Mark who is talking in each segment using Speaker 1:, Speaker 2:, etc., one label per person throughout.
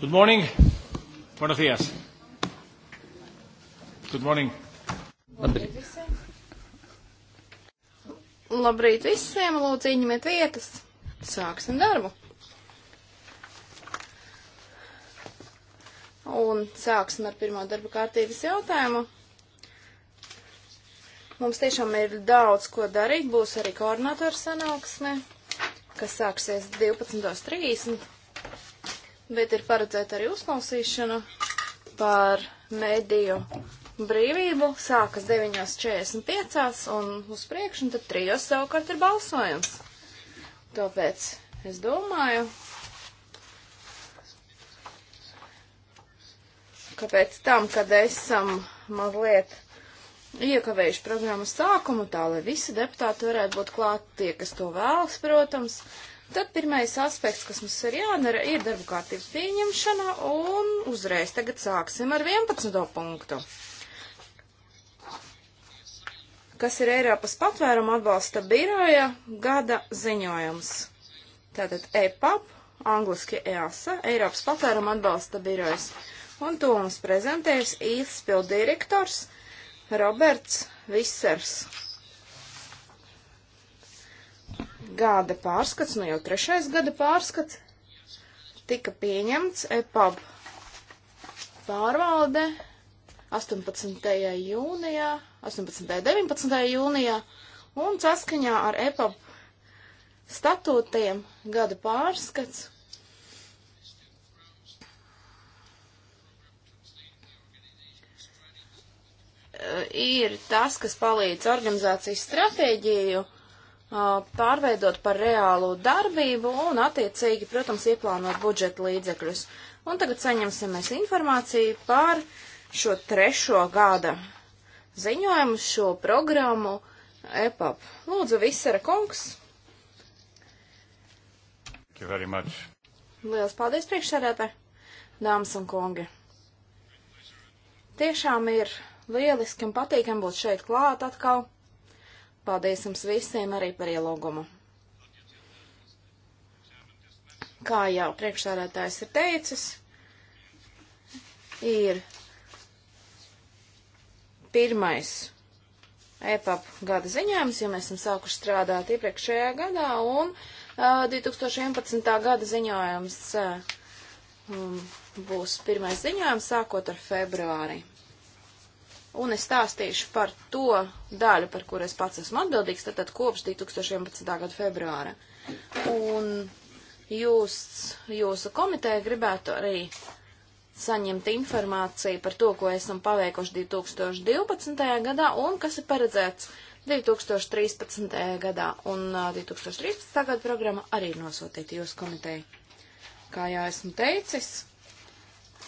Speaker 1: Good morning. Buenos días. Good morning. Labrīt. Labrīt visiem, lūdzu, ieņemiet vietas. Sāksim darbu. Un sāksim ar pirmo darba kārtības jautājumu. Mums tiešām ir daudz ko darīt. Būs arī koordinatora sanāksme, kas sāksies 12.30 bet ir paredzēta arī uzklausīšana par mediju brīvību. Sākas 9.45 un uz priekšu, un tad 3. savukārt ir balsojums. Tāpēc es domāju, ka pēc tam, kad esam mazliet iekavējuši programmas sākumu, tā lai visi deputāti varētu būt klāt, tie, kas to vēlas, protams, uh, Tad pirmais aspekts, kas mums ir jādara, ir darba kārtības pieņemšana, un uzreiz tagad sāksim ar 11. punktu, kas ir Eiropas patvēruma atbalsta biroja gada ziņojums. Tātad EPAP, angliski EASA, Eiropas patvēruma atbalsta birojas, un to mums prezentējas īsts pildirektors Roberts Visers gada pārskats, nu jau trešais gada pārskats, tika pieņemts EPAB pārvalde 18. jūnijā, 18. 19. jūnijā, un saskaņā ar EPAB statūtiem gada pārskats. Ir tas, kas palīdz organizācijas stratēģiju pārveidot par reālu darbību un attiecīgi, protams, ieplānot budžeta līdzekļus. Un tagad saņemsimies informāciju par šo trešo gada ziņojumu, šo programmu EPAP. Lūdzu, Visera kungs. Lielas paldies priekšsēdētāji, dāmas un kungi. Tiešām ir lieliski un patīkami būt šeit klāt atkal. Paldies jums visiem arī par ielūgumu. Kā jau priekšsādātājs ir teicis, ir pirmais EPAP gada ziņojums, jo mēs esam sākuši strādāt iepriekšējā gadā, un uh, 2011. gada ziņojums uh, um, būs pirmais ziņojums sākot ar februāri un es stāstīšu par to daļu, par kuru es pats esmu atbildīgs, tātad kopš 2011. gada februāra. Un jūs, jūsu komiteja gribētu arī saņemt informāciju par to, ko esam paveikuši 2012. gadā un kas ir paredzēts 2013. gadā. Un 2013. gada programma arī ir nosūtīta jūsu komiteja. Kā jau esmu teicis,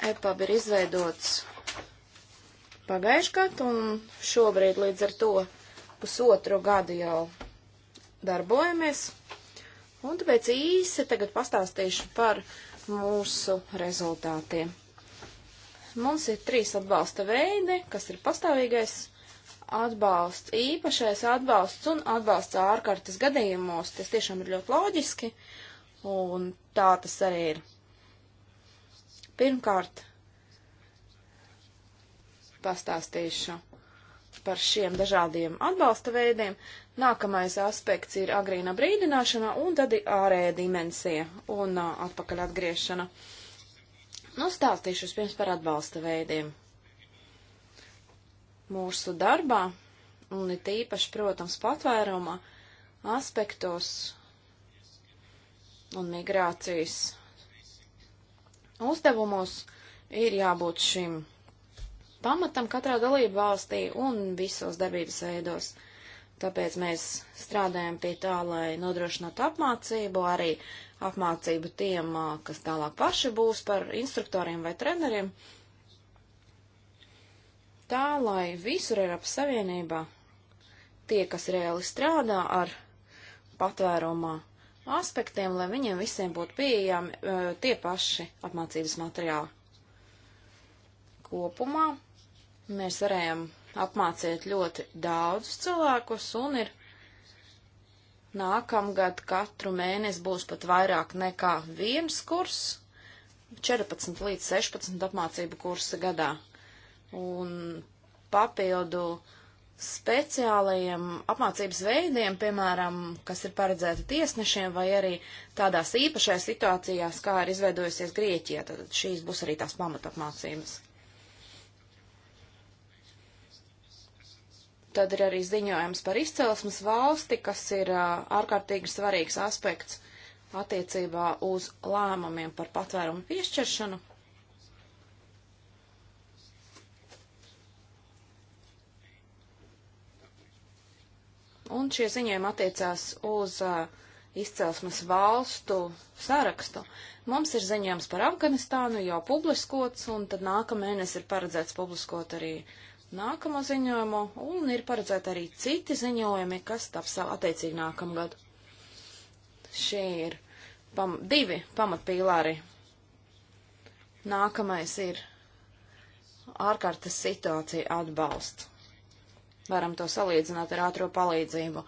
Speaker 1: EPAB ir izveidots pagājuši gadu, un šobrīd līdz ar to pusotru gadu jau darbojamies. Un tāpēc īsi tagad pastāstīšu par mūsu rezultātiem. Mums ir trīs atbalsta veidi, kas ir pastāvīgais atbalsts, īpašais atbalsts un atbalsts ārkārtas gadījumos. Tas tiešām ir ļoti loģiski, un tā tas arī ir. Pirmkārt, pastāstīšu par šiem dažādiem atbalsta veidiem. Nākamais aspekts ir agrīna brīdināšana un tad ir ārēja dimensija un atpakaļ atgriešana. Nu, stāstīšu vispirms par atbalsta veidiem. Mūsu darbā, un it īpaši, protams, patvērumā, aspektos un migrācijas uzdevumos ir jābūt šim pamatam katrā dalību valstī un visos darbības veidos. Tāpēc mēs strādājam pie tā, lai nodrošinātu apmācību, arī apmācību tiem, kas tālāk paši būs par instruktoriem vai treneriem. Tā, lai visur Eiropas Savienībā tie, kas reāli strādā ar patvērumā aspektiem, lai viņiem visiem būtu pieejami tie paši apmācības materiāli. Kopumā Mēs varējām apmācīt ļoti daudzus cilvēkus, un ir nākamgad katru mēnesi būs pat vairāk nekā viens kurs, 14 līdz 16 apmācību kursa gadā. Un papildu speciālajiem apmācības veidiem, piemēram, kas ir paredzēti tiesnešiem vai arī tādās īpašajās situācijās, kā ir izveidojusies Grieķija, tad šīs būs arī tās pamatapmācības. Tad ir arī ziņojums par izcelsmes valsti, kas ir ārkārtīgi svarīgs aspekts attiecībā uz lēmumiem par patvērumu piešķiršanu. Un šie ziņojumi attiecās uz uh, izcelsmes valstu sarakstu. Mums ir ziņojums par Afganistānu jau publiskots, un tad nākamēnes ir paredzēts publiskot arī uh, nākamo ziņojumu, un ir paredzēti arī citi ziņojumi, kas taps attiecīgi nākamgad. Šie ir pam divi pamatpīlāri. Nākamais ir ārkārtas situācija atbalsts. Varam to salīdzināt ar ātro palīdzību.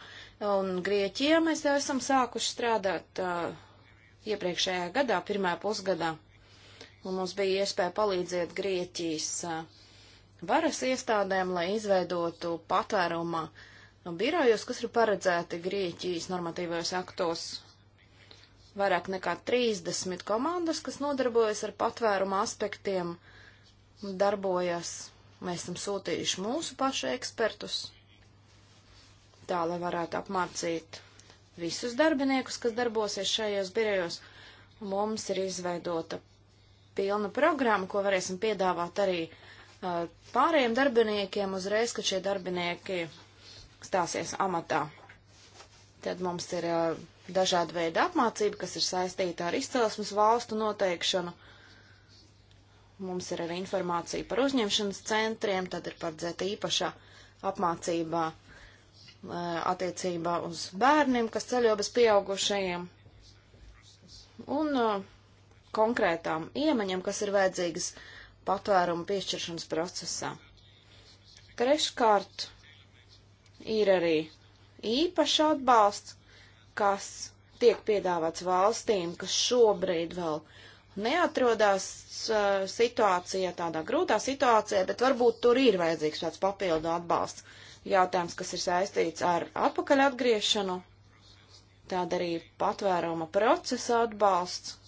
Speaker 1: Un Grieķijā mēs jau esam sākuši strādāt uh, iepriekšējā gadā, pirmā pusgadā. Un mums bija iespēja palīdzēt Grieķijas uh, varas iestādēm, lai izveidotu patvērumā birojus, kas ir paredzēti Grieķijas normatīvajos aktos. Vairāk nekā 30 komandas, kas nodarbojas ar patvērumu aspektiem, darbojas. Mēs esam sūtījuši mūsu pašu ekspertus, tā lai varētu apmācīt visus darbiniekus, kas darbosies šajos birojos. Mums ir izveidota pilna programma, ko varēsim piedāvāt arī uh, pārējiem darbiniekiem uzreiz, kad šie darbinieki stāsies amatā. Tad mums ir dažāda veida apmācība, kas ir saistīta ar izcelsmes valstu noteikšanu. Mums ir arī informācija par uzņemšanas centriem, tad ir paredzēta īpaša apmācība attiecībā uz bērniem, kas ceļo bez pieaugušajiem, un konkrētām iemaņām, kas ir vajadzīgas uh, patvērumu piešķiršanas procesā. Treškārt ir arī īpašs atbalsts, kas tiek piedāvāts valstīm, kas šobrīd vēl neatrodās uh, situācijā, tādā grūtā situācijā, bet varbūt tur ir vajadzīgs tāds papildu atbalsts. Jautājums, kas ir saistīts ar atpakaļ atgriešanu, tāda arī patvēruma procesa atbalsts,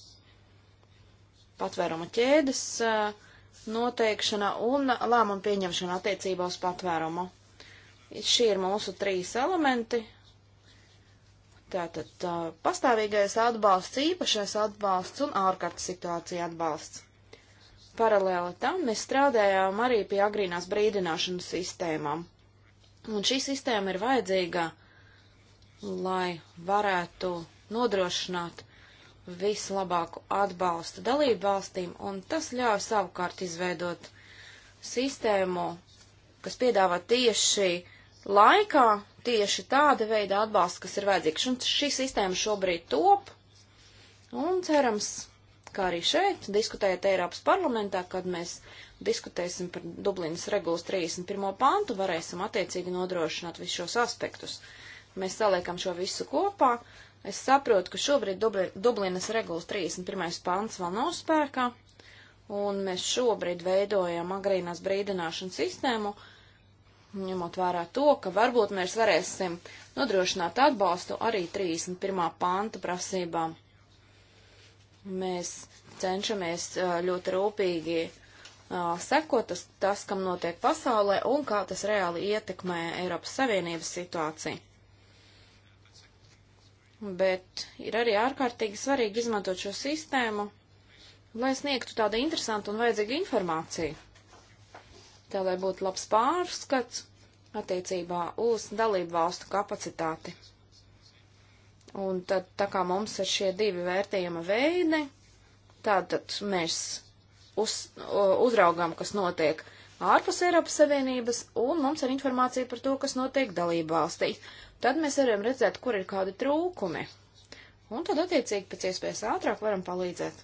Speaker 1: patvēruma ķēdes uh, noteikšana un lēmumu pieņemšana attiecībā uz patvērumu. Šie ir mūsu trīs elementi. Tātad tā, pastāvīgais atbalsts, īpašais atbalsts un ārkārtas situācija atbalsts. Paralēli tam mēs strādājām arī pie agrīnās brīdināšanas sistēmām. Un šī sistēma ir vajadzīga, lai varētu nodrošināt vislabāku atbalstu dalību valstīm, un tas ļauj savukārt izveidot sistēmu, kas piedāvā tieši laikā tieši tāda veida atbalstu, kas ir vajadzīgs. Un šī sistēma šobrīd top, un cerams, kā arī šeit, diskutējot Eiropas parlamentā, kad mēs diskutēsim par Dublinas regulas 31. pantu, varēsim attiecīgi nodrošināt visus šos aspektus. Mēs saliekam šo visu kopā, uh, Es saprotu, ka šobrīd Dubli, Dublinas regulas 31. pants vēl nav spēkā, un mēs šobrīd veidojam agrīnās brīdināšanas sistēmu, ņemot vērā to, ka varbūt mēs varēsim nodrošināt atbalstu arī 31. panta prasībām. Mēs cenšamies ļoti rūpīgi uh, sekot tas, tas, kam notiek pasaulē un kā tas reāli ietekmē Eiropas Savienības situāciju bet ir arī ārkārtīgi svarīgi izmantot šo sistēmu, lai sniegtu tādu interesantu un vajadzīgu informāciju. Tā lai būtu labs pārskats attiecībā uz dalību valstu kapacitāti. Un tad, tā kā mums ir šie divi vērtējuma veidi, tātad mēs uz, uzraugām, kas notiek ārpus Eiropas Savienības, un mums ir informācija par to, kas notiek dalību valstīs tad mēs varam redzēt, kur ir kādi trūkumi. Un tad, attiecīgi, pēc iespējas ātrāk varam palīdzēt.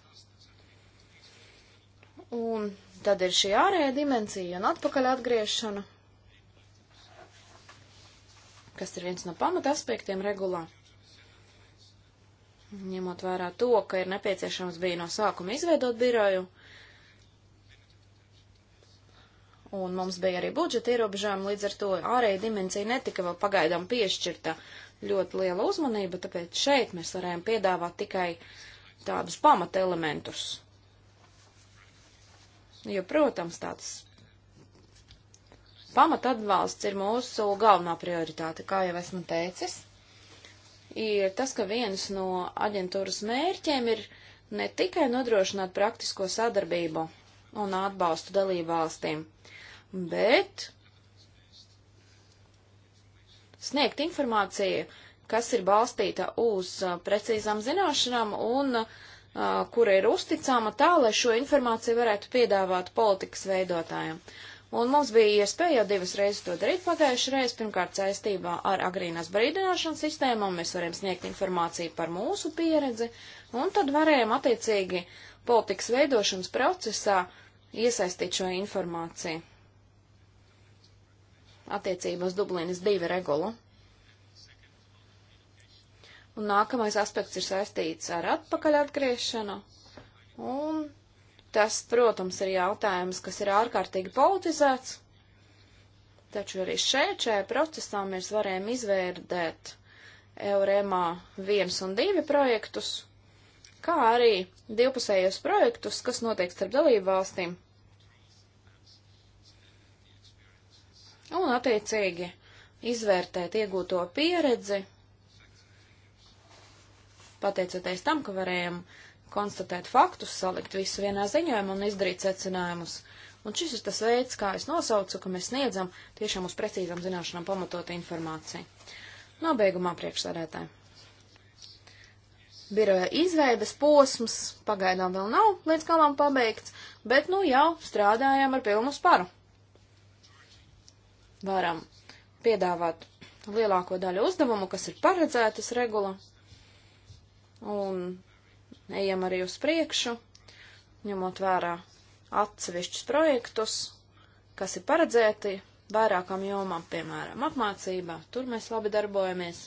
Speaker 1: Un tad ir šī ārējā dimensija un atpakaļ atgriešana, kas ir viens no pamata aspektiem regulā. Ņemot vērā to, ka ir nepieciešams bija no sākuma izveidot biroju, uh, un mums bija arī budžeta ierobežojumi, līdz ar to ārēja dimensija netika vēl pagaidām piešķirta ļoti liela uzmanība, tāpēc šeit mēs varējām piedāvāt tikai tādus pamata elementus. Jo, protams, tāds pamata atbalsts ir mūsu galvenā prioritāte, kā jau esmu teicis. Ir tas, ka viens no aģentūras mērķiem ir ne tikai nodrošināt praktisko sadarbību un atbalstu dalībvalstīm, bet sniegt informāciju, kas ir balstīta uz precīzām zināšanām un uh, kura ir uzticama tā, lai šo informāciju varētu piedāvāt politikas veidotājiem. Un mums bija iespēja jau divas reizes to darīt pagājušajā reizē. Pirmkārt, saistībā ar agrīnās brīdināšanas sistēmām mēs varējām sniegt informāciju par mūsu pieredzi, un tad varējām attiecīgi politikas veidošanas procesā iesaistīt šo informāciju attiecībā uz Dublinas divu regulu. Un nākamais aspekts ir saistīts ar atpakaļ atgriešanu. Un tas, protams, ir jautājums, kas ir ārkārtīgi politizēts. Taču arī šeit, šajā procesā, mēs varējām izvērdēt Eurēmā viens un divi projektus, kā arī divpusējos projektus, kas notiek starp dalību valstīm un attiecīgi izvērtēt iegūto pieredzi, pateicoties tam, ka varējām konstatēt faktus, salikt visu vienā ziņojumā un izdarīt secinājumus. Un šis ir tas veids, kā es nosaucu, ka mēs sniedzam tiešām uz precīzām zināšanām pamatot informāciju. Nobeigumā priekšsarētāji. Biroja izveidas posms pagaidām vēl nav līdz galam pabeigts, bet nu jau strādājam ar pilnu sparu varam piedāvāt lielāko daļu uzdevumu, kas ir paredzētas regula, un ejam arī uz priekšu, ņemot vērā atsevišķus projektus, kas ir paredzēti vairākām jomām, piemēram, apmācībā, tur mēs labi darbojamies,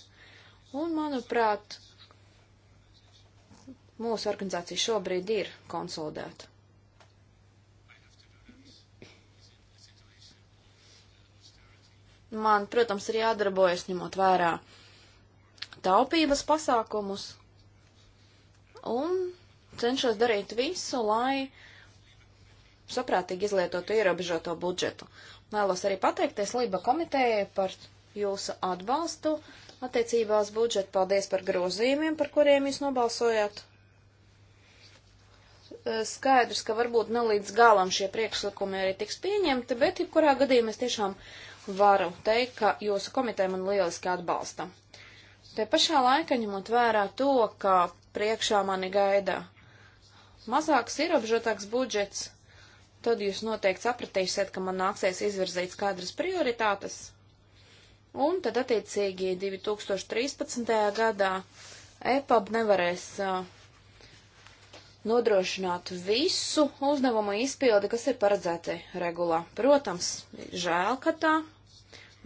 Speaker 1: un, manuprāt, mūsu organizācija šobrīd ir konsolidēta. man, protams, ir jādarbojas ņemot vērā taupības pasākumus un cenšos darīt visu, lai saprātīgi izlietotu ierobežoto budžetu. Vēlos arī pateikties Lība komitējai par jūsu atbalstu attiecībās budžetu. Paldies par grozījumiem, par kuriem jūs nobalsojāt. Eh, skaidrs, ka varbūt ne līdz galam šie priekšlikumi arī tiks pieņemti, bet jebkurā gadījumā es tiešām varu teikt, ka jūsu komiteja man lieliski atbalsta. Te pašā laikā ņemot vērā to, ka priekšā mani gaida mazāks ierobežotāks budžets, tad jūs noteikti sapratīsiet, ka man nāksies izvirzīt skaidras prioritātes. Un tad attiecīgi 2013. gadā EPAB nevarēs uh, nodrošināt visu uzdevumu izpildi, kas ir paredzēti regulā. Protams, žēl, ka tā,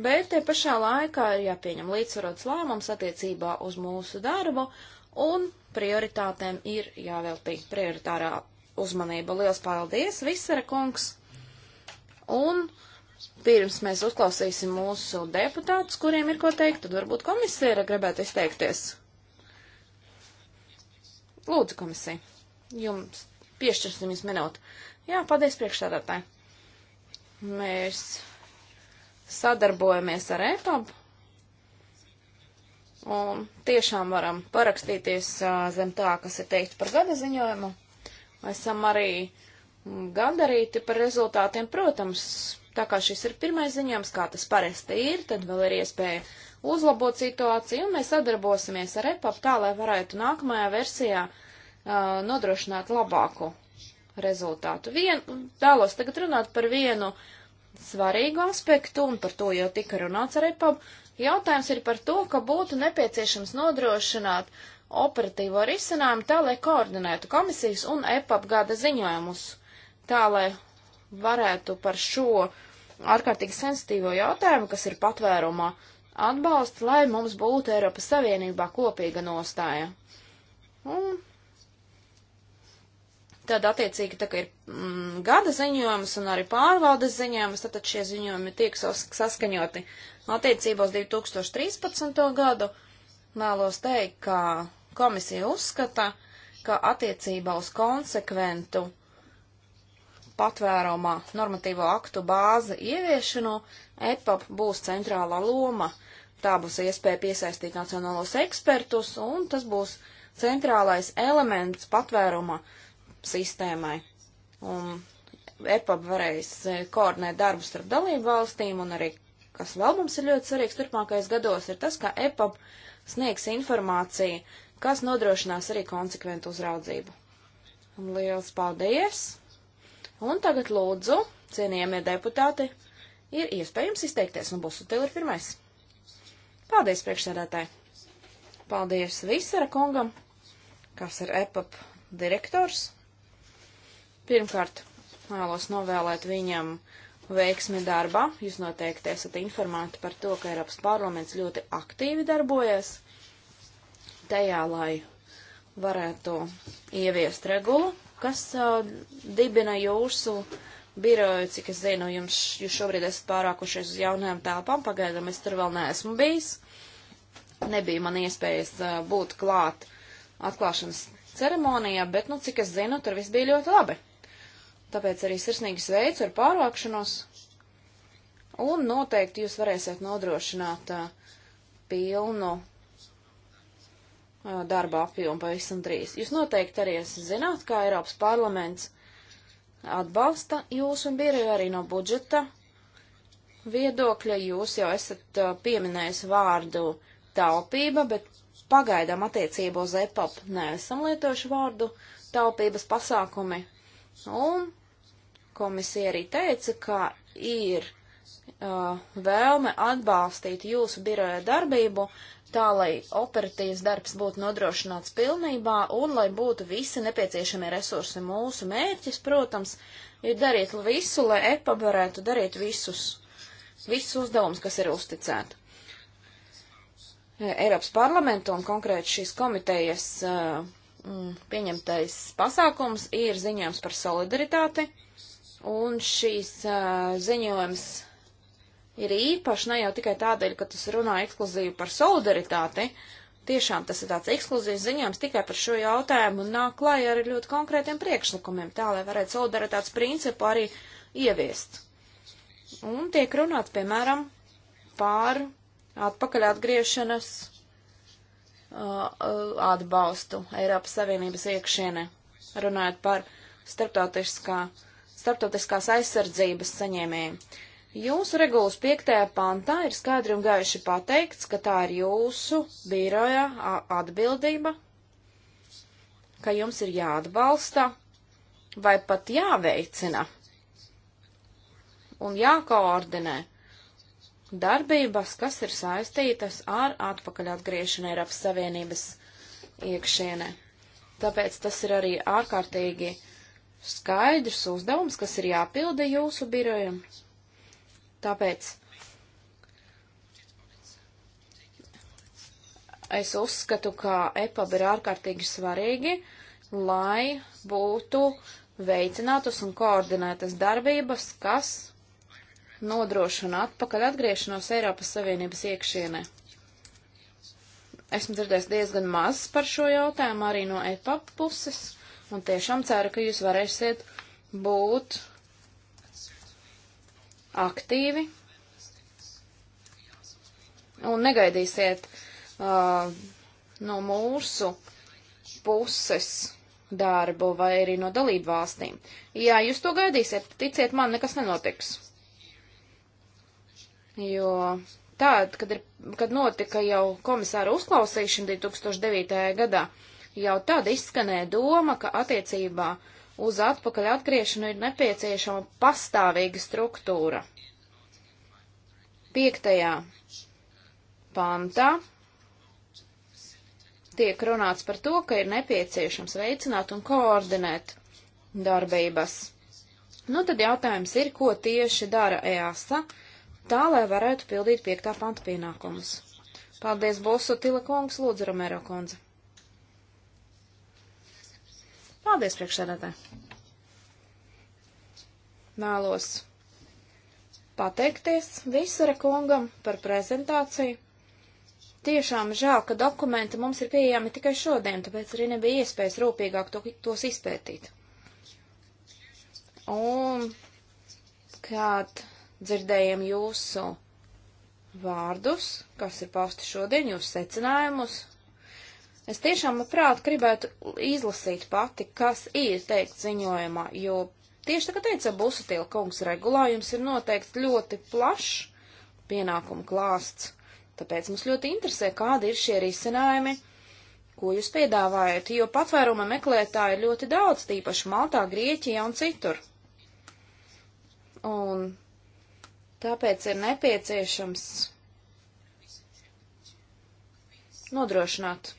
Speaker 1: bet te pašā laikā ir jāpieņem līdzsvarots lēmums attiecībā uz mūsu darbu un prioritātēm ir jāveltī prioritārā uzmanība. Liels paldies, Visera kungs! Un pirms mēs uzklausīsim mūsu deputātus, kuriem ir ko teikt, tad varbūt komisija gribētu izteikties. Lūdzu, komisija. Jums piešķirsim jūs minūti. Jā, paldies priekšsādātāji. Mēs sadarbojamies ar EPAB un tiešām varam parakstīties zem tā, kas ir teikt par gada ziņojumu. Esam arī gandarīti par rezultātiem, protams, tā kā šis ir pirmais ziņojums, kā tas parasti ir, tad vēl ir iespēja uzlabot situāciju, un mēs sadarbosimies ar EPAP tā, lai varētu nākamajā versijā uh, uh, nodrošināt labāku rezultātu. Vien, vēlos tagad runāt par vienu svarīgu aspektu, un par to jau tika runāts arī pab. Jautājums ir par to, ka būtu nepieciešams nodrošināt operatīvo risinājumu tā, lai koordinētu komisijas un EPAP gada ziņojumus, tā, lai varētu par šo ārkārtīgi sensitīvo jautājumu, kas ir patvērumā, atbalsts, lai mums būtu Eiropas Savienībā kopīga nostāja. Un Tad, attiecīgi, tā kā ir mm, gada ziņojums un arī pārvaldes ziņojums, tad, tad šie ziņojumi tiek sas saskaņoti attiecībos 2013. gadu. Vēlos teikt, ka komisija uzskata, ka attiecībā uz konsekventu patvērumā normatīvo aktu bāzi ieviešanu EPAP būs centrālā loma. Tā būs iespēja piesaistīt nacionālos ekspertus, un tas būs centrālais elements patvērumā sistēmai. Un EPAB varēs e, koordinēt darbu starp dalību valstīm un arī, kas vēl mums ir ļoti svarīgs turpmākais gados, ir tas, ka EPAB sniegs informāciju, kas nodrošinās arī konsekventu uzraudzību. Un liels paldies! Un tagad lūdzu, cienījamie deputāti, ir iespējams izteikties, un Busutil ir pirmais. Paldies priekšsēdētāji! Paldies Visara kungam, kas ir EPAP direktors. Pirmkārt, vēlos novēlēt viņam veiksmi darbā. Jūs noteikti esat informēti par to, ka Eiropas parlaments ļoti aktīvi darbojas tajā, lai varētu ieviest regulu, kas uh, dibina jūsu biroju, cik es zinu, jums, jūs šobrīd esat pārākušies uz jaunajām telpām, pagaidām es tur vēl neesmu bijis. Nebija man iespējas uh, būt klāt atklāšanas ceremonijā, bet, nu, cik es zinu, tur viss bija ļoti labi. Tāpēc arī sirsnīgi sveicu ar pārvākšanos. Un noteikti jūs varēsiet nodrošināt uh, pilnu uh, darba apjomu pavisam drīz. Jūs noteikti arī zināt, kā Eiropas parlaments atbalsta jūs un bija arī no budžeta viedokļa. Jūs jau esat uh, pieminējis vārdu taupība, bet pagaidām attiecībā uz EPAP neesam lietojuši vārdu taupības pasākumi. Un Komisija arī teica, ka ir uh, vēlme atbalstīt jūsu biroja darbību, tā lai operatīvs darbs būtu nodrošināts pilnībā un lai būtu visi nepieciešamie resursi. Mūsu mērķis, protams, ir darīt visu, lai EPA varētu darīt visus, visus uzdevumus, kas ir uzticēti. Eiropas parlamentu un konkrēti šīs komitejas uh, mm, pieņemtais pasākums ir ziņojums par solidaritāti. Uh, Un šīs uh, ziņojums ir īpašs ne jau tikai tādēļ, ka tas runā ekskluzīvi par solidaritāti. Tiešām tas ir tāds ekskluzīvs ziņojums tikai par šo jautājumu un nāk klāja ar ļoti konkrētiem priekšlikumiem, tā lai varētu solidaritātes principu arī ieviest. Un tiek runāts, piemēram, pār atpakaļ atgriešanas uh, atbalstu Eiropas Savienības iekšienē, runājot par starptautiskā uh, starptautiskās aizsardzības saņēmējiem. Jūsu regulas piektajā pantā ir skaidri un gaiši pateikts, ka tā ir jūsu biroja atbildība, ka jums ir jāatbalsta vai pat jāveicina un jākoordinē darbības, kas ir saistītas ar atpakaļ atgriešanu Eiropas Savienības iekšienē. Tāpēc tas ir arī ārkārtīgi skaidrs uzdevums, kas ir jāpilda jūsu birojam. Tāpēc es uzskatu, ka EPAB ir ārkārtīgi svarīgi, lai būtu veicinātas un koordinētas darbības, kas nodrošina atpakaļ atgriešanos Eiropas Savienības iekšienē. Esmu dzirdējis diezgan maz par šo jautājumu arī no EPAP puses un tiešām ceru, ka jūs varēsiet būt aktīvi un negaidīsiet uh, no mūsu puses darbu vai arī no dalību valstīm. Ja jūs to gaidīsiet, ticiet man, nekas nenotiks. Jo tad, kad, ir, kad notika jau komisāra uzklausīšana 2009. gadā, uh, Jau tad izskanēja doma, ka attiecībā uz atpakaļ atgriešanu ir nepieciešama pastāvīga struktūra. Piektajā pantā tiek runāts par to, ka ir nepieciešams veicināt un koordinēt darbības. Nu, tad jautājums ir, ko tieši dara EASA, tā lai varētu pildīt piektā panta pienākumus. Paldies, Bosu Tila kungs, lūdzu, Romero kundze. Paldies, priekšsēdētē. Nālos pateikties visara kungam par prezentāciju. Tiešām žēl, ka dokumenti mums ir pieejami tikai šodien, tāpēc arī nebija iespējas rūpīgāk to, tos izpētīt. Un kad dzirdējam jūsu vārdus, kas ir pausti šodien, jūsu secinājumus, Es tiešām labprāt gribētu izlasīt pati, kas ir teikt ziņojumā, jo tieši tā kā teica Busatila kungs, regulājums ir noteikti ļoti plašs pienākumu klāsts. Tāpēc mums ļoti interesē, kādi ir šie risinājumi, ko jūs piedāvājat, jo patvēruma meklētāji ir ļoti daudz, tīpaši Maltā, Grieķijā un citur. Un tāpēc ir nepieciešams nodrošināt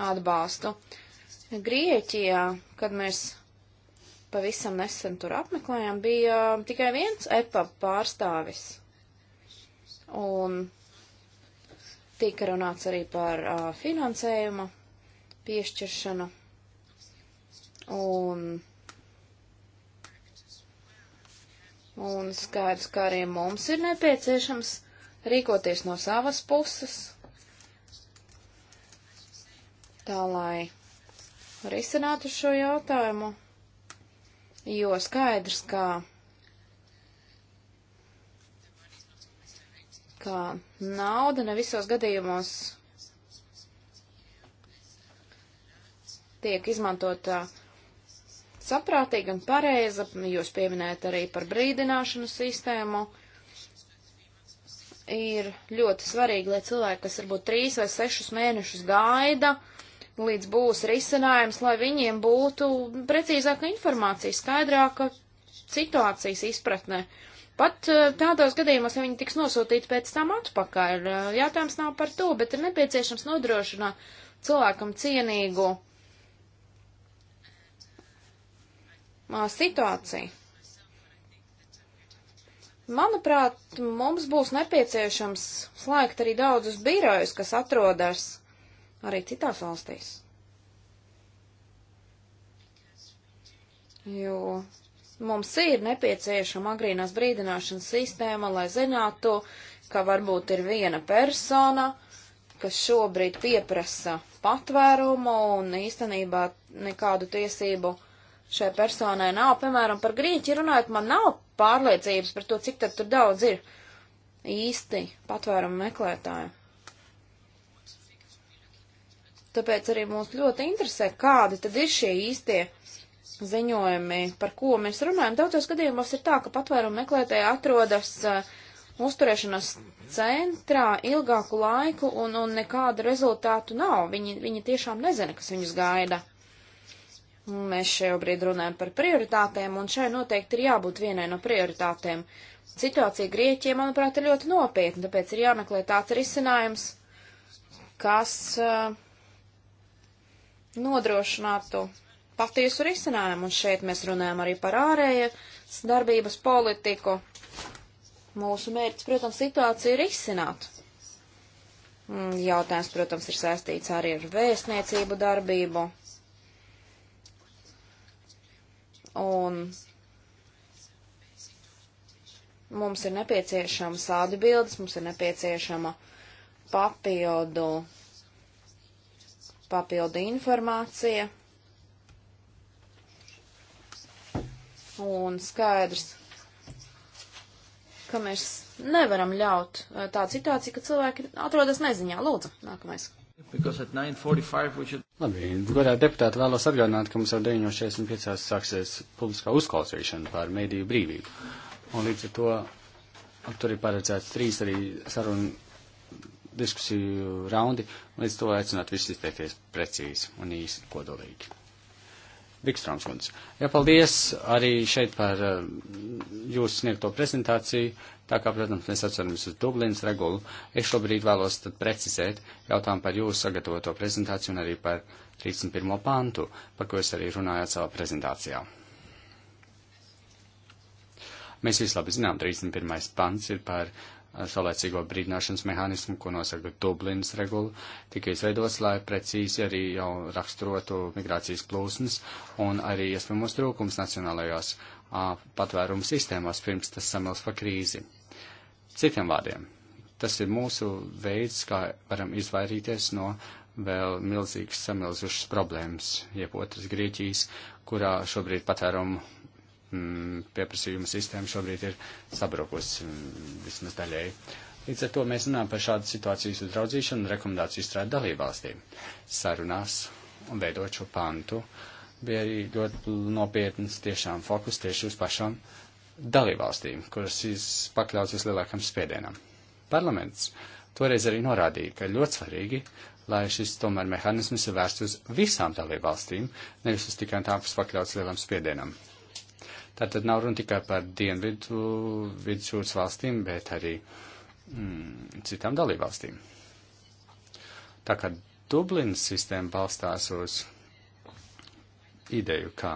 Speaker 1: atbalstu. Grieķijā, kad mēs pavisam nesen tur apmeklējām, bija um, tikai viens EPA pārstāvis. Un tika runāts arī par uh, finansējuma piešķiršanu. Un, un skaidrs, ka arī mums ir nepieciešams rīkoties no savas puses tā lai risinātu šo jautājumu, jo skaidrs, ka, ka nauda ne visos gadījumos tiek izmantota saprātīga un pareiza. Jūs pieminējat arī par brīdināšanu sistēmu. Ir ļoti svarīgi, lai cilvēki, kas varbūt trīs vai sešus mēnešus gaida, uh, līdz būs risinājums, lai viņiem būtu precīzāka informācija, skaidrāka situācijas izpratne. Pat eh, tādos gadījumos, ja viņi tiks nosūtīti pēc tam atpakaļ, eh, jautājums nav par to, bet ir nepieciešams nodrošināt cilvēkam cienīgu situāciju. Manuprāt, mums būs nepieciešams slēgt arī daudzus birojus, kas atrodas arī citās valstīs. Jo mums ir nepieciešama agrīnās brīdināšanas sistēma, lai zinātu, ka varbūt ir viena persona, kas šobrīd pieprasa patvērumu un īstenībā nekādu tiesību šai personai nav. Piemēram, par Grieķiju runājot, man nav pārliecības par to, cik tad tur daudz ir īsti patvērumu meklētāju. Tāpēc arī mūs ļoti interesē, kādi tad ir šie īstie ziņojumi, par ko mēs runājam. Daudzos gadījumos ir tā, ka patvērumu meklētāji atrodas uh, uzturēšanās centrā ilgāku laiku un, un nekāda rezultātu nav. Viņi, viņi tiešām nezina, kas viņus gaida. Mēs šobrīd runājam par prioritātēm, un šai noteikti ir jābūt vienai no prioritātēm. Situācija Grieķijai, manuprāt, ir ļoti nopietna, tāpēc ir jāmeklē tāds risinājums, kas uh, nodrošinātu patiesu risinājumu, un šeit mēs runājam arī par ārējas darbības politiku. Mūsu mērķis, protams, situāciju ir izsināt. Mm, jautājums, protams, ir saistīts arī ar vēstniecību darbību. Un mums ir nepieciešams sādi bildes, mums ir nepieciešama papildu papildu informācija un skaidrs, ka mēs nevaram ļaut eh, tādu situāciju, ka cilvēki atrodas neziņā. Lūdzu, nākamais.
Speaker 2: Should... Labi, godā deputāti vēlos atgādināt, ka mums jau 9.45 sāksies publiskā uzklausīšana par mediju brīvību. Un līdz ar to tur ir paredzēts trīs arī sarunu diskusiju raundi, līdz to aicināt visus izteikties precīzi un īsti kodolīgi. Vikstrāms kundze. Jā, paldies arī šeit par uh, jūsu sniegto prezentāciju. Tā kā, protams, mēs atceramies uz Dublinas regulu, es šobrīd vēlos tad precizēt jautājumu par jūsu sagatavoto prezentāciju un arī par 31. pantu, par ko jūs arī runājāt savā prezentācijā. Mēs visi labi zinām, 31. pants ir par uh, saulēcīgo brīdināšanas mehānismu, ko nosaka Dublinas regula, tika izveidots, lai precīzi arī jau raksturotu migrācijas plūsmas un arī iespējamos trūkums nacionālajās patvērumu sistēmās pirms tas samils pa krīzi. Citiem vārdiem, tas ir mūsu veids, kā varam izvairīties no vēl milzīgas samilzušas problēmas, jeb otras Grieķijas, kurā šobrīd patvērumu Mm, pieprasījuma sistēma šobrīd ir sabrukusi mm, vismaz daļēji. Līdz ar to mēs runājam par šādu situācijas uzraudzīšanu un rekomendāciju strādāt dalībvalstīm. Sarunās un veidot šo pantu bija arī ļoti nopietnas tiešām fokus tieši uz pašām dalībvalstīm, kuras pakļauts vislielākam spiedienam. Parlaments toreiz arī norādīja, ka ļoti svarīgi, lai šis tomēr mehānisms ir vērsts uz visām dalībvalstīm, nevis uz tikai tām, kas pakļauts lielam spiedienam. Tātad nav runa tikai par dienvidu vidusjūras valstīm, bet arī mm, citām dalībvalstīm. Tā kā Dublinas sistēma balstās uz ideju, ka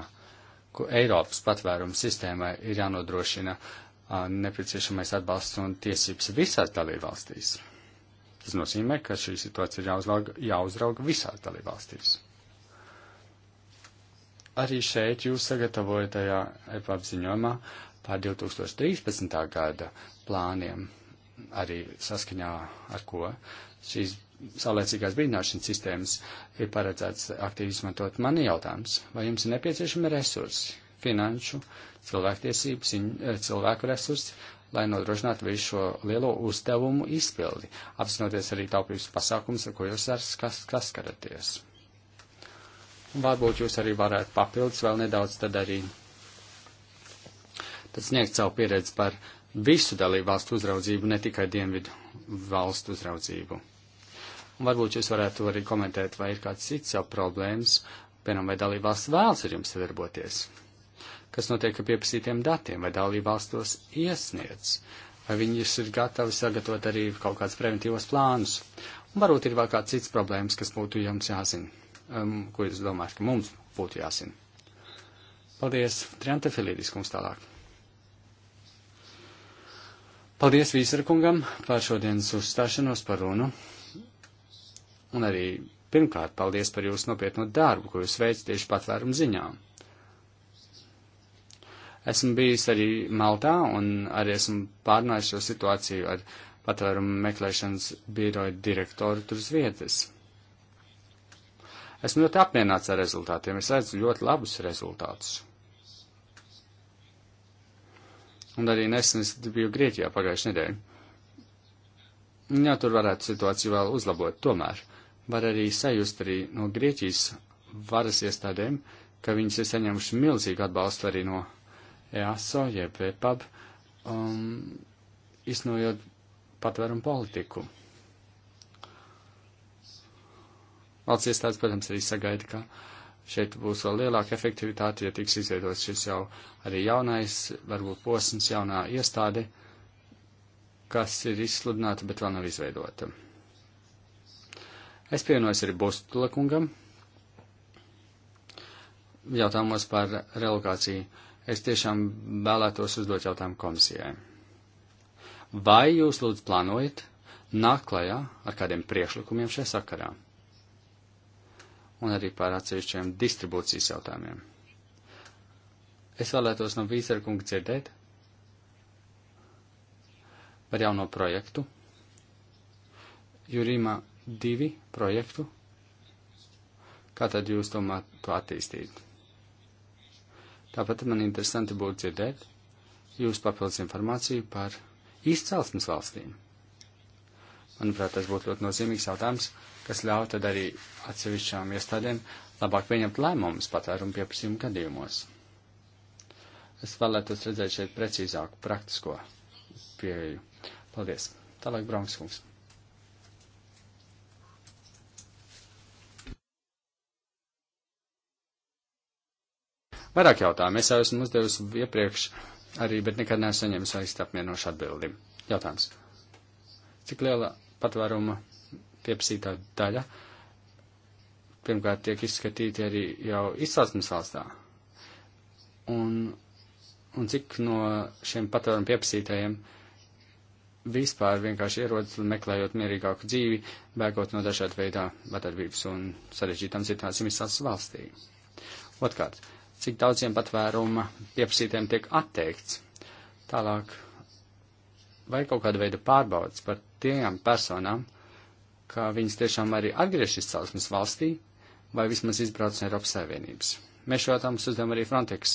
Speaker 2: Eiropas patvērums sistēmai ir jānodrošina a, nepieciešamais atbalsts un tiesības visās dalībvalstīs. Tas nozīmē, ka šī situācija ir jāuzrauga, jāuzrauga visās dalībvalstīs arī šeit jūs sagatavotajā EPAP ziņojumā pār 2013. gada plāniem, arī saskaņā ar ko šīs saulēcīgās brīdināšanas sistēmas ir paredzēts aktīvi izmantot. Mani jautājums, vai jums ir nepieciešami resursi, finanšu, cilvēktiesības, eh, cilvēku resursi, lai nodrošinātu visu šo lielo uzdevumu izpildi, apzinoties arī taupības pasākums, ar ko jūs saskaraties? Kas, varbūt jūs arī varētu papildus vēl nedaudz tad arī tad sniegt savu pieredzi par visu dalību valstu uzraudzību, ne tikai dienvidu valstu uzraudzību. Un varbūt jūs varētu arī komentēt, vai ir kāds cits jau problēmas, piemēram, vai dalību valsts vēlas ar jums sadarboties. Kas notiek ar pieprasītiem datiem, vai dalību valstos iesniedz, vai viņas ir gatavi sagatavot arī kaut kāds preventīvos plānus. Un varbūt ir vēl kāds cits problēmas, kas būtu jums jāzina um, ko es domāju, ka mums būtu jāsina. Paldies, Trianta Filīdis kungs tālāk. Paldies Vīsarakungam par šodienas uzstāšanos par runu. Un arī pirmkārt paldies par jūsu nopietno darbu, ko jūs veicat tieši patvērumu ziņām. Esmu bijis arī Maltā un arī esmu pārnājis šo situāciju ar patvērumu meklēšanas biroja direktoru tur uz vietas. Esmu ļoti apmierināts ar rezultātiem. Es redzu ļoti labus rezultātus. Un arī nesen es biju Grieķijā pagājušajā nedēļā. Jā, tur varētu situāciju vēl uzlabot. Tomēr var arī sajust arī no Grieķijas varas iestādēm, ka viņas ir saņēmušas milzīgu atbalstu arī no EASO, jeb VPAB, um, iznojot patvērumu politiku. Valsts iestādes, protams, arī sagaida, ka šeit būs vēl lielāka efektivitāte, ja tiks izveidots šis jau arī jaunais, varbūt posms, jaunā iestāde, kas ir izsludināta, bet vēl nav izveidota. Es pievienojos arī Bostula kungam jautājumos par relokāciju. Es tiešām vēlētos uzdot jautājumu komisijai. Vai jūs lūdzu plānojat nāklajā ar kādiem priekšlikumiem šajā sakarā? un arī par atsevišķiem distribūcijas jautājumiem. Es vēlētos no Vīzera kunga dzirdēt par jauno projektu, Jurīmā divi projektu. Kā tad jūs domājat to attīstīt? Tāpat man interesanti būtu dzirdēt jūs papildus informāciju par izcelsmes valstīm. Manuprāt, tas būtu ļoti nozīmīgs jautājums, kas ļauj tad arī atsevišķām iestādēm labāk pieņemt lēmumus patērumu pieprasījumu gadījumos. Es vēlētos redzēt šeit precīzāku praktisko pieeju. Paldies. Tālāk Braunskungs. Vairāk jautājumu. Es jau esmu uzdevusi iepriekš arī, bet nekad neesmu saņēmis aizstāpmienošu atbildi. Jautājums. Cik liela patvēruma pieprasītā daļa pirmkārt tiek izskatīti arī jau izcelsmes valstā. Un, un cik no šiem patvērumu pieprasītājiem vispār vienkārši ierodas meklējot mierīgāku dzīvi, bēgot no dažāda veidā badarbības un sarežģītām situācijām izcelsmes valstī. Otkārt, cik daudziem patvēruma pieprasītājiem tiek atteikts. Tālāk, vai kaut kāda veida pārbaudas par tiem personām, ka viņas tiešām arī atgriež izcelsmes valstī vai vismaz izbrauc no Eiropas Savienības. Mēs šo jautājumu uzdevam arī Frontex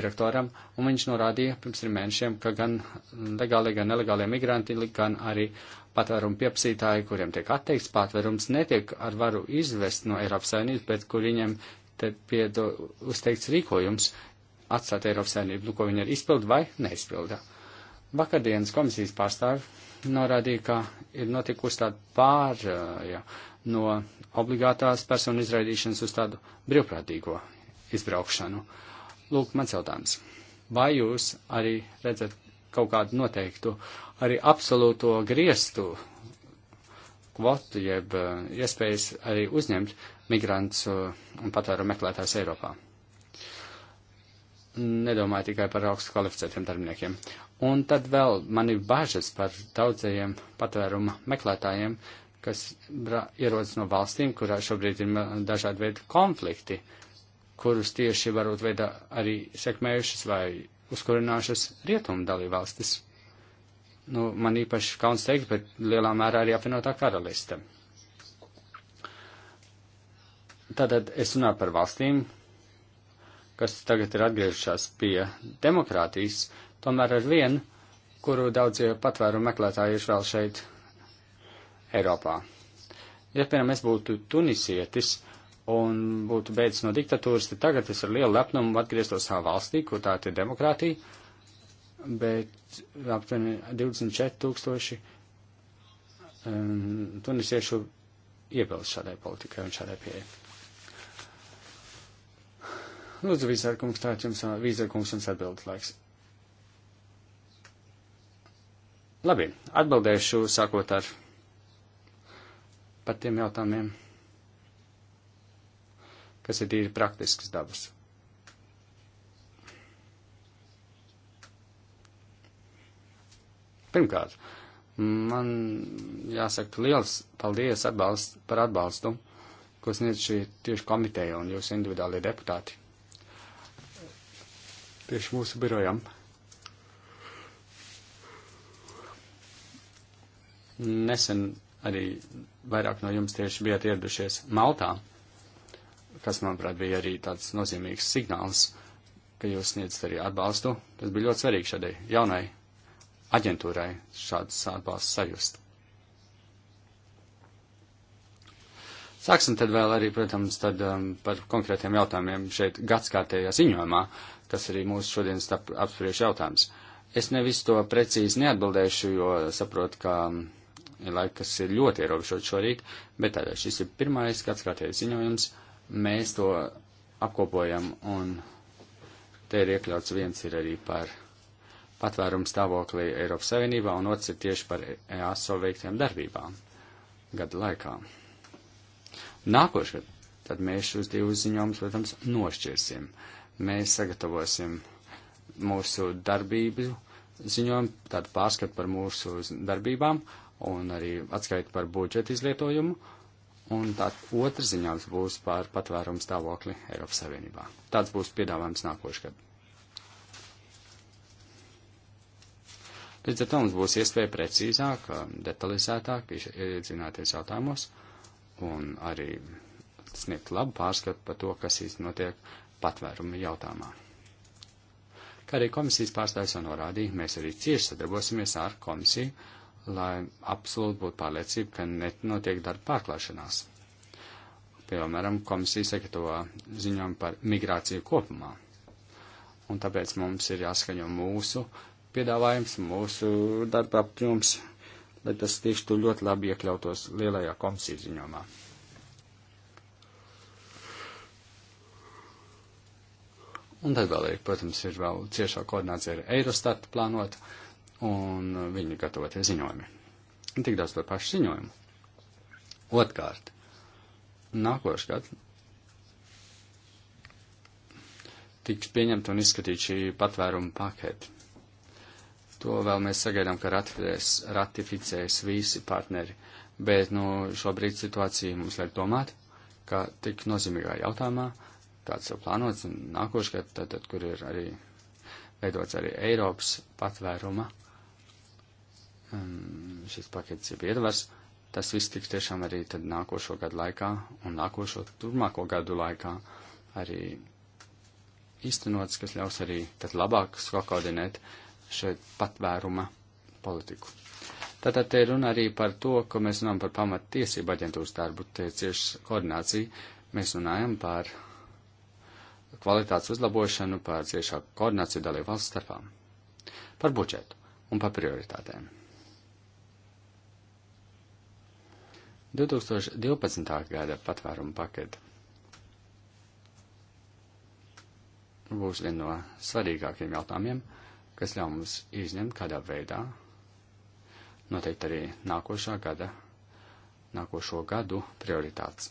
Speaker 2: direktoram, un viņš norādīja pirms trim mēnešiem, ka gan legāli, gan nelegāli migranti, gan arī patvērumu pieprasītāji, kuriem tiek atteikts patvērums, netiek ar varu izvest no Eiropas Savienības, bet kur viņiem piedo uzteikts rīkojums atstāt Eiropas Savienību, nu, ko viņi ir izpildu vai neizpildu. Vakardienas komisijas pārstāvi norādīja, ka ir notikusi tāda pārēja no obligātās personu izraidīšanas uz tādu brīvprātīgo izbraukšanu. Lūk, mans jautājums. Vai jūs arī redzat kaut kādu noteiktu, arī absolūto griestu kvotu, jeb eh, iespējas arī uzņemt migrants eh, un patvēru meklētājs Eiropā? Nedomāju tikai par augstu kvalificētiem darbiniekiem. Un tad vēl man ir bažas par daudzajiem patvēruma meklētājiem, kas ierodas no valstīm, kurā šobrīd ir dažādi veidi konflikti, kurus tieši varbūt veidā arī sekmējušas vai uzkurinājušas rietumu dalībvalstis. Nu, man īpaši kauns teikt, bet lielā mērā arī apvienotā karaliste. Tātad es runāju par valstīm, kas tagad ir atgriežušās pie demokrātijas, tomēr ar vienu, kuru daudzie patvērumu meklētāji ir vēl šeit Eiropā. Ja, piemēram, es būtu tunisietis un būtu beidzis no diktatūras, tad tagad es ar lielu lepnumu atgrieztos savā valstī, kur tā ir demokrātija, bet aptuveni 24 tūkstoši um, tunisiešu iebilst šādai politikai un šādai pieejai. Lūdzu, vīzārkungs, tā jums, vīzārkungs jums atbildes laiks. Labi, atbildēšu sākot ar par tiem jautājumiem, kas ir tīri praktisks dabas. Pirmkārt, man jāsaka liels paldies atbalst, par atbalstu, ko sniedz šī tieši komiteja un jūs individuālie deputāti. Tieši mūsu birojam. Nesen arī vairāk no jums tieši bijat ieradušies Maltā, kas, manuprāt, bija arī tāds nozīmīgs signāls, ka jūs sniedzat arī atbalstu. Tas bija ļoti svarīgi šādai jaunai aģentūrai šāds atbalsts sajust. Sāksim tad vēl arī, protams, tad, um, par konkrētiem jautājumiem šeit gadskārtējā ziņojumā, kas arī mūsu šodienas apspriešu jautājums. Es nevis to precīzi neatbildēšu, jo saprotu, ka. Um, laiks ir ļoti ierobežots šorīt, bet tādēļ šis ir pirmais kāds kārtējais ziņojums. Mēs to apkopojam un te ir iekļauts viens ir arī par patvērumu stāvokli Eiropas Savienībā un otrs ir tieši par EASO veiktiem darbībām gada laikā. Nākošais, tad mēs šos divus ziņojumus, protams, nošķirsim. Mēs sagatavosim mūsu darbību ziņojumu, tādu pārskatu par mūsu darbībām, un arī atskaita par budžeta izlietojumu, un tā otrs ziņojums būs par patvērumu stāvokli Eiropas Savienībā. Tāds būs piedāvājums nākošgad. Līdz ar to mums būs iespēja precīzāk, um, detalizētāk iedzināties jautājumos un arī sniegt labu pārskatu par to, kas īsti notiek patvērumu jautājumā. Kā arī komisijas pārstāvis jau norādīja, mēs arī cieši sadarbosimies ar komisiju lai absolūti būtu pārliecība, ka netiek darba pārklāšanās. Piemēram, komisijas sagatavo ziņojumu par migrāciju kopumā. Un tāpēc mums ir jāskaņo mūsu piedāvājums, mūsu darba apjoms, lai tas tiktu ļoti labi iekļautos lielajā komisijas ziņojumā. Un tad vēl ir, protams, ir vēl ciešā koordinācija ar Eirostatu plānota un viņu gatavotie ziņojumi. Un tik daudz par pašu ziņojumu. Otkārt, nākošais gads tiks pieņemta un izskatīta šī patvēruma pakete. To vēl mēs sagaidām, ka ratificēs, ratificēs visi partneri, bet nu, šobrīd situācija mums liek domāt, ka tik nozīmīgā jautājumā, tāds jau plānots nākošais, tad, tad, kur ir arī veidots arī Eiropas patvēruma uh, šis pakets jau ietvers, tas viss tiks tiešām arī tad nākošo gadu laikā un nākošo turmāko gadu laikā arī īstenots, kas ļaus arī tad labāk skokoordinēt šeit patvēruma politiku. Tātad te runa arī par to, ka mēs runājam par pamattiesību aģentūras darbu, te cieši koordināciju, mēs runājam par kvalitātes uzlabošanu, par ciešāku koordināciju dalību valsts starpām, par budžetu un par prioritātēm. 2012. gada patvērumu paketa būs viena no svarīgākajiem jautājumiem, kas ļauj mums izņemt kādā veidā, noteikti arī nākošā gada, nākošo gadu prioritātes.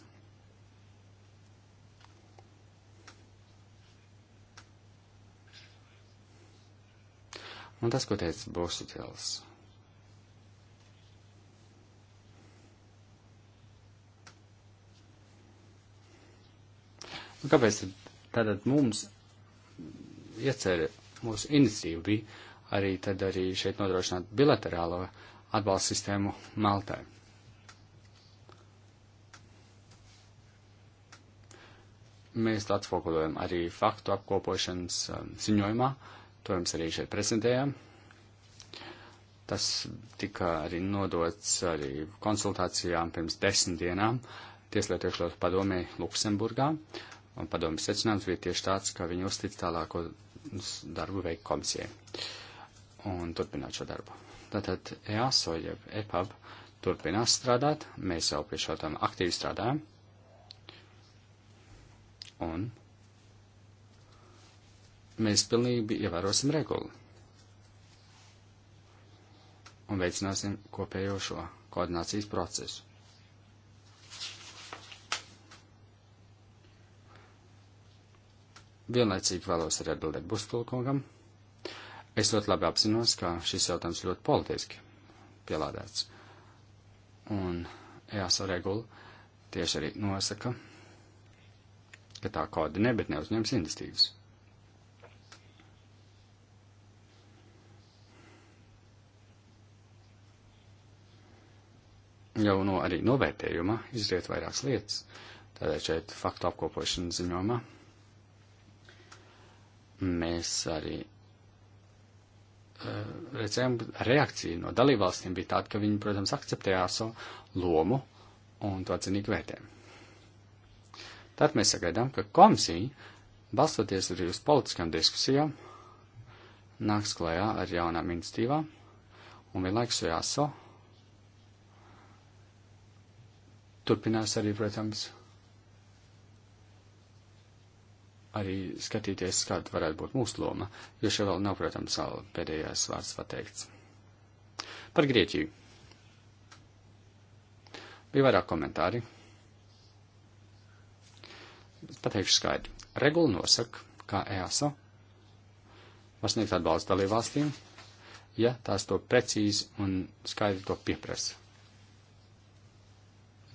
Speaker 2: Un tas, ko teica Bosutils. Un nu, kāpēc tātad mums iecerē mūsu iniciatīva bija arī tad arī šeit nodrošināt bilaterālo atbalstu sistēmu Maltai? Mēs to atspoguļojam arī faktu apkopošanas um, ziņojumā, to jums arī šeit prezentējām. Tas tika arī nodots arī konsultācijām pirms desmit dienām Tieslietu iekšlietu padomē Luksemburgā. Uh, Un padomjas secinājums bija tieši tāds, ka viņi uztic tālāko darbu veikt komisijai un turpināt šo darbu. Tātad EASO jeb EPAB turpinās strādāt, mēs jau pie šo tam aktīvi strādājam. Un mēs pilnīgi ievērosim regulu un veicināsim kopējo šo koordinācijas procesu. vienlaicīgi vēlos arī atbildēt Bustulkungam. Es ļoti labi apzinos, ka šis jautājums ļoti politiski pielādēts. Un jāsa regula tieši arī nosaka, ka tā koordinē, bet neuzņems investīvas. jau no arī novērtējuma izriet vairākas lietas. Tādēļ šeit faktu apkopošana ziņojumā Mēs arī uh, redzējām, ka reakcija no dalībvalstīm bija tāda, ka viņi, protams, akceptēja ASO lomu un to atzinīgi vērtē. Tad mēs sagaidām, ka komisija, balstoties arī uz politiskām diskusijām, nāks klajā ar jaunām institīvām un vienlaikus ASO turpinās arī, protams, arī skatīties, kāda varētu būt mūsu loma, jo šeit vēl nav, protams, vēl pēdējais vārds pateikts. Par Grieķiju. Bija vairāk komentāri. Pateikšu skaidri. Regula nosaka, kā EASA var sniegt atbalstu dalībvalstīm, ja tās to precīzi un skaidri to pieprasa.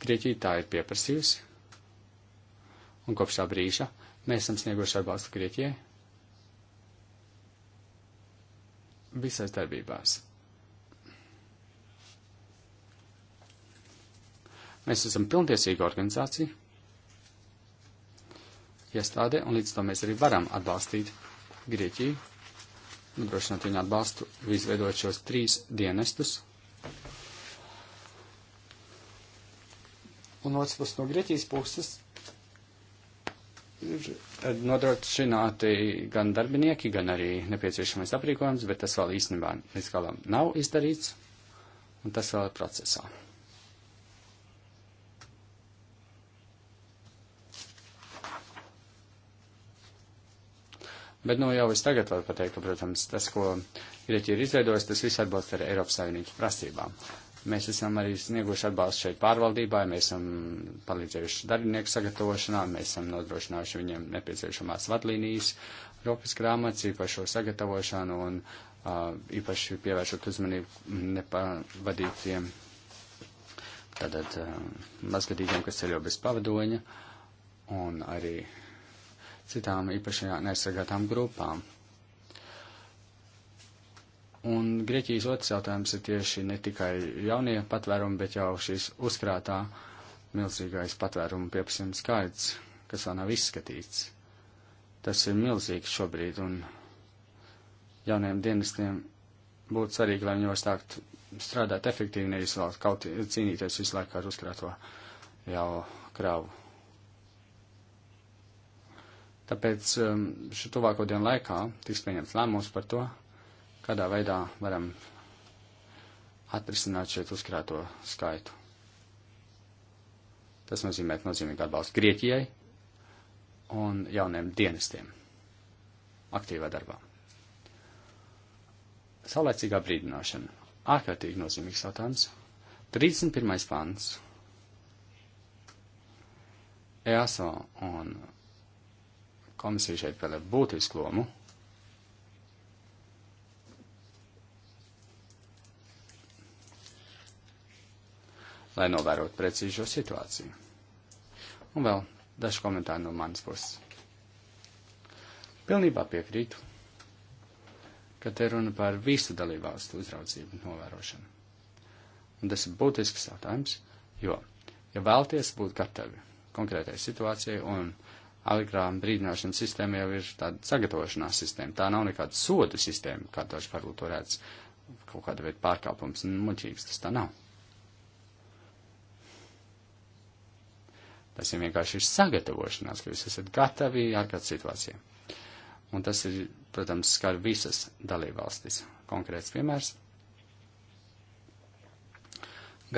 Speaker 2: Grieķija tā ir pieprasījusi, un kopš tā brīža Mēs esam snieguši atbalstu Grieķijai visās darbībās. Mēs esam pilntiesīga organizācija, iestāde, un līdz to mēs arī varam atbalstīt Grieķiju, nodrošināt viņu atbalstu, izveidot šos trīs dienestus. Un otrs puses no Grieķijas puses ir nodrošināti gan darbinieki, gan arī nepieciešamais aprīkojums, bet tas vēl īstenībā līdz galam nav izdarīts, un tas vēl ir procesā. Bet, nu, jau es tagad varu pateikt, ka, protams, tas, ko Grieķija ir izveidojusi, tas viss atbilst ar Eiropas Savienības prasībām. Mēs esam arī snieguši atbalstu šeit pārvaldībā, mēs esam palīdzējuši darbinieku sagatavošanā, mēs esam nodrošinājuši viņiem nepieciešamās vadlīnijas, rokas grāmatas, īpašo sagatavošanu un uh, īpaši pievēršot uzmanību nepavadītiem, tātad uh, mazgadīgiem, kas ceļo bez pavadoņa un arī citām īpašajām nesagātām grupām. Un Grieķijas otrs jautājums ir tieši ne tikai jaunie patvērumi, bet jau šīs uzkrātā milzīgais patvērumu pieprasījums skaits, kas vēl nav izskatīts. Tas ir milzīgs šobrīd, un jauniem dienestiem būtu svarīgi, lai viņi var sākt strādāt efektīvi, nevis vēl kaut cīnīties visu laiku ar uzkrāto jau kravu. Tāpēc um, šo tuvāko dienu laikā tiks pieņemts lēmums par to, kādā veidā varam atrisināt šeit uzkrāto skaitu. Tas nozīmē nozīmīgi atbalstu Grieķijai un jauniem dienestiem aktīvā darbā. Saulēcīgā brīdināšana. Ārkārtīgi nozīmīgs jautājums. 31. pāns. EASO un komisija šeit spēlē būtisku lomu lai novērotu precīzi šo situāciju. Un vēl daži komentāri no manas puses. Pilnībā piekrītu, ka te runa par visu dalībvalstu uzraudzību un novērošanu. Un tas ir būtisks jautājums, jo, ja vēlties būt gatavi konkrētai situācijai un aligrām brīdināšanas sistēma jau ir tāda sagatavošanās sistēma, tā nav nekāda soda sistēma, kā daži varbūt to redz, kaut kāda veida pārkāpums un muļķības, tas tā nav. Tas ir vienkārši ir sagatavošanās, ka jūs esat gatavi ārkārtas situācijai. Un tas ir, protams, skar visas dalībvalstis. Konkrēts piemērs.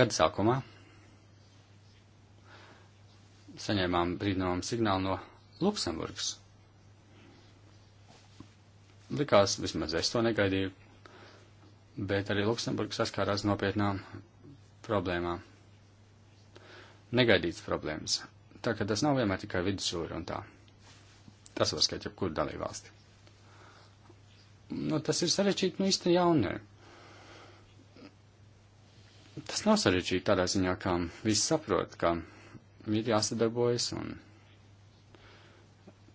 Speaker 2: Gada sākumā saņēmām brīdinājumu signālu no Luksemburgas. Likās, vismaz es to negaidīju, bet arī Luksemburga saskārās nopietnām problēmām negaidīts problēmas. Tā ka tas nav vienmēr tikai vidusjūra un tā. Tas var skait jebkuru dalībvalsti. Nu, tas ir sarežģīti, nu īsti jaunē. Tas nav sarežģīti tādā ziņā, kā visi saprot, ka ir jāsadarbojas un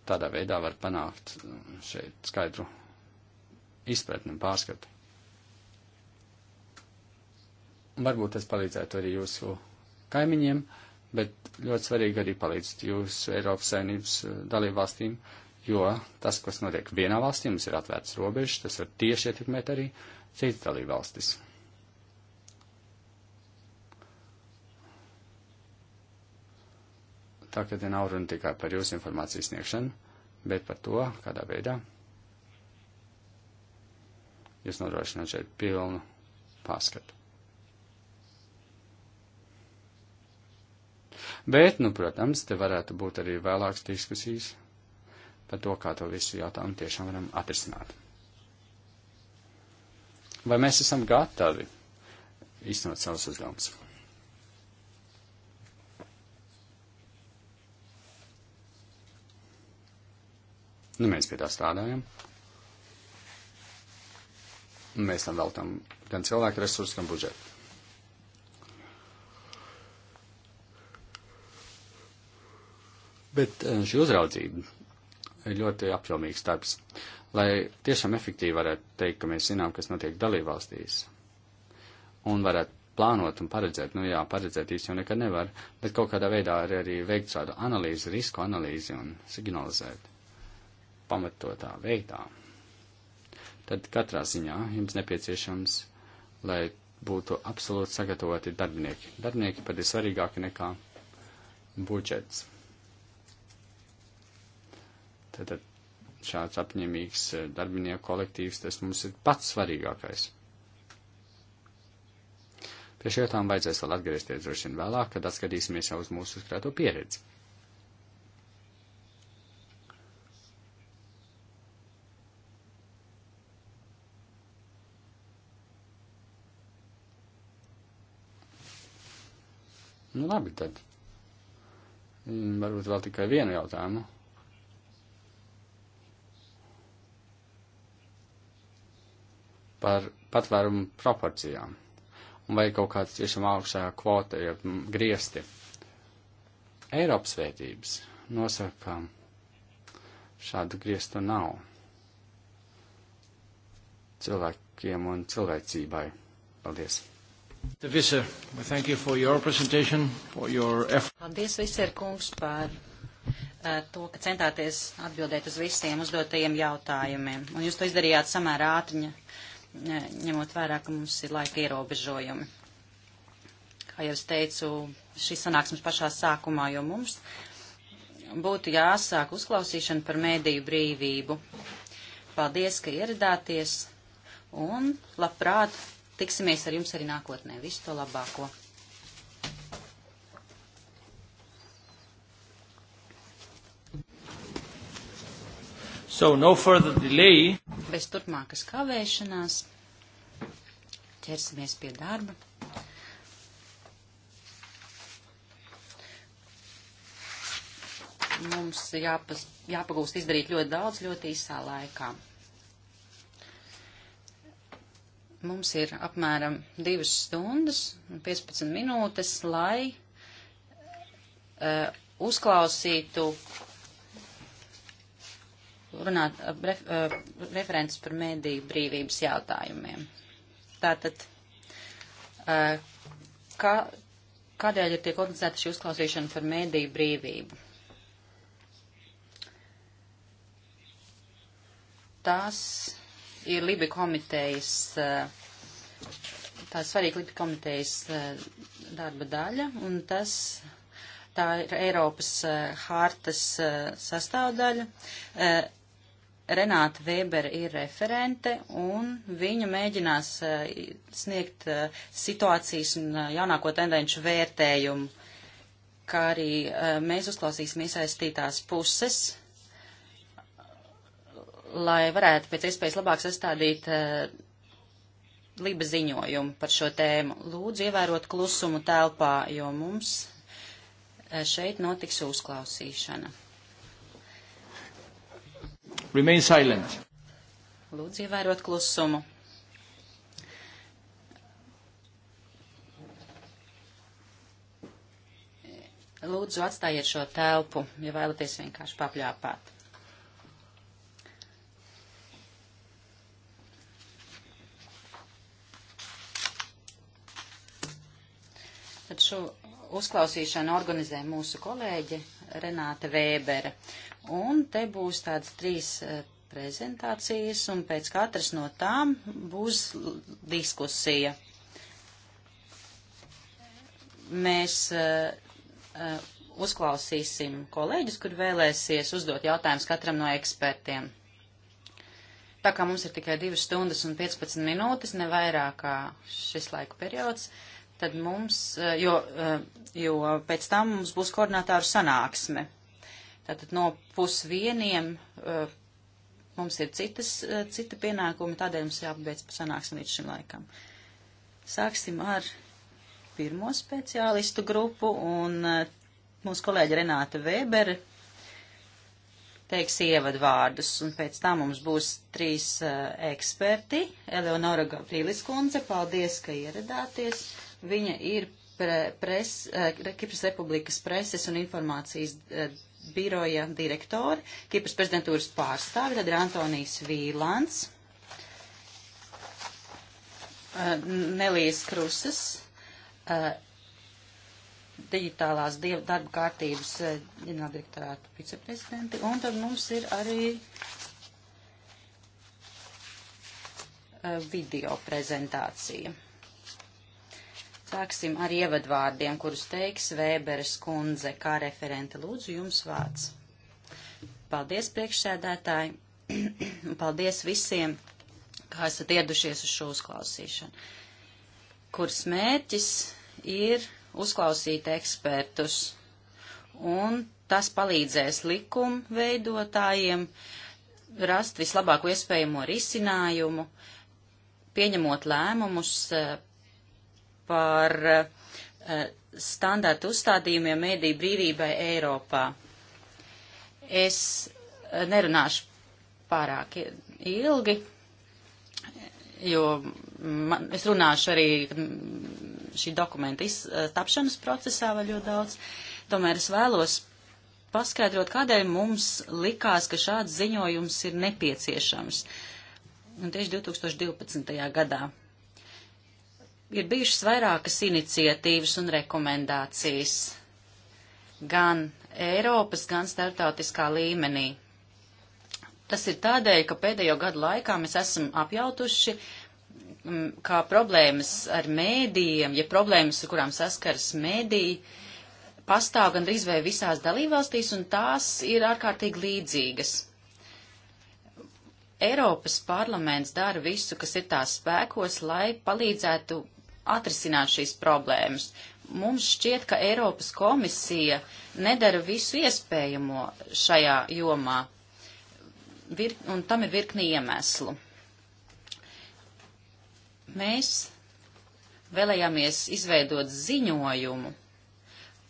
Speaker 2: tādā veidā var panākt šeit skaidru izpratni un pārskatu. Varbūt tas palīdzētu arī jūsu kaimiņiem, bet ļoti svarīgi arī palīdzat jūsu Eiropas saimnības eh, dalībvalstīm, jo tas, kas notiek vienā valstī, mums ir atvērts robežas, tas var tieši ietekmēt arī citas dalībvalstis. Tā ka te nav runa tikai par jūsu informācijas sniegšanu, bet par to, kādā veidā jūs nodrošināt šeit pilnu pārskatu. Bet, nu, protams, te varētu būt arī vēlākas diskusijas par to, kā to visu jautājumu tiešām varam atrisināt. Vai mēs esam gatavi īstenot savus uzdevumus? Nu, mēs pie tā strādājam. Mēs tam veltam gan cilvēku resursus, gan budžetu. Bet eh, šī uzraudzība ir ļoti apjomīgs darbs, lai tiešām efektīvi varētu teikt, ka mēs zinām, kas notiek dalībvalstīs. Un varētu plānot un paredzēt, nu jā, paredzēt īsti jau nekad nevar, bet kaut kādā veidā arī, arī veikt šādu analīzi, risku analīzi un signalizēt pamatotā veidā. Tad katrā ziņā jums nepieciešams, lai būtu absolūti sagatavoti darbinieki. Darbinieki pat ir svarīgāki nekā budžets. Tātad šāds apņemīgs eh, darbinieku kolektīvs, tas mums ir pats svarīgākais. Pie šī jautājuma vajadzēs vēl atgriezties droši vien vēlāk, kad atskatīsimies jau uz mūsu uzkrāto pieredzi. Nu, labi, tad mm, varbūt vēl tikai vienu jautājumu. par patvērumu proporcijām un vai kaut kāds tiešām augšā kvota ir griesti. Eiropas vērtības nosaka, ka šādu griestu nav cilvēkiem un cilvēcībai. Paldies! Visser, you your...
Speaker 3: Paldies, Viser kungs, par eh, to, ka centāties atbildēt uz visiem uzdotajiem jautājumiem. Un jūs to izdarījāt samērā ātriņa ņemot vērā, ka mums ir laika ierobežojumi. Kā jau es teicu, šis sanāksmes pašā sākumā, jo mums būtu jāsāk uzklausīšana par mēdīju brīvību. Paldies, ka ieradāties un labprāt tiksimies ar jums arī nākotnē. Visu to labāko!
Speaker 2: So, no further delay.
Speaker 3: Bez turpmākas kavēšanās ķersimies pie darba. Mums jāpas, jāpagūst izdarīt ļoti daudz ļoti īsā laikā. Mums ir apmēram 2 stundas un 15 minūtes, lai uh, uzklausītu runāt, ref, referents par mēdīju brīvības jautājumiem. Tātad, kā, kādēļ ir tiek organizēta šī uzklausīšana par mēdīju brīvību? Tās ir Libi komitejas, tā svarīga Libi komitejas darba daļa, un tas tā ir Eiropas uh, hārtas uh, sastāvdaļa. Uh, Renāta Weber ir referente, un viņa mēģinās eh, sniegt eh, situācijas un eh, jaunāko tendenču vērtējumu, kā arī mēs uzklausīsim iesaistītās puses, lai varētu pēc iespējas labāk sastādīt liba ziņojumu par šo tēmu. Lūdzu, ievērot klusumu telpā, jo mums šeit notiks uzklausīšana.
Speaker 2: Remain silent.
Speaker 3: Lūdzu, ievērot klusumu. Lūdzu, atstājiet šo telpu, ja vēlaties vienkārši papļāpāt. Tad šo uzklausīšanu organizē mūsu kolēģe Renāte Vēbere. Un te būs tādas trīs eh, prezentācijas, un pēc katras no tām būs diskusija. Mēs uh, uzklausīsim kolēģis, kur vēlēsies uzdot jautājumus katram no ekspertiem. Tā kā mums ir tikai 2 stundas un 15 minūtes, ne vairāk kā šis laika periods, tad mums, jo, jo pēc tam mums būs koordinātāru sanāksme. Tātad no pusvieniem uh, mums ir citas, uh, cita pienākuma, tādēļ mums jāpabeidz sanāksme līdz šim laikam. Sāksim ar pirmo speciālistu grupu un uh, mūsu kolēģi Renāta Vēbere teiks ievadvārdus, un pēc tam mums būs trīs uh, eksperti. Eleonora Gavrīlis kundze, paldies, ka ieradāties. Viņa ir pre, pres, uh, Kipras Republikas preses un informācijas uh, biroja direktori, Kipras prezidentūras pārstāvi, tad ir Antonijs Vīlāns, eh, Nelijas Krusas, eh, digitālās darba kārtības eh, ģenerāldirektorāta viceprezidenti, un tad mums ir arī video prezentācija. Sāksim ar ievadvārdiem, kurus teiks Vēberes kundze, kā referente. Lūdzu, jums vārds. Paldies, priekšsēdētāji, un paldies visiem, kā esat ieradušies uz šo uzklausīšanu, kuras mērķis ir uzklausīt ekspertus, un tas palīdzēs likumu veidotājiem rast vislabāko iespējamo risinājumu, pieņemot lēmumus eh, par eh, standartu uzstādījumiem mēdī brīvībai Eiropā. Es eh, nerunāšu pārāk ilgi, jo man, es runāšu arī mm, šī dokumenta tapšanas procesā vēl ļoti daudz. Tomēr es vēlos paskaidrot, kādēļ mums likās, ka šāds ziņojums ir nepieciešams. Un tieši 2012. gadā ir bijušas vairākas iniciatīvas un rekomendācijas gan Eiropas, gan starptautiskā līmenī. Tas ir tādēļ, ka pēdējo gadu laikā mēs esam apjautuši, mm, kā problēmas ar mēdījiem, ja problēmas, ar kurām saskaras mēdīji, pastāv gandrīz vai visās dalībvalstīs, un tās ir ārkārtīgi līdzīgas. Eiropas parlaments dara visu, kas ir tās spēkos, lai palīdzētu atrisināt šīs problēmas. Mums šķiet, ka Eiropas komisija nedara visu iespējamo šajā jomā, Vir, un tam ir virkni iemeslu. Mēs vēlējāmies izveidot ziņojumu,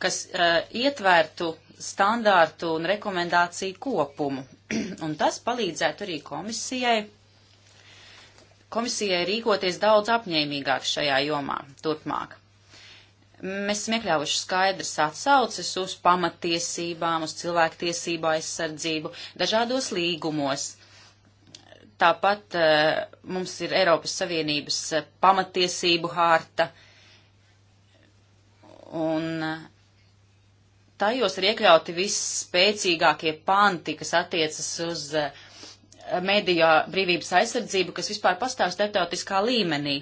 Speaker 3: kas uh, eh, ietvērtu standārtu un rekomendāciju kopumu, un tas palīdzētu arī komisijai komisijai rīkoties daudz apņēmīgāk šajā jomā turpmāk. Mēs esam iekļāvuši skaidrs atsauces uz pamatiesībām, uz cilvēktiesību aizsardzību dažādos līgumos. Tāpat eh, mums ir Eiropas Savienības eh, pamatiesību hārta, un eh, tajos ir iekļauti visspēcīgākie panti, kas attiecas uz uh, mediju brīvības aizsardzību, kas vispār pastāv starptautiskā līmenī.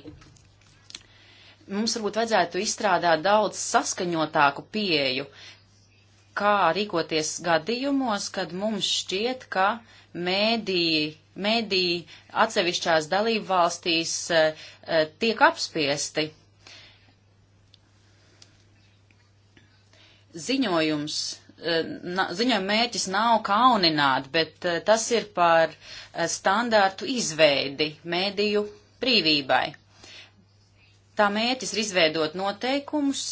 Speaker 3: Mums varbūt vajadzētu izstrādāt daudz saskaņotāku pieeju, kā rīkoties gadījumos, kad mums šķiet, ka mēdīji, mēdīji atsevišķās dalību valstīs eh, eh, tiek apspiesti. Ziņojums Eh, ziņojuma mērķis nav kaunināt, bet eh, tas ir par eh, standārtu izveidi mēdīju brīvībai. Tā mērķis ir izveidot noteikumus,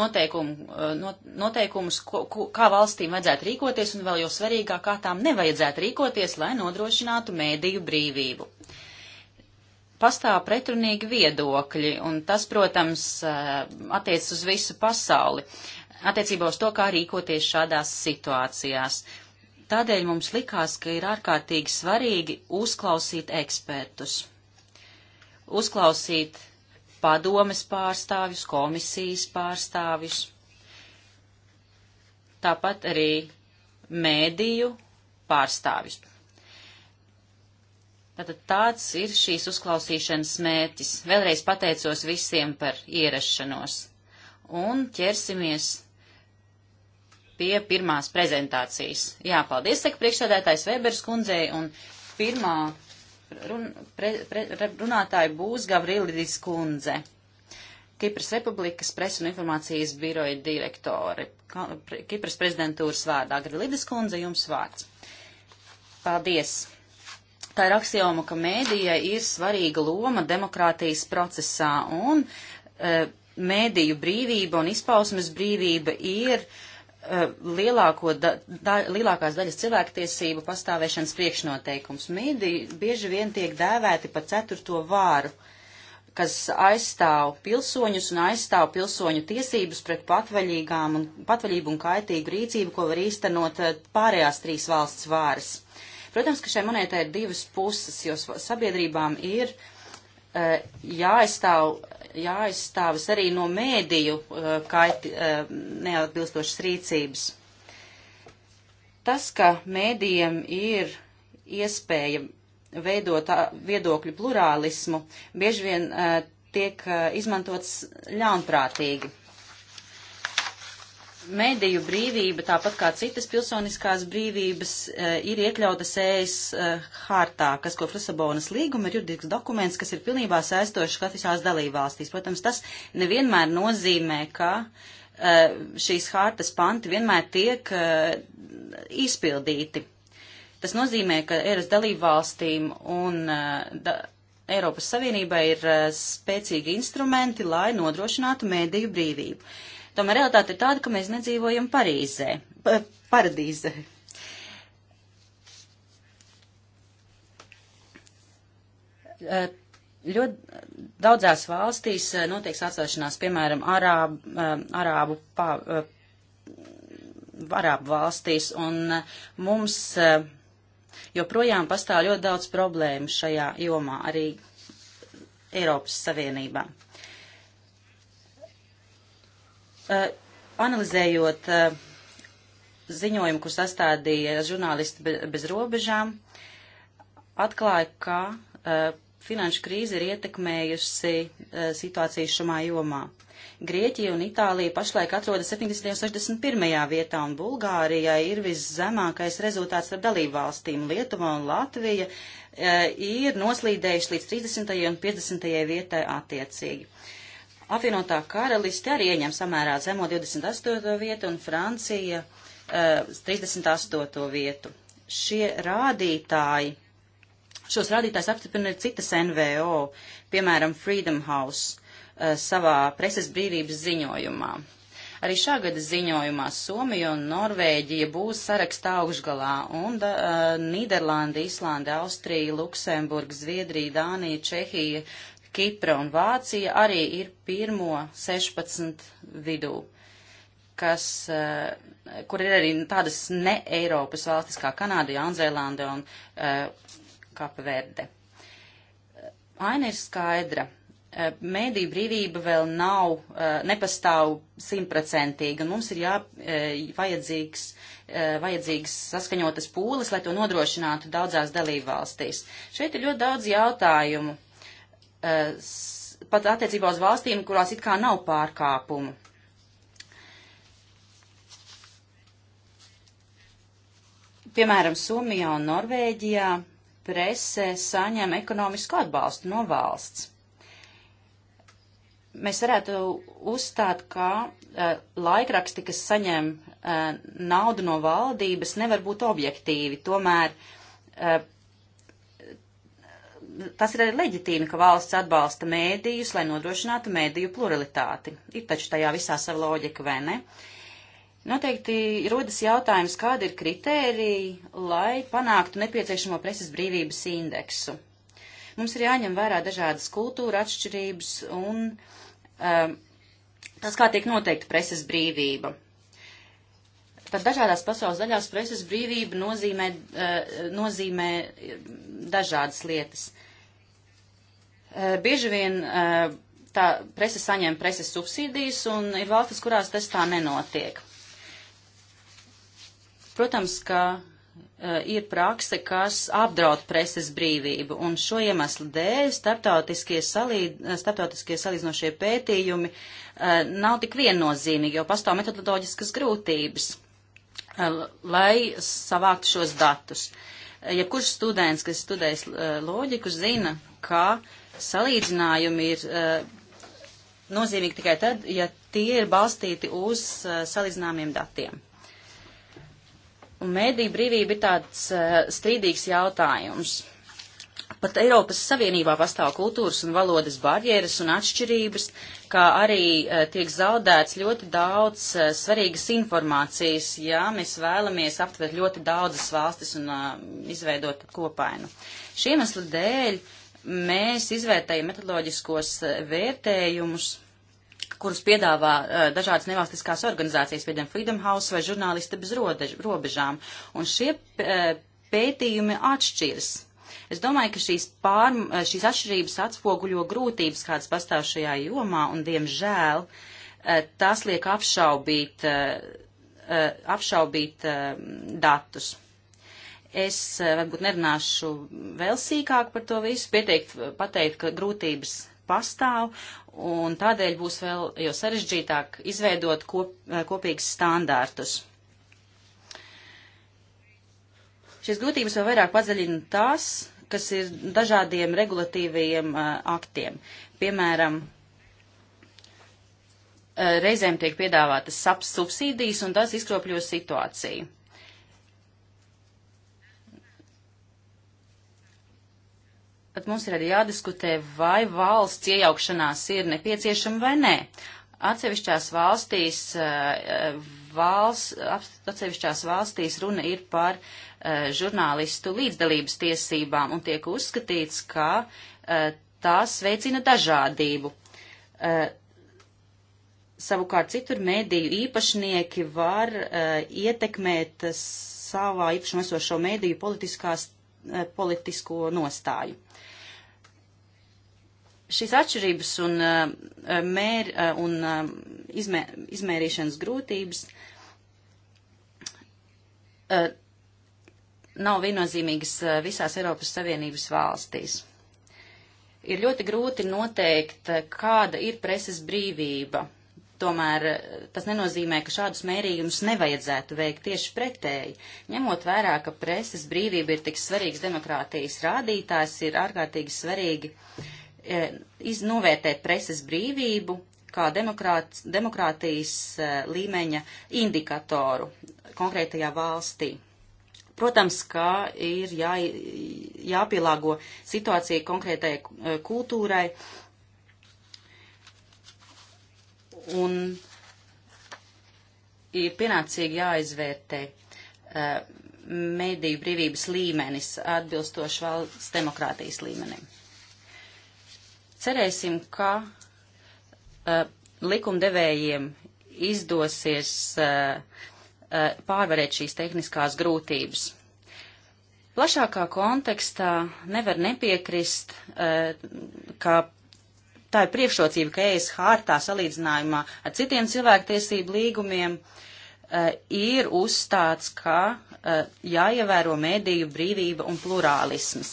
Speaker 3: noteikumu, noteikumus, ko, ko, kā valstīm vajadzētu rīkoties, un vēl jau svarīgāk, kā tām nevajadzētu rīkoties, lai nodrošinātu mēdīju brīvību. Pastāv pretrunīgi viedokļi, un tas, protams, attiec uz visu pasauli. Uh, attiecībā uz to, kā rīkoties šādās situācijās. Tādēļ mums likās, ka ir ārkārtīgi svarīgi uzklausīt ekspertus, uzklausīt padomes pārstāvjus, komisijas pārstāvjus, tāpat arī mēdīju pārstāvjus. Tātad tāds ir šīs uzklausīšanas mērķis. Vēlreiz pateicos visiem par ierašanos. Un ķersimies pie pirmās prezentācijas. Jā, paldies, saka priekšsēdētājs Weberis kundzei, un pirmā run, pre, pre, runātāja būs Gavrilidis kundze, Kipras Republikas presu un informācijas biroja direktori. Kipras prezidentūras vārdā Gavrilidis kundze, jums vārds. Paldies! Tā ir aksioma, ka mēdījai ir svarīga loma demokrātijas procesā, un e, mēdīju brīvība un izpausmes brīvība ir uh, Eh, lielāko da, da, lielākās daļas cilvēktiesību pastāvēšanas priekšnoteikums. Mīdi bieži vien tiek dēvēti par ceturto vāru, kas aizstāv pilsoņus un aizstāv pilsoņu tiesības pret patvaļīgām un patvaļību un kaitīgu rīcību, ko var īstenot eh, pārējās trīs valsts vāras. Protams, ka šai monētai ir divas puses, jo sabiedrībām ir eh, jāaizstāv jāaizstāvis arī no mēdīju eh, kaiti eh, neatbilstošas rīcības. Tas, ka mēdījiem ir iespēja veidot viedokļu plurālismu, bieži vien eh, tiek izmantots ļaunprātīgi. Mēdīju brīvība, tāpat kā citas pilsoniskās brīvības, eh, ir iekļautas ES eh, hartā, kas kopš Lisabonas līguma ir juridisks dokuments, kas ir pilnībā saistošs visās dalībvalstīs. Protams, tas nevienmēr nozīmē, ka eh, šīs hartas panti vienmēr tiek izpildīti. Tas nozīmē, ka eras dalībvalstīm un da, Eiropas Savienībai ir eh, spēcīgi instrumenti, lai nodrošinātu mēdīju brīvību. Tomēr realitāte ir tāda, ka mēs nedzīvojam Parīzē, pa, paradīzē. Eh, ļoti daudzās valstīs eh, notiek sacēšanās, piemēram, arāb, arābu, pā, arābu valstīs, un mums joprojām pastāv ļoti daudz problēmu šajā jomā arī Eiropas Savienībā. Uh, analizējot uh, ziņojumu, kur sastādīja žurnālisti be, bez robežām, atklāja, ka uh, finanšu krīze ir ietekmējusi situāciju šumā jomā. Grieķija un Itālija pašlaik atrodas 70. un 61. vietā, un Bulgārijai ir viszemākais rezultāts starp dalību valstīm. Lietuva un Latvija e, ir noslīdējuši līdz 30. un 50. vietai attiecīgi. Apvienotā karaliste arī ieņem samērā zemo 28. vietu un Francija e, 38. vietu. Šie rādītāji Šos rādītājus apstiprina citas NVO, piemēram, Freedom House. Eh, savā preses brīvības ziņojumā. Arī šā gada ziņojumā Somija un Norvēģija būs sarakstā augšgalā, un da, uh, Nīderlanda, Islanda, Austrija, Luksemburga, Zviedrija, Dānija, Čehija, Kipra un Vācija arī ir pirmo 16 vidū, kas, uh, kur ir arī tādas ne Eiropas valstis kā Kanāda, Jaunzēlanda un uh, Kapverde. Aina ir skaidra Eh, Mēdīju brīvība vēl nav, eh, nepastāv simtprocentīgi, un mums ir jā, eh, vajadzīgs, vajadzīgs saskaņotas pūles, lai to nodrošinātu daudzās dalībvalstīs. Šeit ir ļoti daudz jautājumu, pat attiecībā uz valstīm, kurās it kā nav pārkāpumu. Piemēram, Somijā un Norvēģijā prese saņem ekonomisku atbalstu no valsts mēs varētu uzstāt, ka uh, laikraksti, kas saņem uh, naudu no valdības, nevar būt objektīvi. Tomēr uh, tas ir arī leģitīmi, ka valsts atbalsta mēdījus, lai nodrošinātu mēdīju pluralitāti. Ir taču tajā visā sava loģika, vai ne? Noteikti rodas jautājums, kāda ir kritērija, lai panāktu nepieciešamo preses brīvības indeksu. Mums ir jāņem vērā dažādas kultūra atšķirības un uh, Ehm, tas, kā tiek noteikta preses brīvība. Tad dažādās pasaules daļās preses brīvība nozīmē, eh, nozīmē eh, dažādas lietas. Eh, bieži vien tā prese saņem preses subsīdijas un ir valstis, kurās tas tā nenotiek. Protams, ka Eh, ir prakse, kas apdraud preses brīvību, un šo iemeslu dēļ starptautiskie, salīd, eh, starptautiskie salīdzinošie pētījumi eh, nav tik viennozīmīgi, jo pastāv metodoloģiskas grūtības, lai savāktu šos datus. Jebkurš students, kas studējas loģiku, zina, ka salīdzinājumi ir nozīmīgi tikai tad, ja tie ir balstīti uz salīdzināmiem datiem. Un mēdīja brīvība ir tāds uh, strīdīgs jautājums. Pat Eiropas Savienībā pastāv kultūras un valodas barjeras un atšķirības, kā arī uh, tiek zaudēts ļoti daudz uh, svarīgas informācijas, ja mēs vēlamies aptvert ļoti daudzas valstis un uh, izveidot kopainu. Šī iemesla dēļ mēs izvērtējam metoloģiskos vērtējumus kurus piedāvā uh, dažādas nevalstiskās organizācijas, piemēram, Freedom House vai žurnālisti bez rodež, robežām. Un šie uh, pētījumi atšķiras. Es domāju, ka šīs, pār, eh, šīs atšķirības atspoguļo grūtības, kādas pastāv šajā jomā, un, diemžēl, uh, tas liek apšaubīt, apšaubīt datus. Es varbūt nerunāšu vēl sīkāk par to visu, pieteikt, pateikt, ka grūtības pastāv, un tādēļ būs vēl jau sarežģītāk izveidot kop, eh, kopīgus standārtus. Šīs grūtības vēl vairāk padziļina tās, kas ir dažādiem regulatīvajiem uh, aktiem. Piemēram, eh, reizēm tiek piedāvātas subsīdijas, un tas izkropļo situāciju. Tad mums ir arī jādiskutē, vai valsts iejaukšanās ir nepieciešama vai nē. Atsevišķās valstīs, eh, valsts, atsevišķās valstīs runa ir par eh, žurnālistu līdzdalības tiesībām un tiek uzskatīts, ka eh, tās veicina dažādību. Savukārt citur mēdīju īpašnieki var ietekmēt savā īpašumā esošo mēdīju politiskās Eh, politisko nostāju. Šīs atšķirības un, eh, eh, mēr, un izmē, izmērīšanas grūtības nav viennozīmīgas visās Eiropas Savienības valstīs. Ir ļoti grūti noteikt, kāda ir preses brīvība Tomēr eh, tas nenozīmē, ka šādus mērījumus nevajadzētu veikt tieši pretēji. Ņemot vērā, ka preses brīvība ir tik svarīgs demokrātijas rādītājs, ir ārkārtīgi svarīgi e, novērtēt preses brīvību kā demokrāt, demokrātijas e, līmeņa indikatoru konkrētajā valstī. Protams, ka ir jā, jāpielāgo situācija konkrētai kultūrai un ir pienācīgi jāizvērtē uh, mediju brīvības līmenis atbilstoši valsts demokrātijas līmenim. Cerēsim, ka uh, likumdevējiem izdosies uh, pārvarēt šīs tehniskās grūtības. Plašākā kontekstā nevar nepiekrist, ka tā ir priekšrocība, ka ES hārtā salīdzinājumā ar citiem cilvēktiesību līgumiem uh, ir uzstāts, ka uh, jāievēro mēdīju brīvība un plurālisms.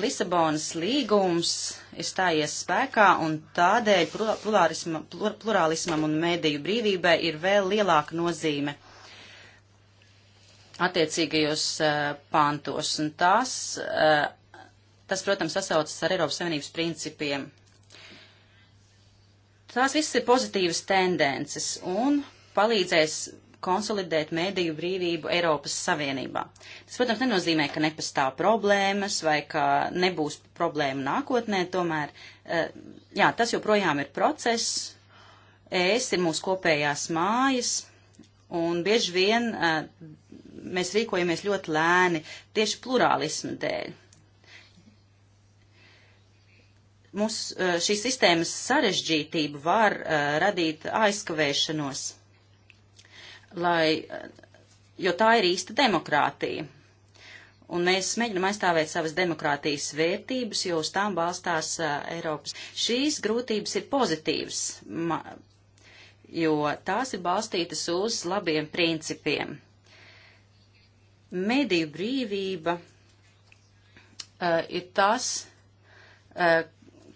Speaker 3: Lisabonas līgums ir stājies spēkā un tādēļ plurālisma, plur, plurālismam un mēdīju brīvībai ir vēl lielāka nozīme attiecīgajos uh, pantos. Un tās, uh, tas, protams, sasaucas ar Eiropas Savienības principiem Tās viss ir pozitīvas tendences un palīdzēs konsolidēt mēdīju brīvību Eiropas Savienībā. Tas, protams, nenozīmē, ka nepastāv problēmas vai ka nebūs problēma nākotnē, tomēr, eh, jā, tas joprojām ir process, es ir mūsu kopējās mājas, un bieži vien eh, mēs rīkojamies ļoti lēni tieši plurālismu dēļ. Mums šīs sistēmas sarežģītība var radīt aizkavēšanos, lai, jo tā ir īsta demokrātija. Un mēs mēģinam aizstāvēt savas demokrātijas vērtības, jo uz tām balstās Eiropas. Šīs grūtības ir pozitīvas, jo tās ir balstītas uz labiem principiem. Mediju brīvība uh, ir tas, uh,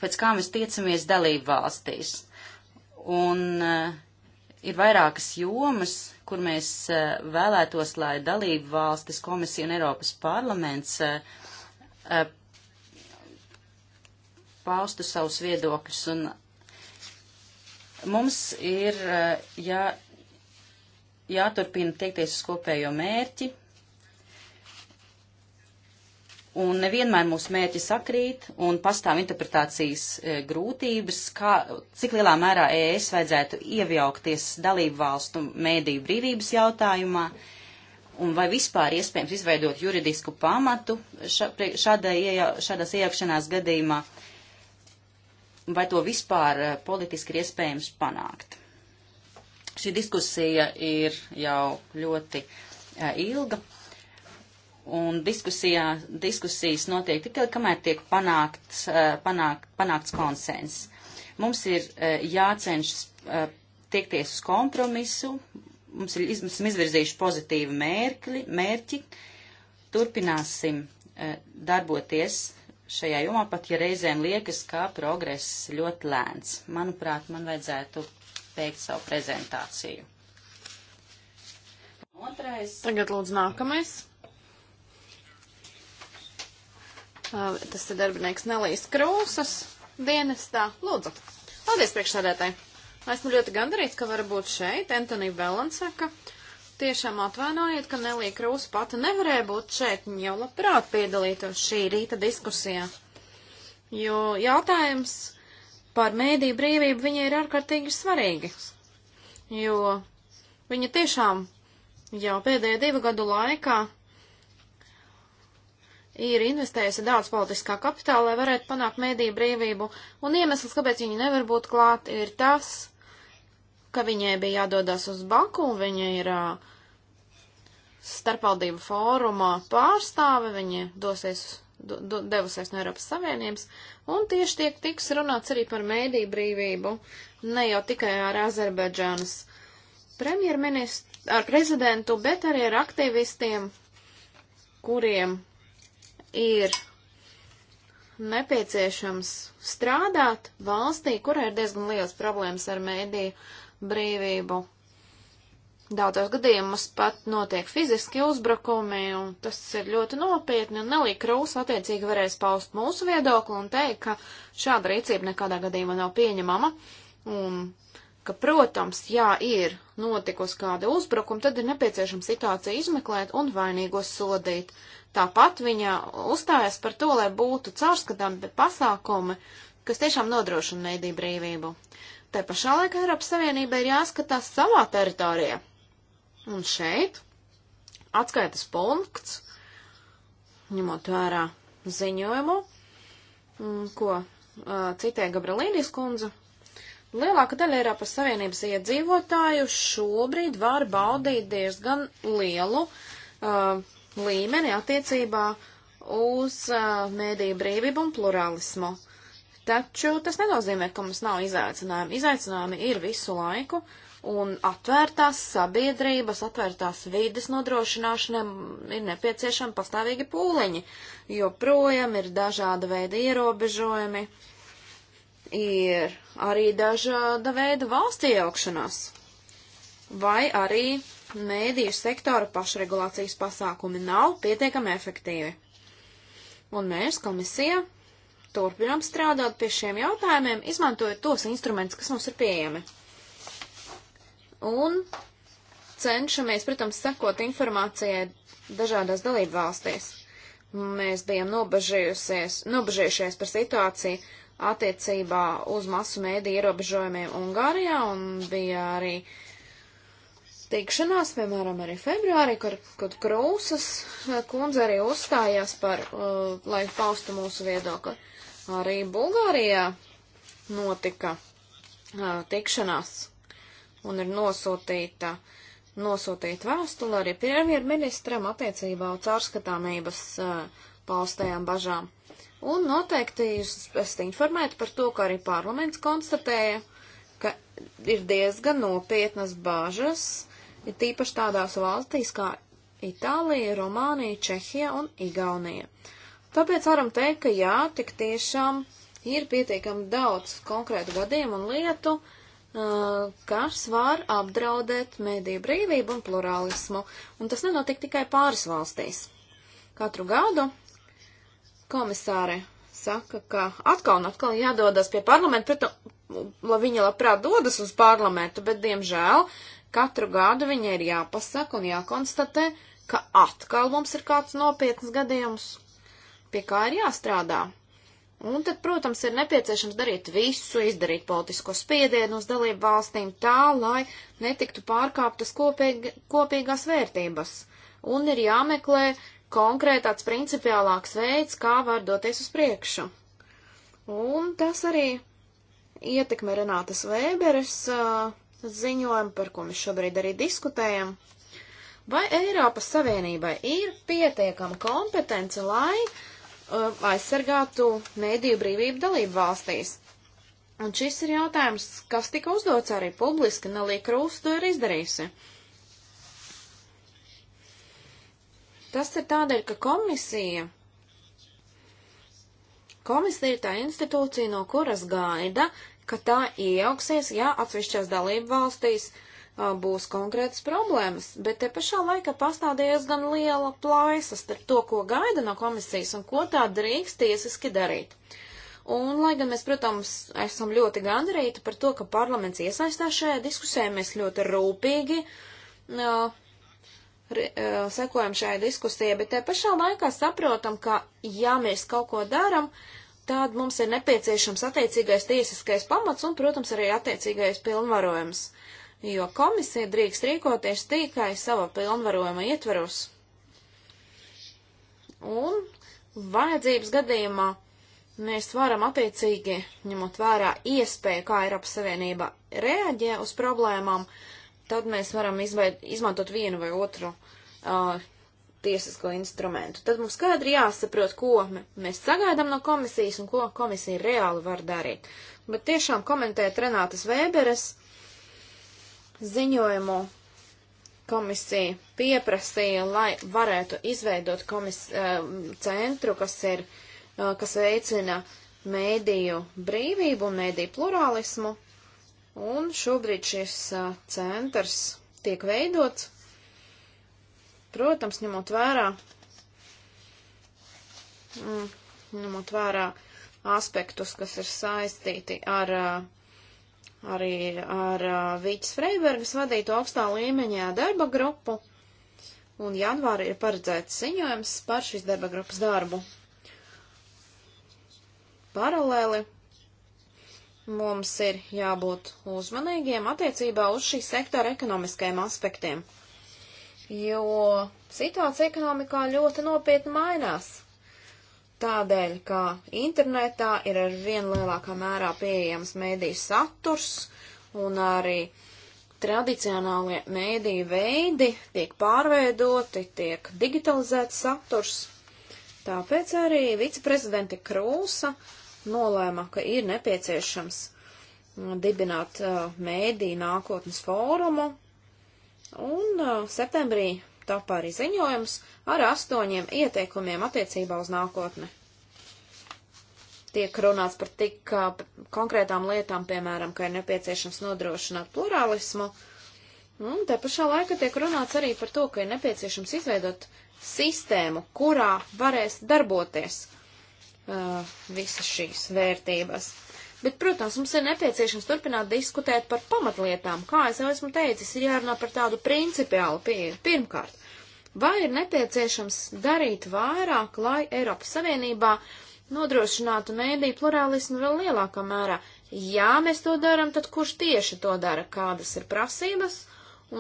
Speaker 3: pēc kā mēs tiecamies dalību valstīs. Un uh, ir vairākas jomas, kur mēs uh, vēlētos, lai dalību valstis komisija un Eiropas parlaments uh, paustu savus viedokļus. Un mums ir jā, jāturpina tiekties uz kopējo mērķi, un nevienmēr mūsu mērķi sakrīt, un pastāv interpretācijas e, grūtības, kā, cik lielā mērā ES vajadzētu iejaukties dalību valstu mēdīju brīvības jautājumā, un vai vispār iespējams izveidot juridisku pamatu ša, šādai, šādās iejaukšanās gadījumā, vai to vispār e, politiski ir iespējams panākt. Šī diskusija ir jau ļoti e, ilga, Un diskusijā, diskusijas notiek tikai, kamēr tiek panākts, eh, panākt, panākts konsens. Mums ir eh, jācenšas eh, tiekties uz kompromisu, mums ir iz, izvirzījuši pozitīvi mērķi, mērķi. turpināsim darboties šajā jomā, pat ja reizēm liekas, ka progress ļoti lēns. Manuprāt, man vajadzētu beigt savu prezentāciju.
Speaker 1: Otrais. Tagad lūdzu nākamais. Tas ir darbinieks Nelijas Krūsas dienestā. Lūdzu, paldies priekšsādētāji. Esmu ļoti gandarīts, ka varu būt šeit. Antonija Belansaka. Tiešām atvainojiet, ka Nelija Krūsa pati nevarēja būt šeit. Viņa jau labprāt piedalītos šī rīta diskusijā. Jo jautājums par mēdīju brīvību viņai ir ārkārtīgi svarīgi. Jo viņa tiešām jau pēdējo divu gadu laikā ir investējusi daudz politiskā kapitāla, lai varētu panākt mēdīju brīvību, un iemesls, kāpēc viņi nevar būt klāt, ir tas, ka viņai bija jādodas uz Baku, viņa ir uh, starpvaldību fóruma pārstāve, viņa dosies do, do, devusies no Eiropas Savienības, un tieši tiek tiks runāts arī par mēdīju brīvību, ne jau tikai ar Azerbaidžānas premjerministru, ar prezidentu, bet arī ar aktīvistiem, kuriem ir nepieciešams strādāt valstī, kurā ir diezgan liels problēmas ar mēdīju brīvību. Daudzos gadījumos pat notiek fiziski uzbrukumi, un tas ir ļoti nopietni, un Nelī Krūs attiecīgi varēs paust mūsu viedokli un teikt, ka šāda rīcība nekādā gadījumā nav pieņemama, un ka, protams, jā, ir notikusi kāda uzbrukuma, tad ir nepieciešama situācija izmeklēt un vainīgos sodīt. Tāpat viņa uzstājas par to, lai būtu caurskatāmi pasākumi, kas tiešām nodrošina mēdī brīvību. Te pašā laikā Eiropas Savienība ir jāskatās savā teritorijā. Un šeit atskaitas punkts, ņemot vērā ziņojumu, mm, ko uh, citē Gabrielīnijas kundze. Lielāka daļa Eiropas Savienības iedzīvotāju šobrīd var baudīt diezgan lielu uh, līmeni attiecībā uz uh, mēdīju brīvību un plurālismu. Taču tas nenozīmē, ka mums nav izaicinājumi. Izaicinājumi ir visu laiku, un atvērtās sabiedrības, atvērtās vides nodrošināšanai ir nepieciešami pastāvīgi pūliņi, jo projām ir dažāda veida ierobežojumi, ir arī dažāda veida valsts iejaukšanās, vai arī mēdīju sektora pašregulācijas pasākumi nav pietiekami efektīvi. Un mēs, komisija, turpinām strādāt pie šiem jautājumiem, izmantojot tos instrumentus, kas mums ir pieejami. Un cenšamies, protams, sekot informācijai dažādās dalību valstīs. Mēs bijām nobežījušies par situāciju attiecībā uz masu mēdī ierobežojumiem Ungārijā un bija arī uh, tikšanās, piemēram, arī februārī, kad, kad Krūsas eh, kundze arī uzstājās par, uh, lai paustu mūsu viedokli. Arī Bulgārijā notika uh, tikšanās un ir nosūtīta, nosūtīta vēstule arī premjerministram attiecībā uz ārskatāmības uh, paustajām bažām. Un noteikti jūs esat informēti par to, ka arī parlaments konstatēja, ka ir diezgan nopietnas bažas ir tīpaši tādās valstīs kā Itālija, Romānija, Čehija un Igaunija. Tāpēc varam teikt, ka jā, tik tiešām ir pietiekami daudz konkrētu gadījumu un lietu, kas var apdraudēt mediju brīvību un plurālismu, un tas nenotiek tikai pāris valstīs. Katru gadu komisāre saka, ka atkal un atkal jādodas pie parlamenta, pret, la, viņa labprāt dodas uz parlamentu, bet, diemžēl, Katru gadu viņai ir jāpasaka un jākonstatē, ka atkal mums ir kāds nopietns gadījums, pie kā ir jāstrādā. Un tad, protams, ir nepieciešams darīt visu, izdarīt politisko spiedienu uz dalību valstīm tā, lai netiktu pārkāptas kopīg, kopīgās vērtības. Un ir jāmeklē konkrētāds principiālāks veids, kā var doties uz priekšu. Un tas arī ietekmē Renātas Vēberes uh, ziņojumu, par ko mēs šobrīd arī diskutējam. Vai Eiropas Savienībai ir pietiekama kompetence, lai uh, aizsargātu mēdīju brīvību dalību valstīs? Un šis ir jautājums, kas tika uzdots arī publiski, Nelī Krūs to ir izdarījusi. Tas ir tādēļ, ka komisija Komisija ir tā institūcija, no kuras gaida ka tā ieauksies, ja atsevišķās dalību valstīs a, uh, būs konkrētas problēmas, bet te pašā laikā pastāv diezgan liela plaisa starp to, ko gaida no komisijas un ko tā drīkst tiesiski darīt. Un, lai gan mēs, protams, esam ļoti gandarīti par to, ka parlaments iesaistās šajā diskusijā, mēs ļoti rūpīgi uh, uh sekojam šai diskusijai, bet te pašā laikā saprotam, ka, ja mēs kaut ko daram, uh, tad mums ir nepieciešams attiecīgais tiesiskais pamats un, protams, arī attiecīgais pilnvarojums, jo komisija drīkst rīkoties tikai sava pilnvarojuma ietveros. Un vajadzības gadījumā mēs varam attiecīgi, ņemot vērā iespēju, kā Eiropas Savienība reaģē uz problēmām, tad mēs varam izveid, izmantot vienu vai otru uh, tiesisko instrumentu. Tad mums skaidri jāsaprot, ko mēs sagaidām no komisijas un ko komisija reāli var darīt. Bet tiešām komentēt Renātas Vēberes ziņojumu komisija pieprasīja, lai varētu izveidot komis, eh, centru, kas, ir, eh, kas veicina mēdīju brīvību un mēdīju plurālismu. Un šobrīd šis eh, centrs tiek veidots, Protams, ņemot vērā, mm, ņemot vērā aspektus, kas ir saistīti ar arī ar Vīķis Freibergas vadītu augstā līmeņā darba grupu, un janvāri ir paredzēts ziņojums par šīs darba grupas darbu. Paralēli mums ir jābūt uzmanīgiem attiecībā uz šī sektora ekonomiskajiem aspektiem jo situācija ekonomikā ļoti nopietni mainās. Tādēļ, ka internetā ir ar vien lielākā mērā pieejams mēdīju saturs un arī tradicionālie mēdīju veidi tiek pārveidoti, tiek digitalizēts saturs. Tāpēc arī viceprezidente Krūsa nolēma, ka ir nepieciešams dibināt uh, mēdīju nākotnes fórumu, Un uh, septembrī tapa arī ziņojums ar astoņiem ieteikumiem attiecībā uz nākotni. Tiek runāts par tik uh, konkrētām lietām, piemēram, ka ir nepieciešams nodrošināt plurālismu, un te pašā laikā tiek runāts arī par to, ka ir nepieciešams izveidot sistēmu, kurā varēs darboties uh, visas šīs vērtības. Bet, protams, mums ir nepieciešams turpināt diskutēt par pamatlietām. Kā es jau esmu teicis, ir jārunā par tādu principiālu pieeju. Pirmkārt, vai ir nepieciešams darīt vairāk, lai Eiropas Savienībā nodrošinātu mēdīju plurālismu vēl lielākā mērā? Ja mēs to darām, tad kurš tieši to dara, kādas ir prasības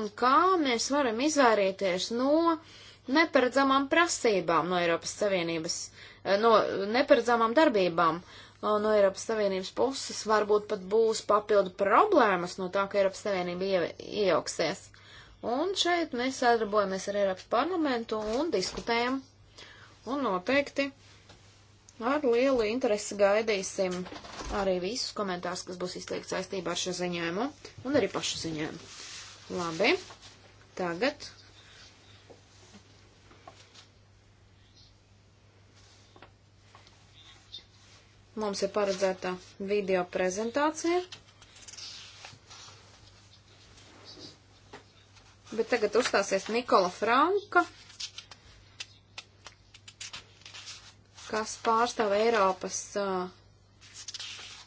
Speaker 1: un kā mēs varam izvairīties no neparedzamām prasībām no Eiropas Savienības, eh, no neparedzamām darbībām. Uh, no Eiropas Savienības puses varbūt pat būs papildu problēmas no tā, ka Eiropas Savienība iejauksies. Un šeit mēs sadarbojamies ar Eiropas parlamentu un diskutējam. Un noteikti ar lielu interesi gaidīsim arī visus komentārus, kas būs izteikti saistībā ar šo ziņojumu un arī pašu ziņojumu. Labi, tagad Mums ir paredzēta video prezentācija. Bet tagad uzstāsies Nikola Franka, kas pārstāv Eiropas uh,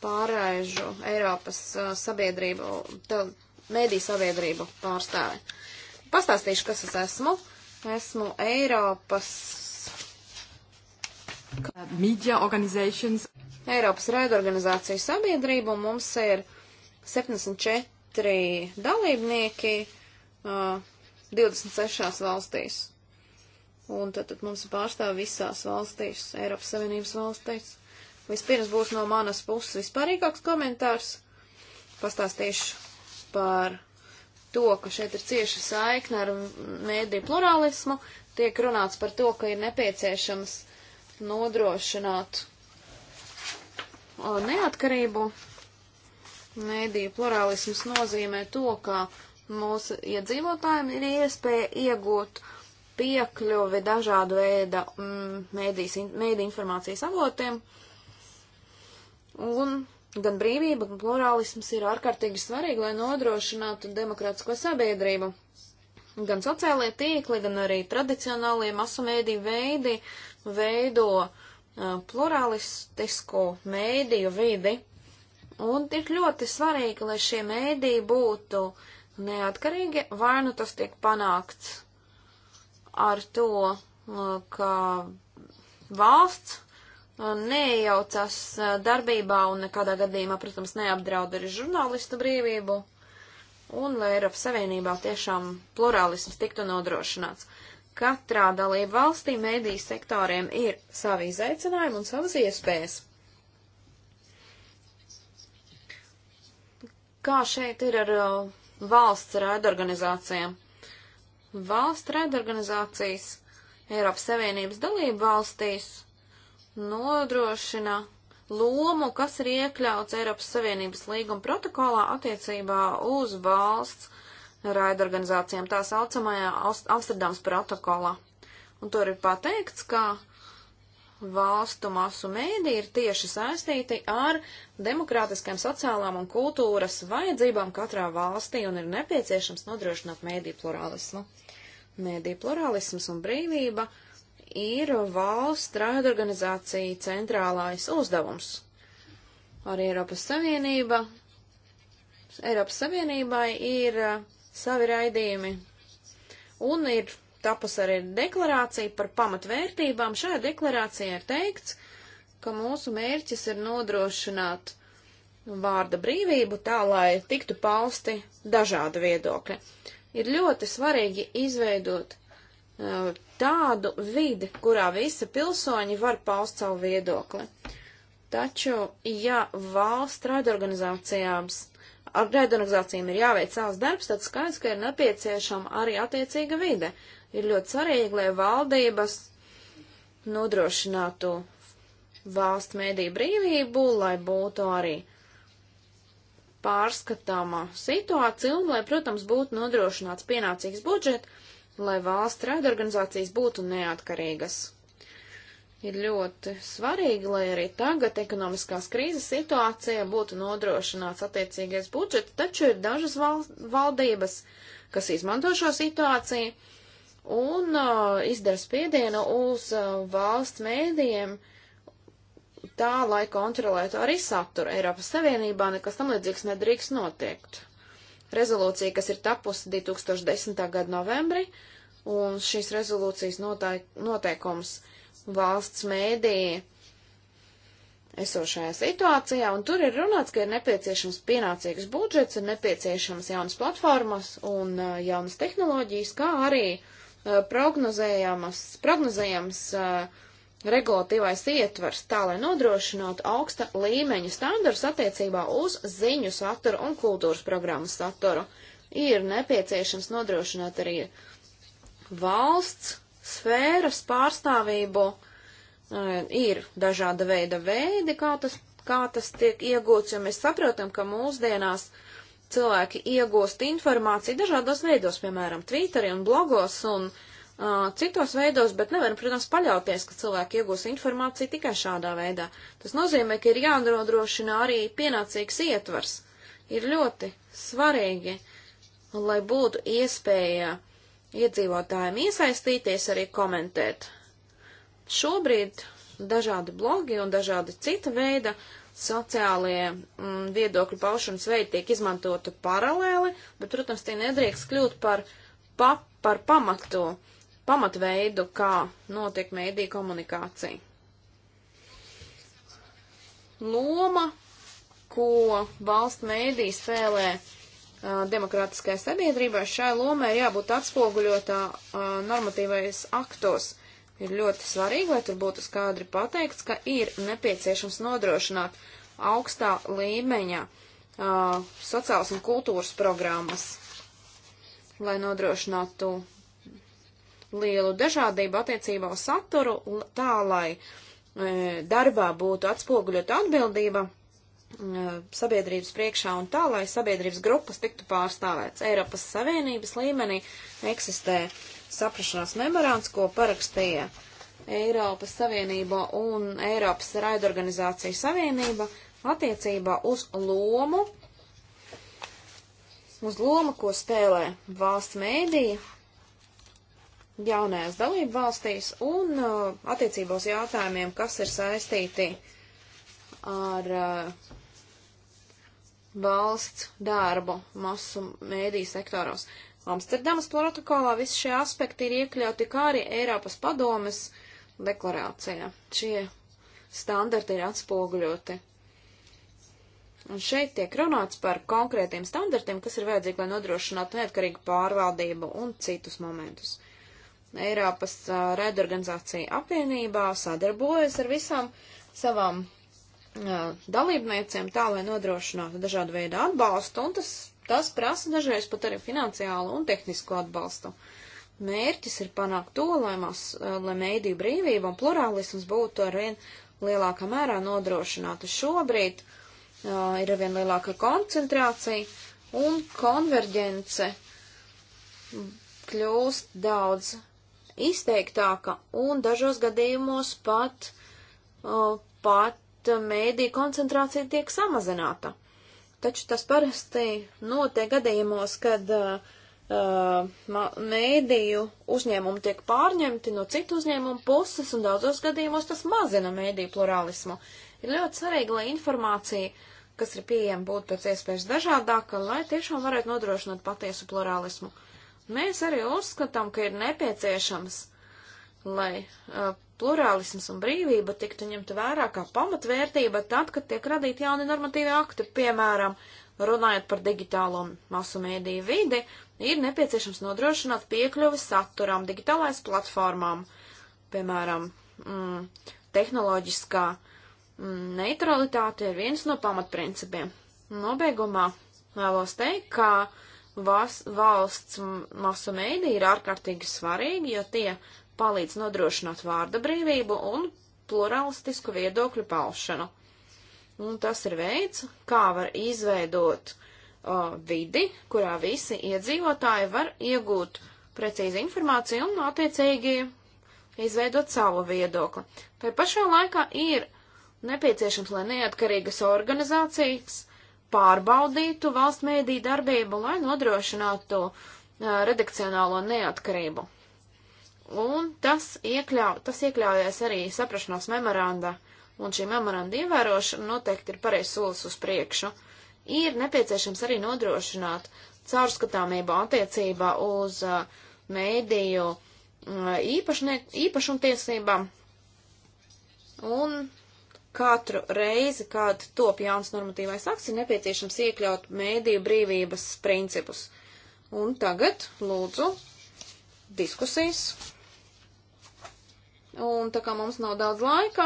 Speaker 1: pārēžu, Eiropas uh, sabiedrību, tev, mēdī sabiedrību pārstāvi. Pastāstīšu, kas es esmu. Esmu Eiropas. Media organizations. Eiropas raidorganizāciju sabiedrību, un mums ir 74 dalībnieki uh, 26 valstīs. Un tad, tad mums ir pārstāv visās valstīs, Eiropas Savienības valstīs. Vispirms būs no manas puses vispārīgāks komentārs. Pastāstīšu par to, ka šeit ir cieša saikne ar mēdī plurālismu. Tiek runāts par to, ka ir nepieciešams nodrošināt Uh, neatkarību. Mēdīju plurālisms nozīmē to, ka mūsu iedzīvotājiem ir iespēja iegūt piekļuvi dažādu veidu mm, mēdī informācijas avotiem. Un gan brīvība, gan plurālisms ir ārkārtīgi svarīgi, lai nodrošinātu demokrātisko sabiedrību. Gan sociālie tīkli, gan arī tradicionālie masu mēdī veidi veido uh, Uh, pluralistisku mēdīju vidi, un ir ļoti svarīgi, lai šie mēdīji būtu neatkarīgi, vai nu tas tiek panākts ar to, uh, ka valsts uh, neiejaucas darbībā un nekādā gadījumā, protams, neapdraud arī žurnālistu brīvību, un lai Eiropas Savienībā tiešām plurālisms tiktu nodrošināts. Katrā dalība valstī mēdīs sektoriem ir savi izaicinājumi un savas iespējas. Kā šeit ir ar uh, valsts raidorganizācijām? Valsts raidorganizācijas Eiropas Savienības dalību valstīs nodrošina lomu, kas ir iekļauts Eiropas Savienības līguma protokolā attiecībā uz valsts raidorganizācijām tā saucamajā Amsterdams protokolā. Un tur ir pateikts, ka valstu masu mēdī ir tieši saistīti ar demokrātiskajām sociālām un kultūras vajadzībām katrā valstī un ir nepieciešams nodrošināt mēdī plurālismu. Mēdī plurālisms un brīvība ir valsts raidorganizācija centrālais uzdevums. Arī Eiropas Savienība Eiropas Savienībai ir uh, savi raidījumi. Un ir tapus arī deklarācija par pamatvērtībām. Šajā deklarācijā ir teikts, ka mūsu mērķis ir nodrošināt vārda brīvību tā, lai tiktu pausti dažādi viedokļi. Ir ļoti svarīgi izveidot uh, tādu vidi, kurā visi pilsoņi var paust savu viedokli. Taču, ja valsts raidorganizācijām organizācijām ir jāveic savs darbs, tad skaidrs, ka ir nepieciešama arī attiecīga vide. Ir ļoti svarīgi, lai valdības nodrošinātu valsts mēdī brīvību, lai būtu arī pārskatāma situācija un, lai, protams, būtu nodrošināts pienācīgs budžets, lai valsts raidorganizācijas būtu neatkarīgas ir ļoti svarīgi, lai arī tagad ekonomiskās krīzes situācijā būtu nodrošināts attiecīgais budžets, taču ir dažas val valdības, kas izmanto šo situāciju un uh, izdara spiedienu uz uh, valsts mēdījiem tā, lai kontrolētu arī saturu. Eiropas Savienībā nekas tam līdzīgs nedrīkst notiekt. Rezolūcija, kas ir tapusi 2010. gada novembrī, un šīs rezolūcijas noteik noteikums uh, valsts mēdī esošajā situācijā, un tur ir runāts, ka ir nepieciešams pienācīgs budžets, ir nepieciešams jaunas platformas un uh, jaunas tehnoloģijas, kā arī uh, prognozējams, prognozējams uh, regulatīvais ietvars tā, lai nodrošinātu augsta līmeņa standarts attiecībā uz ziņu saturu un kultūras programmas saturu. Ir nepieciešams nodrošināt arī valsts sfēras pārstāvību eh, ir dažāda veida veidi, kā tas, kā tas tiek iegūts, jo mēs saprotam, ka mūsdienās cilvēki iegūst informāciju dažādos veidos, piemēram, Twitterī un blogos un uh, citos veidos, bet nevaram, protams, paļauties, ka cilvēki iegūs informāciju tikai šādā veidā. Tas nozīmē, ka ir jānodrošina arī pienācīgs ietvars. Ir ļoti svarīgi, lai būtu iespēja iedzīvotājiem iesaistīties, arī komentēt. Šobrīd dažādi blogi un dažādi cita veida sociālie mm, viedokļu paušanas veidi tiek izmantoti paralēli, bet, protams, tie nedrīkst kļūt par, pa, par pamatu, pamatveidu, kā notiek mēdī komunikācija. Loma, ko valsts mēdī spēlē demokrātiskai sabiedrībai šai lomai ir jābūt atspoguļotā normatīvais aktos. Ir ļoti svarīgi, lai tur būtu skaidri pateikts, ka ir nepieciešams nodrošināt augstā līmeņa uh, sociālas un kultūras programmas, lai nodrošinātu lielu dažādību attiecībā uz saturu, tā lai e, darbā būtu atspoguļota atbildība Uh, sabiedrības priekšā un tā, lai sabiedrības grupas tiktu pārstāvēts. Eiropas Savienības līmenī eksistē saprašanās memorands, ko parakstīja Eiropas Savienība un Eiropas raidorganizācija Savienība attiecībā uz lomu, uz lomu, ko spēlē valsts mēdīja jaunajās dalību valstīs un uh, attiecībā uz jautājumiem, kas ir saistīti ar uh, valsts darbu masu mēdīju sektoros. Amsterdamas protokolā visi šie aspekti ir iekļauti kā arī Eiropas padomes deklarācijā. Šie standarti ir atspoguļoti. Un šeit tiek runāts par konkrētiem standartiem, kas ir vajadzīgi, lai nodrošinātu neatkarīgu pārvaldību un citus momentus. Eiropas uh, raidorganizācija apvienībā sadarbojas ar visām savām dalībniecēm tā, lai nodrošinātu dažādu veidu atbalstu, un tas, tas prasa dažreiz pat arī finansiālu un tehnisku atbalstu. Mērķis ir panākt to, lai, mās, lai mēdīju brīvība un plurālisms būtu arvien lielākā mērā nodrošināta. Šobrīd uh, ir arvien lielāka koncentrācija un konverģence kļūst daudz izteiktāka un dažos gadījumos pat, uh, pat bet uh, mēdī koncentrācija tiek samazināta. Taču tas parasti notiek gadījumos, kad uh, uh mēdīju uzņēmumi tiek pārņemti no citu uzņēmumu puses, un daudzos gadījumos tas mazina mēdīju plurālismu. Ir ļoti svarīgi, lai informācija, kas ir pieejama, būtu pēc iespējas dažādāka, lai tiešām varētu nodrošināt patiesu plurālismu. Mēs arī uzskatām, ka ir nepieciešams, lai uh, plurālisms un brīvība tiktu ņemta vērā kā pamatvērtība tad, kad tiek radīti jauni normatīvi akti, piemēram, runājot par digitālo un masu mēdīju vidi, ir nepieciešams nodrošināt piekļuvi saturam, digitālais platformām, piemēram, mm, tehnoloģiskā mm, neutralitāte ir viens no pamatprincipiem. Nobeigumā vēlos teikt, ka vas, valsts masu mēdī ir ārkārtīgi svarīgi, jo tie palīdz nodrošināt vārda brīvību un pluralistisku viedokļu paušanu. Un tas ir veids, kā var izveidot uh, vidi, kurā visi iedzīvotāji var iegūt precīzi informāciju un attiecīgi izveidot savu viedokli. Tai pašā laikā ir nepieciešams, lai neatkarīgas organizācijas pārbaudītu valsts mēdī darbību, lai nodrošinātu uh, redakcionālo neatkarību. Un tas, iekļau, tas iekļaujas arī saprašanās memorandā, un šī memoranda ievērošana noteikti ir pareizs solis uz priekšu. Ir nepieciešams arī nodrošināt caurskatāmību attiecībā uz uh, mēdīju uh, īpašumtiesībām, un katru reizi, kad top jauns normatīvais akts, ir nepieciešams iekļaut mēdīju brīvības principus. Un tagad, lūdzu, diskusijas. Un tā kā mums nav daudz laika,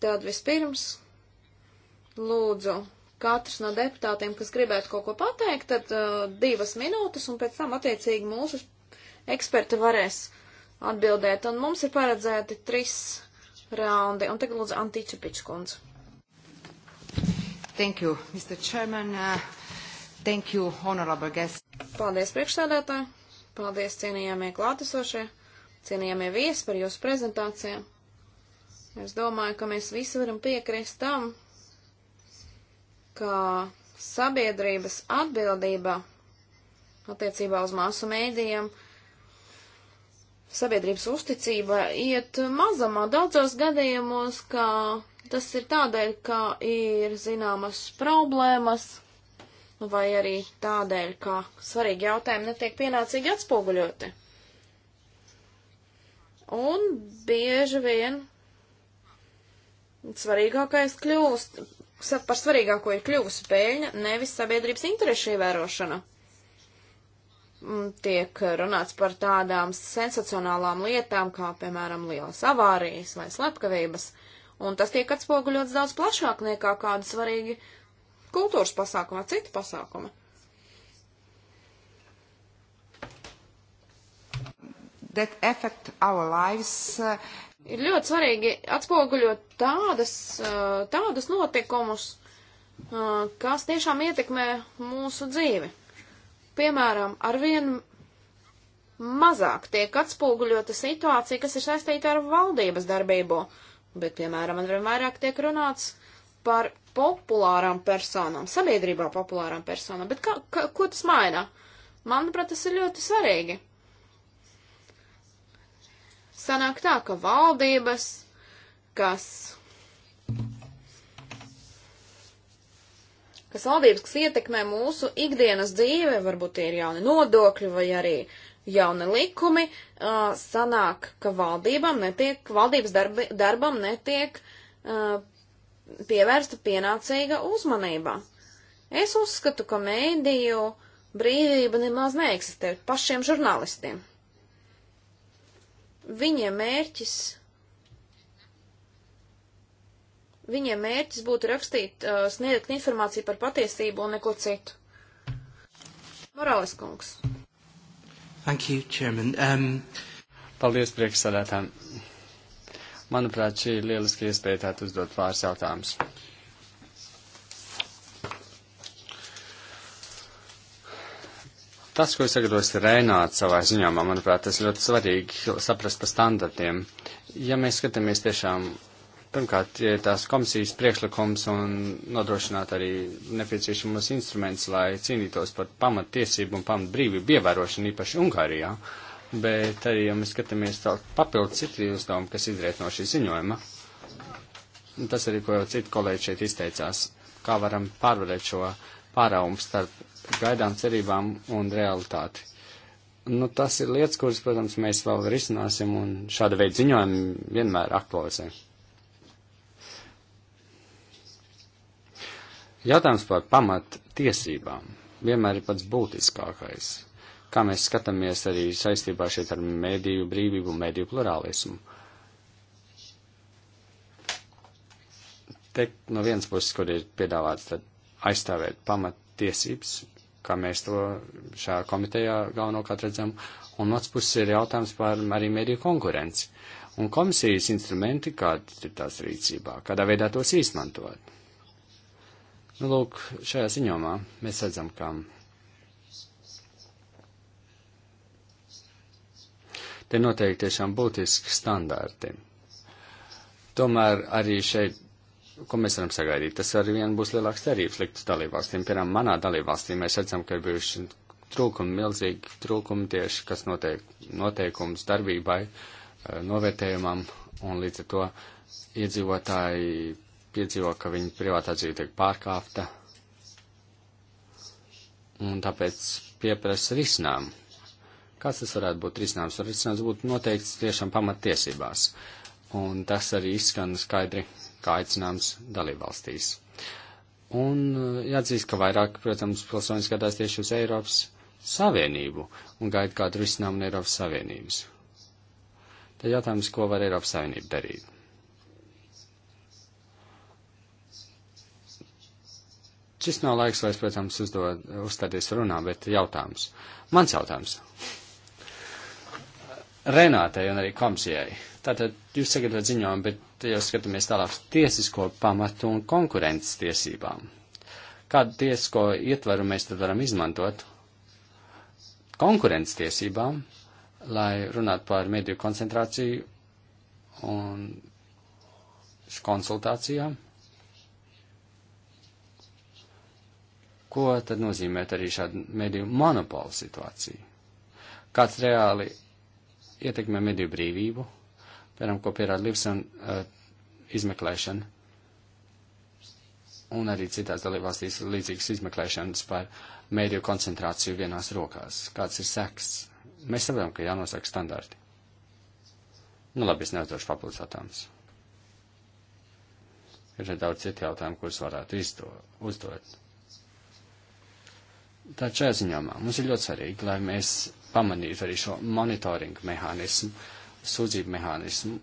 Speaker 1: tad vispirms lūdzu katrs no deputātiem, kas gribētu kaut ko pateikt, tad uh, divas minūtes, un pēc tam attiecīgi mūsu eksperti varēs atbildēt. Un mums ir paredzēti trīs raundi. Un tagad lūdzu Antīča Pičkundze. Thank you, Mr. Chairman. Uh, thank you, honorable guest. Paldies, priekšsēdētāji. Paldies, cienījamie klātesošie cienījamie viesi par jūsu prezentācijām. Es domāju, ka mēs visi varam piekrist tam, ka sabiedrības atbildība attiecībā uz māsu mēdījiem, sabiedrības uzticība iet mazamā daudzos gadījumos, ka tas ir tādēļ, ka ir zināmas problēmas, vai arī tādēļ, ka svarīgi jautājumi netiek pienācīgi atspoguļoti. Un bieži vien svarīgākais kļūst, par svarīgāko ir kļuvusi peļņa, nevis sabiedrības interešu ievērošana. Mm, tiek runāts par tādām sensacionālām lietām, kā piemēram lielas avārijas vai slepkavības, un tas tiek atspoguļots daudz plašāk nekā kāda svarīga kultūras pasākuma, cita pasākuma. that affect our lives. Uh, ir ļoti svarīgi atspoguļot tādas, uh, tādus notikumus, uh, kas tiešām ietekmē mūsu dzīvi. Piemēram, arvien mazāk tiek atspoguļota situācija, kas ir saistīta ar valdības darbību, bet, piemēram, arvien vairāk tiek runāts par populārām personām, sabiedrībā populārām personām. Bet kā, kā, ko tas maina? Manuprāt, tas ir ļoti svarīgi sanāk tā, ka valdības, kas, kas valdības, kas ietekmē mūsu ikdienas dzīve, varbūt tie ir jauni nodokļi vai arī jauni likumi, uh, sanāk, ka valdībām netiek, valdības darbi, darbam netiek uh, pievērsta pienācīga uzmanība. Es uzskatu, ka mēdīju brīvība nemaz neeksistē pašiem žurnālistiem. Viņiem mērķis, viņiem mērķis būtu rakstīt, uh, sniegt informāciju par patiesību un neko citu. Morāles kungs.
Speaker 2: Thank you, Chairman. Um... Paldies, priekšsādātām. Manuprāt, šī ir lieliski iespēja tāt uzdot pāris jautājumus. Tas, ko ir sagatavojis Rēnāts savā ziņāmā, manuprāt, tas ļoti svarīgi saprast par standartiem. Ja mēs skatāmies tiešām, pirmkārt, ir tās komisijas priekšlikums un nodrošināt arī nepieciešamos instruments, lai cīnītos par pamattiesību un pamatbrīvību ievērošanu īpaši Ungārijā. Bet arī, ja mēs skatāmies papildus citu uzdevumu, kas izriet no šī ziņojuma, tas arī, ko jau citi kolēģi šeit izteicās, kā varam pārvarēt šo pāraumu starp gaidām cerībām un realitāti. Nu, tas ir lietas, kuras, protams, mēs vēl risināsim un šāda veida ziņojumi vienmēr aktualizē. Jautājums par pamat tiesībām vienmēr ir pats būtiskākais. Kā mēs skatāmies arī saistībā šeit ar mēdīju brīvību un mēdīju plurālismu. Te no vienas puses, kur ir piedāvāts tad aizstāvēt pamat tiesības, kā mēs to šajā komitejā galvenokārt redzam, un otrs puses ir jautājums par arī mediju konkurenci un komisijas instrumenti, kāds ir tās rīcībā, kādā veidā tos izmantot. Nu, lūk, šajā ziņomā mēs redzam, ka te noteikti tiešām būtiski standarti. Tomēr arī šeit ko mēs varam sagaidīt? Tas ar vienu būs lielāks cerības liktas dalībvalstīm. Piemēram, manā dalībvalstī mēs redzam, ka ir bijuši trūkumi, milzīgi trūkumi tieši, kas notiek noteikums darbībai, eh, novērtējumam, un līdz ar to iedzīvotāji piedzīvo, ka viņa privātā dzīve tiek pārkāpta, un tāpēc pieprasa risinām. Kāds tas varētu būt risinājums? Risinājums būtu noteikts tiešām pamattiesībās, un tas arī izskan skaidri kā aicinājums dalībvalstīs. Un eh, jāatzīst, ka vairāk, protams, pilsoņi skatās tieši uz Eiropas Savienību un gaida kādu risinājumu no Eiropas Savienības. Tad jautājums, ko var Eiropas Savienība darīt? Šis nav laiks vairs, protams, uzdod, uzstāties runā, bet jautājums. Mans jautājums. Renātei un arī komisijai. Tātad jūs sagatavot ziņojumu, bet jau skatāmies tālāk tiesisko pamatu un konkurences tiesībām. Kādu tiesisko ietvaru mēs tad varam izmantot konkurences tiesībām, lai runātu par mediju koncentrāciju un konsultācijām? Ko tad nozīmē arī šāda mediju monopola situācija? Kāds reāli ietekmē mediju brīvību? piemēram, ko pierāda Livsona uh, eh, izmeklēšana. Un arī citās dalībvalstīs līdzīgas izmeklēšanas par mēdīju koncentrāciju vienās rokās. Kāds ir seks? Mēs saprotam, ka jānosaka standarti. Nu labi, es neuzdošu papildus jautājumus. Ir nedaudz citi jautājumi, kurus varētu izdo, uzdot. Taču šajā ziņā mums ir ļoti svarīgi, lai mēs pamanītu arī šo monitoringu mehānismu, uh, sūdzību mehānismu.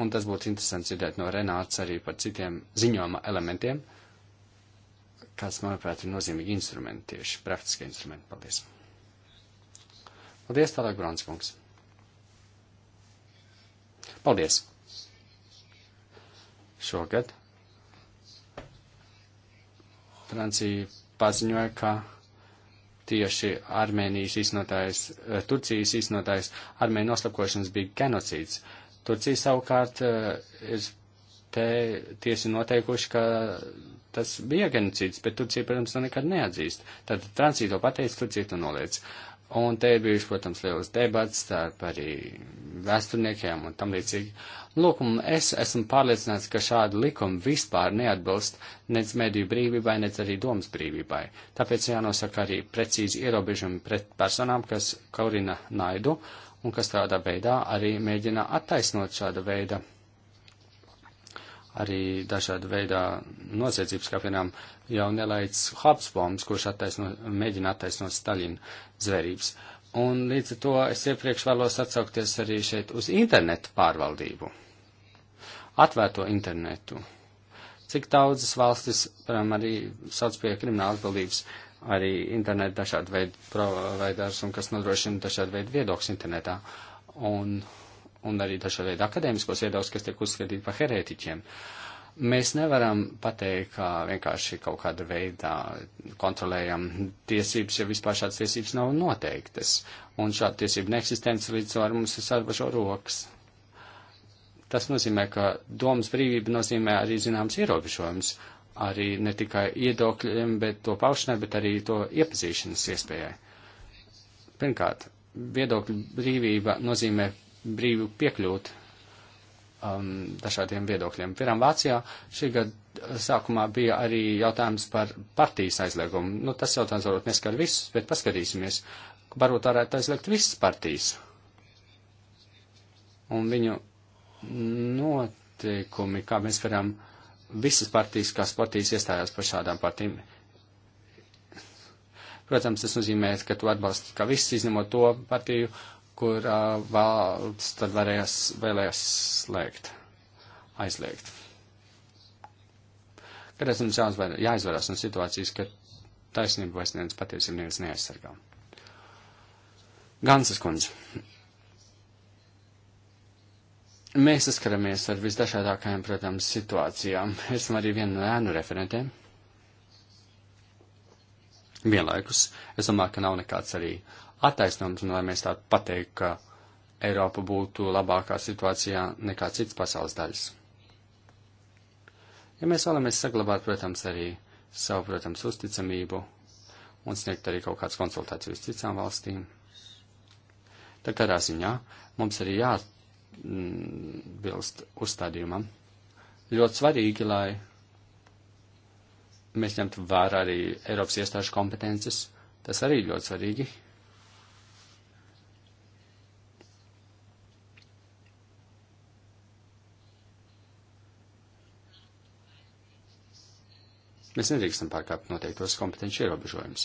Speaker 2: Un tas būtu interesanti dzirdēt no Renāts arī par citiem ziņojuma elementiem, kas, manuprāt, ir nozīmīgi instrumenti, tieši praktiski instrumenti. Paldies! Paldies, tālāk, Bronskungs! Paldies! Šogad Francija paziņoja, ka tieši Armēnijas iznotājs, eh, Turcijas iznotājs Armēņu noslapkošanas bija genocīds. Turcija savukārt eh, ir tiesi noteikuši, ka tas bija genocīds, bet Turcija, protams, to nekad neatzīst. Tad Francija to pateica, Turcija to noliec. Un te ir bijuši, protams, liels debats starp arī vēsturniekiem un tam līdzīgi. Lūk, un es esmu pārliecināts, ka šāda likuma vispār neatbilst nec mediju brīvībai, nec arī domas brīvībai. Tāpēc jānosaka arī precīzi ierobežumi pret personām, kas kaurina naidu un kas tādā veidā arī mēģina attaisnot šāda veida arī dažāda veidā noziedzības kapienām jau nelaic Habsbombs, kurš attaisno, mēģina attaisnot Staļina zvērības. Un līdz ar to es iepriekš vēlos atsaukties arī šeit uz internetu pārvaldību, atvērto internetu. Cik daudzas valstis, piemēram, arī sauc pie krimināla atbildības arī internetu dažādu veidu provaidars un kas nodrošina dažādu veidu viedokļus internetā. Un, uh, un arī dažādi akadēmiskos iedaus, kas tiek uzskatīti par herētiķiem. Mēs nevaram pateikt, ka vienkārši kaut kāda veidā kontrolējam tiesības, ja vispār šādas tiesības nav noteiktas. Un šāda tiesība neeksistence līdz ar mums ir sarbažo rokas. Tas nozīmē, ka domas brīvība nozīmē arī zināms ierobežojums, arī ne tikai iedokļiem, bet to paušanai, bet arī to iepazīšanas iespējai. Pirmkārt, viedokļu brīvība nozīmē brīvi piekļūt um, dažādiem viedokļiem. Piemēram, Vācijā šī gada uh, sākumā bija arī jautājums par partijas aizliegumu. Nu, tas jautājums varbūt neskar visus, bet paskatīsimies, varbūt varētu aizliegt visas partijas. Un viņu noteikumi, kā mēs varam, visas partijas, kā partijas iestājās par šādām partijām. Protams, tas nozīmē, ka tu atbalsti kā viss, izņemot to partiju, kurā valsts tad varēs, vēlēs slēgt, aizliegt. Kad esam jāizvar, jāizvarās no situācijas, ka taisnību vairs neviens patiesību neviens neaizsargā. Gansas kundze. Mēs saskaramies ar visdažādākajām, protams, situācijām. Esmu arī viena no ēnu referentiem. Vienlaikus, es domāju, ka nav nekāds arī attaisnojums, un lai mēs tādu pateiktu, ka Eiropa būtu labākā situācijā nekā cits pasaules daļas. Ja mēs vēlamies saglabāt, protams, arī savu, protams, uzticamību un sniegt arī kaut kādas konsultācijas citām valstīm, tad tādā ziņā mums arī jābilst uzstādījumam. Ļoti svarīgi, lai mēs ņemtu vērā arī Eiropas iestāžu kompetences, tas arī ļoti svarīgi, Mēs nedrīkstam pārkāpt noteiktos kompetenci ierobežojumus.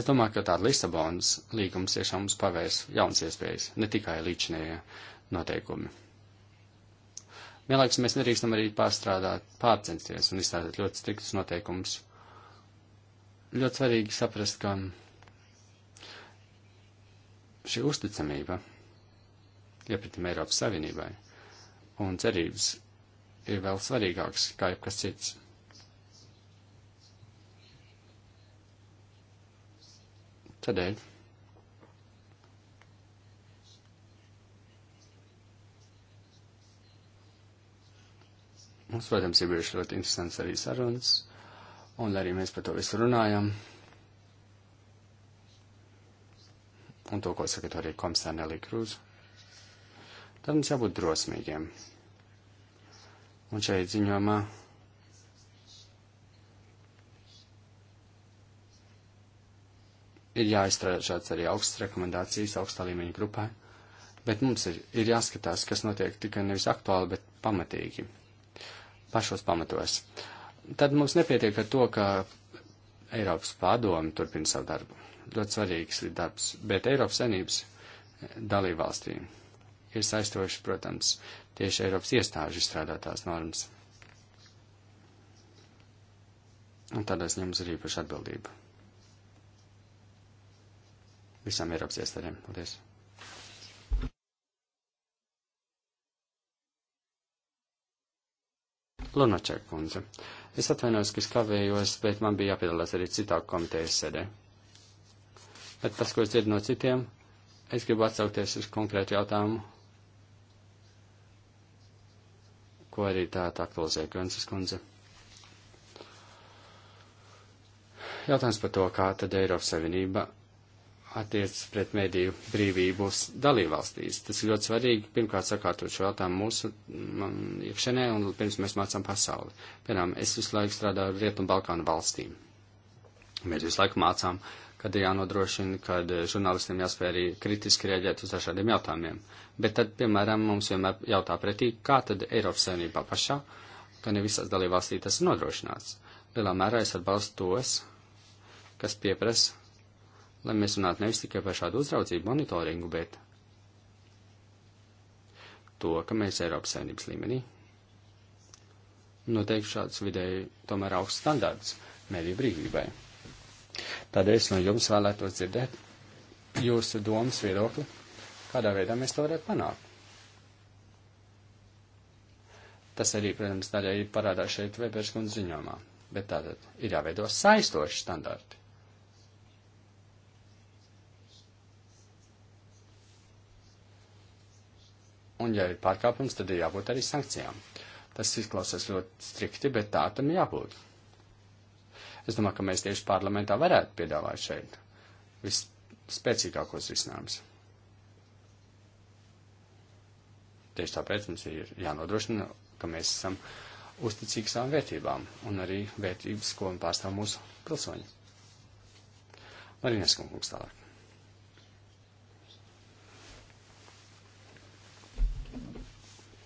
Speaker 2: Es domāju, ka tāda Lisabonas līgums tiešām mums pavērs jaunas iespējas, ne tikai līdšanējie noteikumi. Vienlaikus mēs nedrīkstam arī pārstrādāt, pārcensties un izstrādāt ļoti striktus noteikumus. Ļoti svarīgi saprast, ka šī uzticamība iepratim Eiropas Savienībai un cerības ir vēl svarīgāks kā jebkas cits. Tādēļ. Mums, protams, ir bijuši ļoti interesants arī sarunas, un arī mēs par to visu runājam. Un to, ko saka arī komisāra Nelī Krūza. Tad mums jābūt drosmīgiem. Un šeit ziņojumā ir jāizstrādā šāds arī augstas rekomendācijas augstā līmeņa grupai, bet mums ir, ir jāskatās, kas notiek tikai nevis aktuāli, bet pamatīgi, pašos pamatos. Tad mums nepietiek ar to, ka Eiropas padomi turpina savu darbu. Ļoti svarīgs ir darbs, bet Eiropas senības dalībvalstīm ir saistoši, protams, tieši Eiropas iestāžu izstrādātās normas. Un tādā ziņā mums ir īpaša atbildība. Visām Eiropas iestādēm. Paldies! Lunačēk kundze. Es atvainos, ka es kavējos, bet man bija jāpiedalās arī citā komitejas sēdē. Bet tas, ko es dzirdu no citiem, es gribu atsaukties uz konkrētu jautājumu ko arī tā aktualizēja Grances kundze. Jautājums par to, kā tad Eiropas Savienība attiec pret mediju brīvību dalībvalstīs. Tas ir ļoti svarīgi, pirmkārt, sakārtot šo jautājumu mūsu mm, iekšenē un pirms mēs mācām pasauli. Piemēram, es visu laiku strādāju ar Rietu un Balkānu valstīm. Mēs visu laiku mācām, kad ir jānodrošina, kad eh, žurnālistiem jāspēj arī kritiski rēģēt uz dažādiem jautājumiem. Bet tad, piemēram, mums vienmēr jautā pretī, kā tad Eiropas Savienībā pašā, ka ne visās dalībvalstī tas ir nodrošināts. Lielā mērā es atbalstu tos, kas pieprasa, lai mēs runātu nevis tikai par šādu uzraudzību monitoringu, bet to, ka mēs Eiropas Savienības līmenī noteikti šāds vidēji tomēr augsts standārds mediju brīvībai. Tādēļ es no jums vēlētos dzirdēt jūsu domas viedokli, kādā veidā mēs to varētu panākt. Tas arī, protams, daļai parādās šeit Weberskundz ziņojumā, bet tātad ir jāveido saistoši standarti. Un, ja ir pārkāpums, tad ir jābūt arī sankcijām. Tas izklausās ļoti strikti, bet tā tam jābūt. Es domāju, ka mēs tieši parlamentā varētu piedāvāt šeit visspēcīgākos risinājumus. Tieši tāpēc mums ir jānodrošina, ka mēs esam uzticīgi savām vērtībām un arī vērtības, ko pārstāv mūsu pilsoņi. Marīnes kungs tālāk.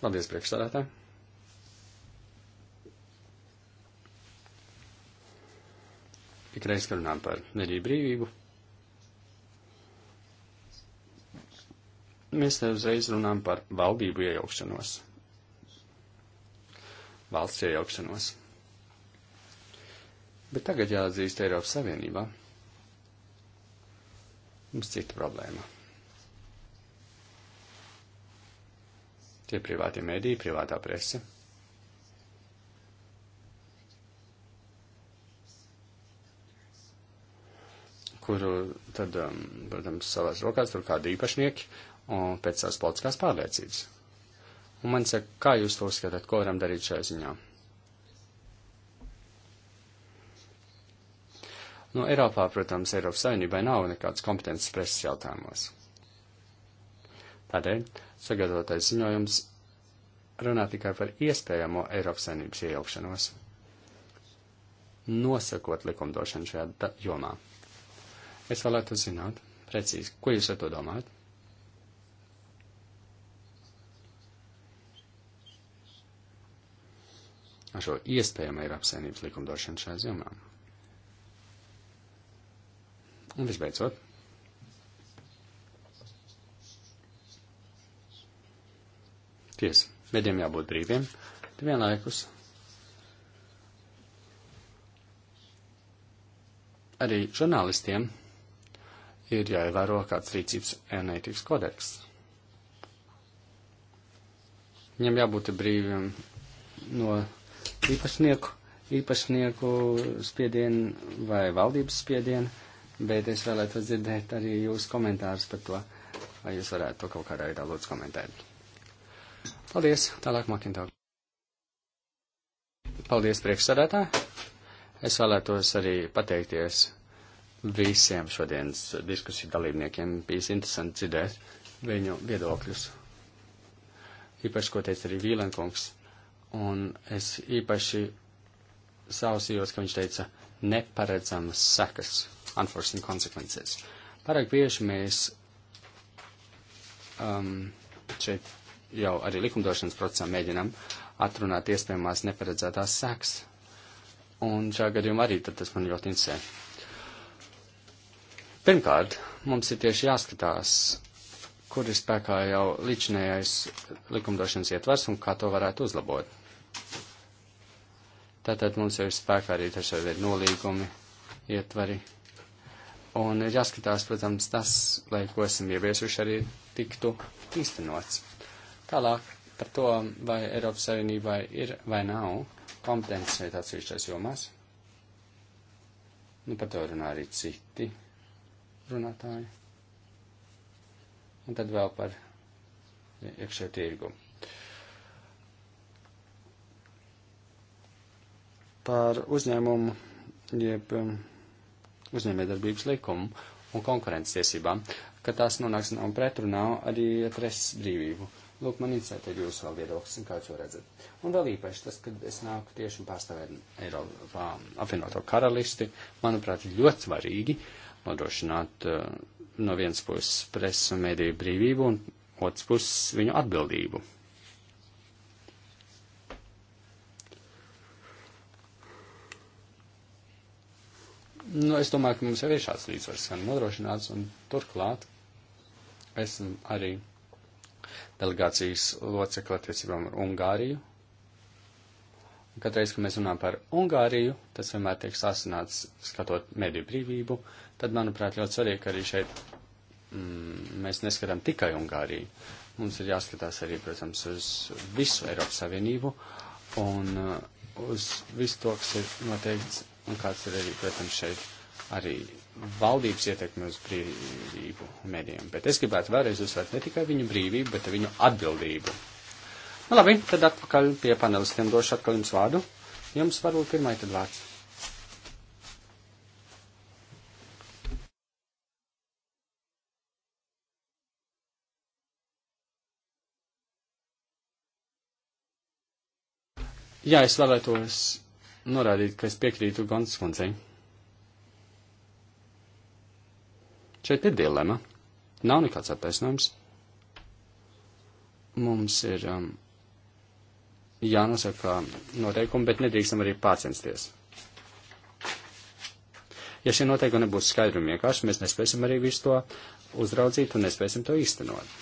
Speaker 2: Paldies, priekšstādātāji! Ik reiz, kad runājam par mediju brīvību, mēs te uzreiz runājam par valdību iejaukšanos, valsts iejaukšanos. Bet tagad jāatzīst Eiropas Savienībā. Mums cita problēma. Tie privātie mēdī, privātā presa. kuru tad, um, protams, savās rokās tur kādi īpašnieki un pēc tās politiskās pārliecības. Un man saka, kā jūs to uzskatāt, ko varam darīt šajā ziņā? Nu, Eiropā, protams, Eiropas Savienībai nav nekādas kompetences preses jautājumos. Tādēļ sagatavotais ziņojums runā tikai par iespējamo Eiropas Savienības iejaukšanos, nosakot likumdošanu šajā jomā. Es vēlētu zināt, precīzi, ko jūs ar to domājat? Ar šo iespējamo ir apsainības likumdošana šajā ziņā. Un visbeidzot. Tiesa, mediem jābūt brīviem, te vienlaikus arī žurnālistiem ir jāievēro kāds rīcības ēnētības kodeks. Viņam jābūt brīviem no īpašnieku, īpašnieku spiediena vai valdības spiediena, bet es vēlētos dzirdēt arī jūsu komentārus par to, vai jūs varētu to kaut kādā veidā lūdzu komentēt. Paldies, tālāk Makintāk. Paldies, priekšsādātā. Es vēlētos arī pateikties visiem šodienas diskusiju dalībniekiem bijis interesanti dzirdēt viņu viedokļus. Īpaši, ko teica arī Vīlenkungs. Un es īpaši sausījos, ka viņš teica neparedzamas sekas, unforeseen consequences. Pārāk bieži mēs um, šeit jau arī likumdošanas procesā mēģinam atrunāt iespējamās neparedzētās sekas. Un šā gadījumā arī tad tas man ļoti interesē. Pirmkārt, mums ir tieši jāskatās, kur ir spēkā jau līdzinējais likumdošanas ietvers un kā to varētu uzlabot. Tātad mums ir spēkā arī dažādi nolīgumi, ietvari. Un ir jāskatās, protams, tas, lai ko esam ieviesuši, arī tiktu īstenots. Tālāk par to, vai Eiropas Savienībai ir vai nav kompetences vai tāds višķais jomās. Nu, par to runā arī citi runātāji. Un tad vēl par iekšēju tirgu. Par uzņēmumu, jeb um, uzņēmējdarbības likumu un konkurences tiesībām, ka tās nonāks nav pretrunā arī preses brīvību. Lūk, man interesē jūsu vēl viedoklis, kā jūs to redzat. Un vēl īpaši tas, kad es nāku tieši un pārstāvēju Eiropā apvienoto karalisti, manuprāt, ir ļoti svarīgi. Uh, nodrošināt uh, no vienas puses presas un mediju brīvību un otrs puses viņu atbildību. Nu, es domāju, ka mums jau ir šāds līdzsvars gan nodrošināts, un turklāt esmu arī delegācijas locekli attiecībām ar Ungāriju, Katreiz, kad mēs runājam par Ungāriju, tas vienmēr tiek sasināts skatot mediju brīvību, tad, manuprāt, ļoti svarīgi, ka arī šeit mm, mēs neskatām tikai Ungāriju. Mums ir jāskatās arī, protams, uz visu Eiropas Savienību un uh, uz visu to, kas ir noteikts un kāds ir arī, protams, šeit arī valdības ietekme uz brīvību medijiem. Bet es gribētu vēlreiz uzsvērt ne tikai viņu brīvību, bet viņu atbildību Nu, labi, tad atpakaļ pie panelistiem došu atkal jums vārdu. Jums varbūt pirmai tad vārds. Jā, es vēlētos norādīt, ka es piekrītu Gons kundzei. Šeit ir dilema. Nav nekāds attaisnojums. Mums ir um, jānosaka noteikumi, bet nedrīkstam arī pārcensties. Ja šie noteikumi nebūs skaidri un vienkārši, mēs nespēsim arī visu to uzraudzīt un nespēsim to īstenot.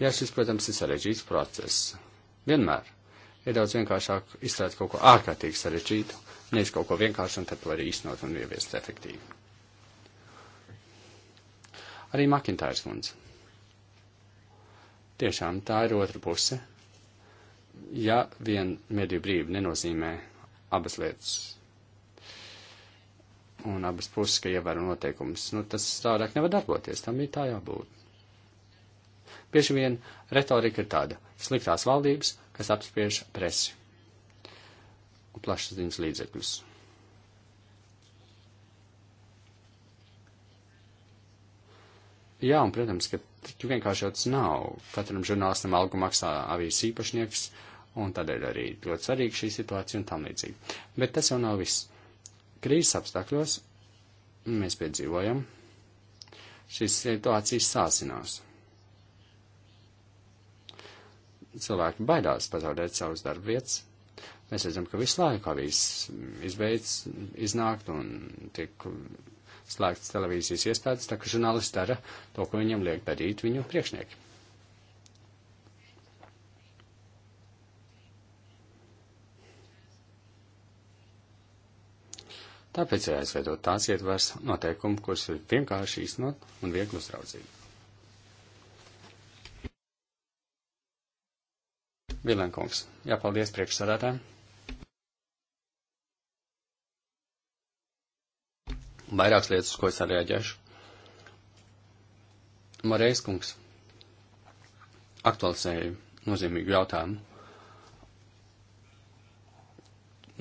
Speaker 2: Jā, šis, protams, ir sarežģīts process. Vienmēr ir daudz vienkāršāk izstrādāt kaut ko ārkārtīgi sarežģītu, nevis kaut ko vienkāršu un tad to arī īstenot un ieviest efektīvi. Arī Makintājas kundze. Tiešām tā ir otra puse. Ja vien mediju brīvi nenozīmē abas lietas un abas puses, ka ievēro noteikumus, nu tas tādāk nevar darboties, tam ir tā jābūt. Bieži vien retorika ir tāda - sliktās valdības, kas apspiež presi un plašsaziņas līdzekļus. Jā, un, protams, ka tik vienkārši jau tas nav. Katram žurnālistam algu maksā avīzes īpašnieks, un tādēļ arī ļoti svarīga šī situācija un tam līdzīgi. Bet tas jau nav viss. Krīzes apstākļos mēs piedzīvojam, šīs situācijas sāsinās. Cilvēki baidās pazaudēt savus darba vietas. Mēs redzam, ka visu laiku avīzes izbeidz iznākt un tiek slēgts televīzijas iestādes, tā ka žurnālisti dara to, ko viņam liek darīt viņu priekšnieki. Tāpēc ir aizveidot tās ietvers noteikumu, kurus ir vienkārši īstenot un viegli uzraudzīt. Vilenkungs, jāpaldies priekšsādātājiem! vairākas lietas, uz ko es arī reaģēšu. Marais kungs aktualizēja nozīmīgu jautājumu.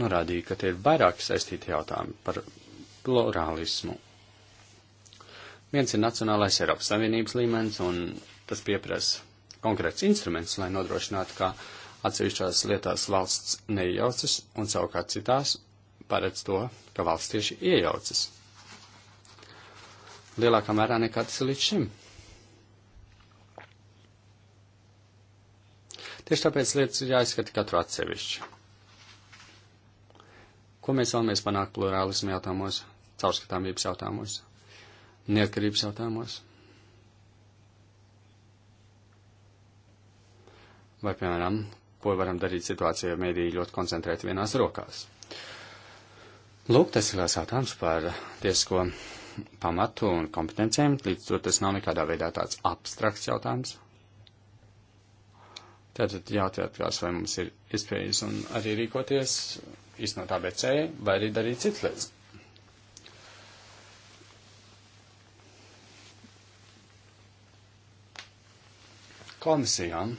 Speaker 2: Norādīja, ka tie ir vairāki saistīti jautājumi par plurālismu. Viens ir nacionālais Eiropas Savienības līmenis, un tas pieprasa konkrēts instruments, lai nodrošinātu, ka atsevišķās lietās valsts neiejaucas, un savukārt citās paredz to, ka valsts tieši iejaucas lielākā mērā nekā tas ir līdz šim. Tieši tāpēc lietas ir jāizskata katru atsevišķi. Ko mēs vēlamies panākt plurālismu jautājumos, caurskatāmības jautājumos, neatkarības jautājumos? Vai, piemēram, ko varam darīt situācijā, ja mēdīji ļoti koncentrēti vienās rokās? Lūk, tas ir jautājums par tiesisko pamatu un kompetencijiem, līdz to tas nav nekādā veidā tāds abstrakts jautājums. Tātad jāatcerās, vai mums ir iespējas un arī rīkoties iznot ABC, vai arī darīt citas lietas. Komisijām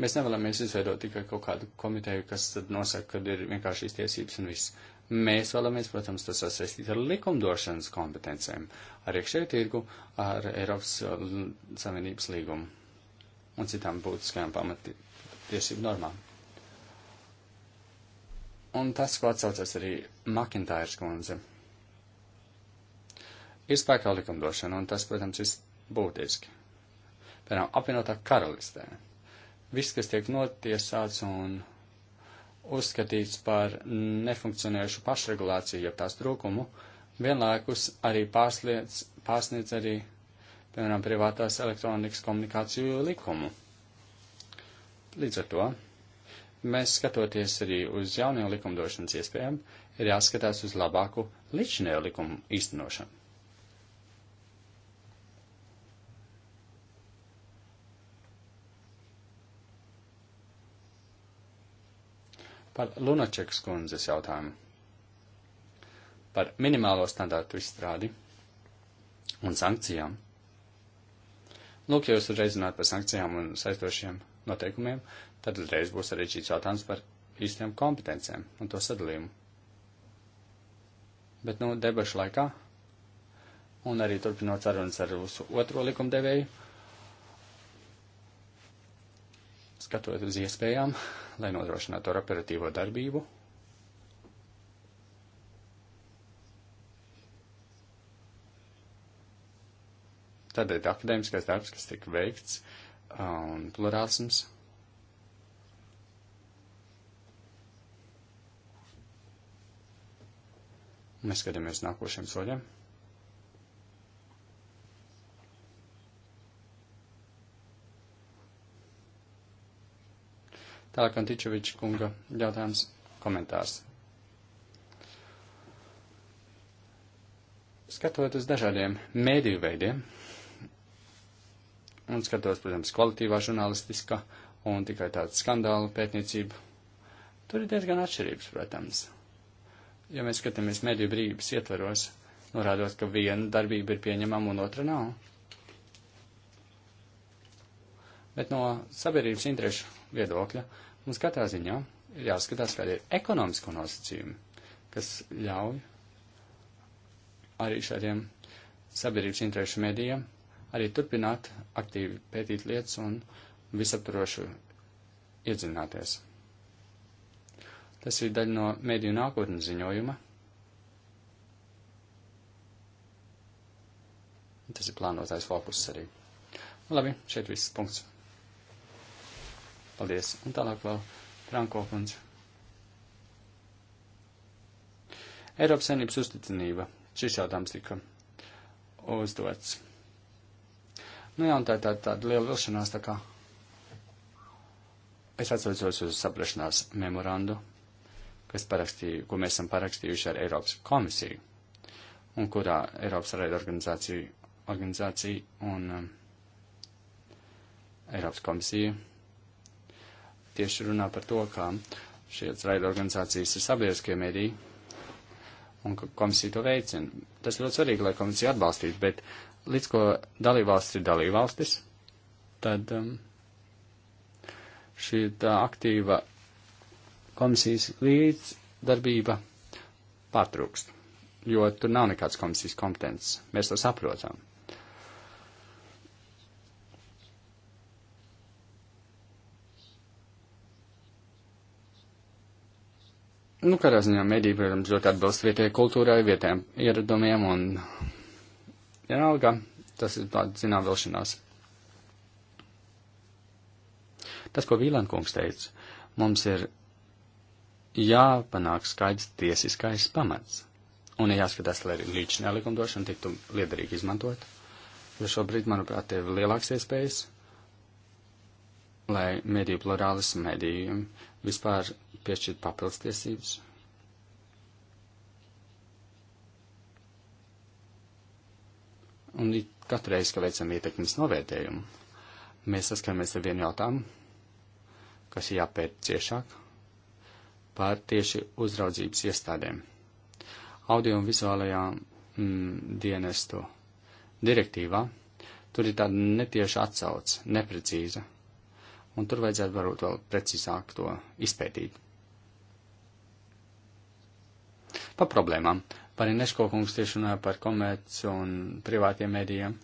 Speaker 2: Mēs nevēlamies izveidot tikai kaut kādu komiteju, kas tad nosaka, kad ir vienkārši šīs tiesības un viss. Mēs vēlamies, protams, tas sasaistīt ar likumdošanas kompetencēm, ar iekšēju tirgu, ar Eiropas uh, Savienības līgumu un citām būtiskajām pamatiesību normām. Un tas, ko atsaucas arī Makintājas kundze. Ir spēkā likumdošana, un tas, protams, ir būtiski. Piemēram, apvienotā karalistē Viss, kas tiek notiesāts un uzskatīts par nefunkcionējušu pašregulāciju, jeb tās trūkumu, vienlaikus arī pārsniedz, pārsniedz arī, piemēram, privātās elektronikas komunikāciju likumu. Līdz ar to mēs skatoties arī uz jauniem likumdošanas iespējām, ir jāskatās uz labāku līdzinējo likumu īstenošanu. Par Lunačekas kundzes jautājumu. Par minimālo standārtu izstrādi un sankcijām. Lūk, ja jūs uzreiz runājat par sankcijām un saistošiem noteikumiem, tad uzreiz būs arī šīs jautājums par īstiem kompetencēm un to sadalījumu. Bet, nu, debašu laikā un arī turpinot sarunas ar jūsu otro likumdevēju, skatot uz iespējām, lai nodrošinātu ar operatīvo darbību. Tādēļ akadēmiskais darbs, kas tika veikts, un plurālisms. Mēs skatāmies nākošiem soļiem. Tālāk Antičeviča kunga jautājums komentārs. Skatot uz dažādiem mēdīju veidiem, un skatot, protams, kvalitīvā žurnālistiska un tikai tāda skandāla pētniecība, tur ir diezgan atšķirības, protams. Ja mēs skatāmies mediju brīvības ietvaros, norādot, ka viena darbība ir pieņemama un otra nav. Bet no sabiedrības interešu viedokļa mums katrā ziņā ir jāskatās, kādi ir ekonomisko nosacījumi, kas ļauj arī šādiem sabiedrības interešu medijiem arī turpināt aktīvi pētīt lietas un visaprošu iedzināties. Tas ir daļa no mediju nākotnes ziņojuma. Tas ir plānotais fokus arī. Labi, šeit viss punkts. Paldies. Un tālāk vēl Franko kundze. Eiropas saimnības uzticamība. Šis jautājums tika uzdots. Nu jā, un tā ir tā, tāda liela vilšanās, tā kā. Es atsaucos uz saprašanās memorandu, kas parakstīju, ko mēs esam parakstījuši ar Eiropas komisiju, un kurā Eiropas raida organizācija, organizācija un um, Eiropas komisija tieši runā par to, kā šīs raida organizācijas ir sabiedriskie mēdī un ka komisija to veicina. Tas ļoti svarīgi, lai komisija atbalstītu, bet līdz ko dalībvalstis ir dalībvalstis, tad um, šī tā aktīva komisijas līdzdarbība pārtrūkst, jo tur nav nekāds komisijas kompetences. Mēs to saprotam. Nu, kādā ziņā mediji, protams, ļoti atbilst vietējai kultūrai, vietējiem ieradumiem un vienalga, tas ir tāda, zinām, vilšanās. Tas, ko Vīlankungs teica, mums ir jāpanāk skaidrs tiesiskais pamats. Un ir jāskatās, lai līdz nelikumdošana tiktu liederīgi izmantot, jo šobrīd, manuprāt, tie ir lielāks iespējas, lai mediju plurālis mediju vispār piešķirt papildus tiesības. Un katru reizi, kad veicam ietekmes novērtējumu, mēs saskaramies ar vienu jautājumu, kas ir jāpēt ciešāk par tieši uzraudzības iestādēm. Audio un vizuālajā mm, dienestu direktīvā tur ir tāda netieša atsauce, neprecīza, un tur vajadzētu varbūt vēl precīzāk to izpētīt. Pa problēmām. Par Ineško kungs tieši runāja par komerci un privātiem mēdījiem.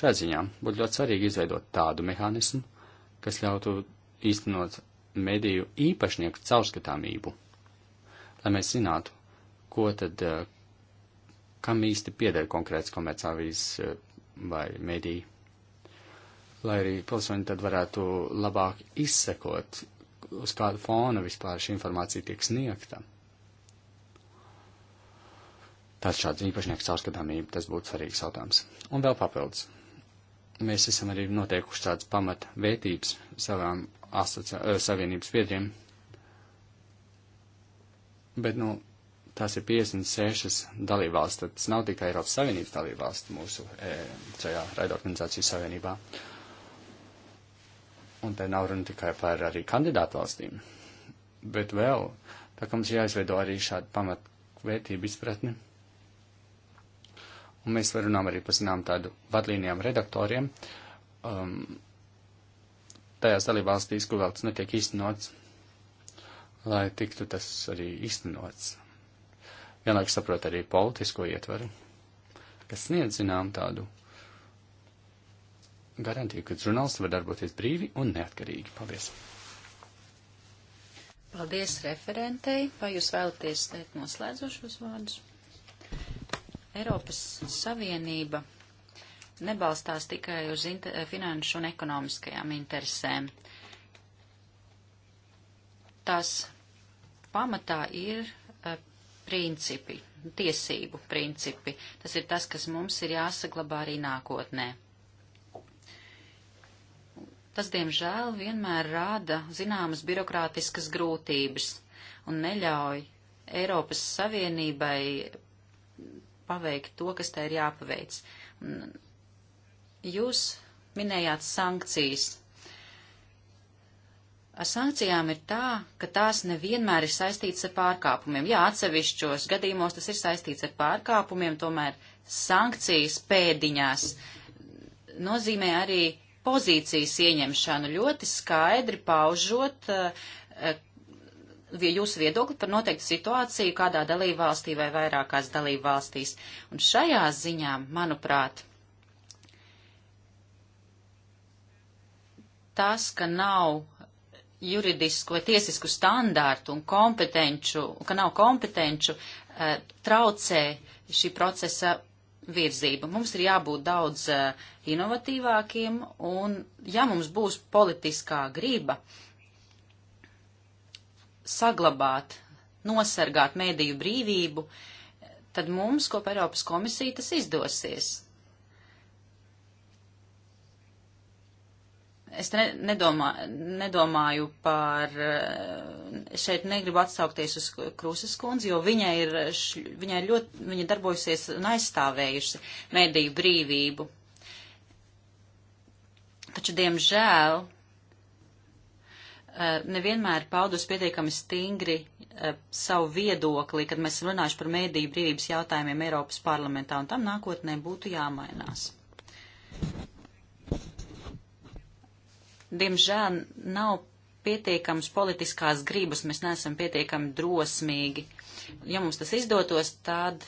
Speaker 2: Šajā ziņā būtu ļoti svarīgi izveidot tādu mehānismu, kas ļautu īstenot mediju īpašnieku caurskatāmību, lai mēs zinātu, ko tad, eh, kam īsti pieder konkrēts komercāvijas eh, vai mediju, lai arī pilsoņi tad varētu labāk izsekot uz kādu fona vispār šī informācija tiek sniegta. Tas šāds īpašnieks caurskatāmība, tas būtu svarīgs jautājums. Un vēl papildus. Mēs esam arī noteikuši tādas pamata vērtības savām asociā, eh, savienības biedriem. Bet, nu, tās ir 56 dalībvalsts, tad tas nav tikai Eiropas Savienības dalībvalsts mūsu e, šajā raidorganizācijas savienībā. Uh, un te nav runa tikai par arī kandidātu valstīm, bet vēl, tā kā mums jāizveido arī šāda pamatvērtība izpratne. Un mēs runām arī par zinām tādu vadlīnijām redaktoriem, um, tajās dalībvalstīs, kur vēl tas netiek īstenots, lai tiktu tas arī īstenots. Vienlaikus saprot arī politisko ietvaru, kas sniedz zinām tādu garantiju, ka žurnālisti var darboties brīvi un neatkarīgi. Paldies!
Speaker 3: Paldies referentei. Vai jūs vēlaties teikt noslēdzošos vārdus? Eiropas Savienība nebalstās tikai uz finanšu un ekonomiskajām interesēm. Tās pamatā ir uh, principi, tiesību principi. Tas ir tas, kas mums ir jāsaglabā arī nākotnē. Tas, diemžēl, vienmēr rāda zināmas birokrātiskas grūtības un neļauj Eiropas Savienībai paveikt to, kas tai ir jāpaveic. Jūs minējāt sankcijas. Ar sankcijām ir tā, ka tās nevienmēr ir saistītas ar pārkāpumiem. Jā, atsevišķos gadījumos tas ir saistīts ar pārkāpumiem, tomēr sankcijas pēdiņās nozīmē arī pozīcijas ieņemšanu, ļoti skaidri paužot eh, eh, jūsu viedokli par noteiktu situāciju kādā dalībvalstī vai vairākās dalībvalstīs. Un šajā ziņā, manuprāt, tas, ka nav juridisku vai tiesisku standārtu un kompetenču, ka nav kompetenču, eh, traucē šī procesa virzība. Mums ir jābūt daudz uh, inovatīvākiem, un ja mums būs politiskā grība saglabāt, nosargāt mēdīju brīvību, tad mums, kopā Eiropas komisija, tas izdosies. Es ne, nedomā, nedomāju par, eh, šeit negribu atsaukties uz Krūzes kundzi, jo viņa ir, viņa ir ļoti, viņa darbojusies un aizstāvējusi mediju brīvību. Taču, diemžēl, eh, nevienmēr paudus pietiekami stingri eh, savu viedokli, kad mēs runājuši par mediju brīvības jautājumiem Eiropas parlamentā, un tam nākotnē būtu jāmainās diemžēl nav pietiekams politiskās gribas, mēs neesam pietiekami drosmīgi. Ja mums tas izdotos, tad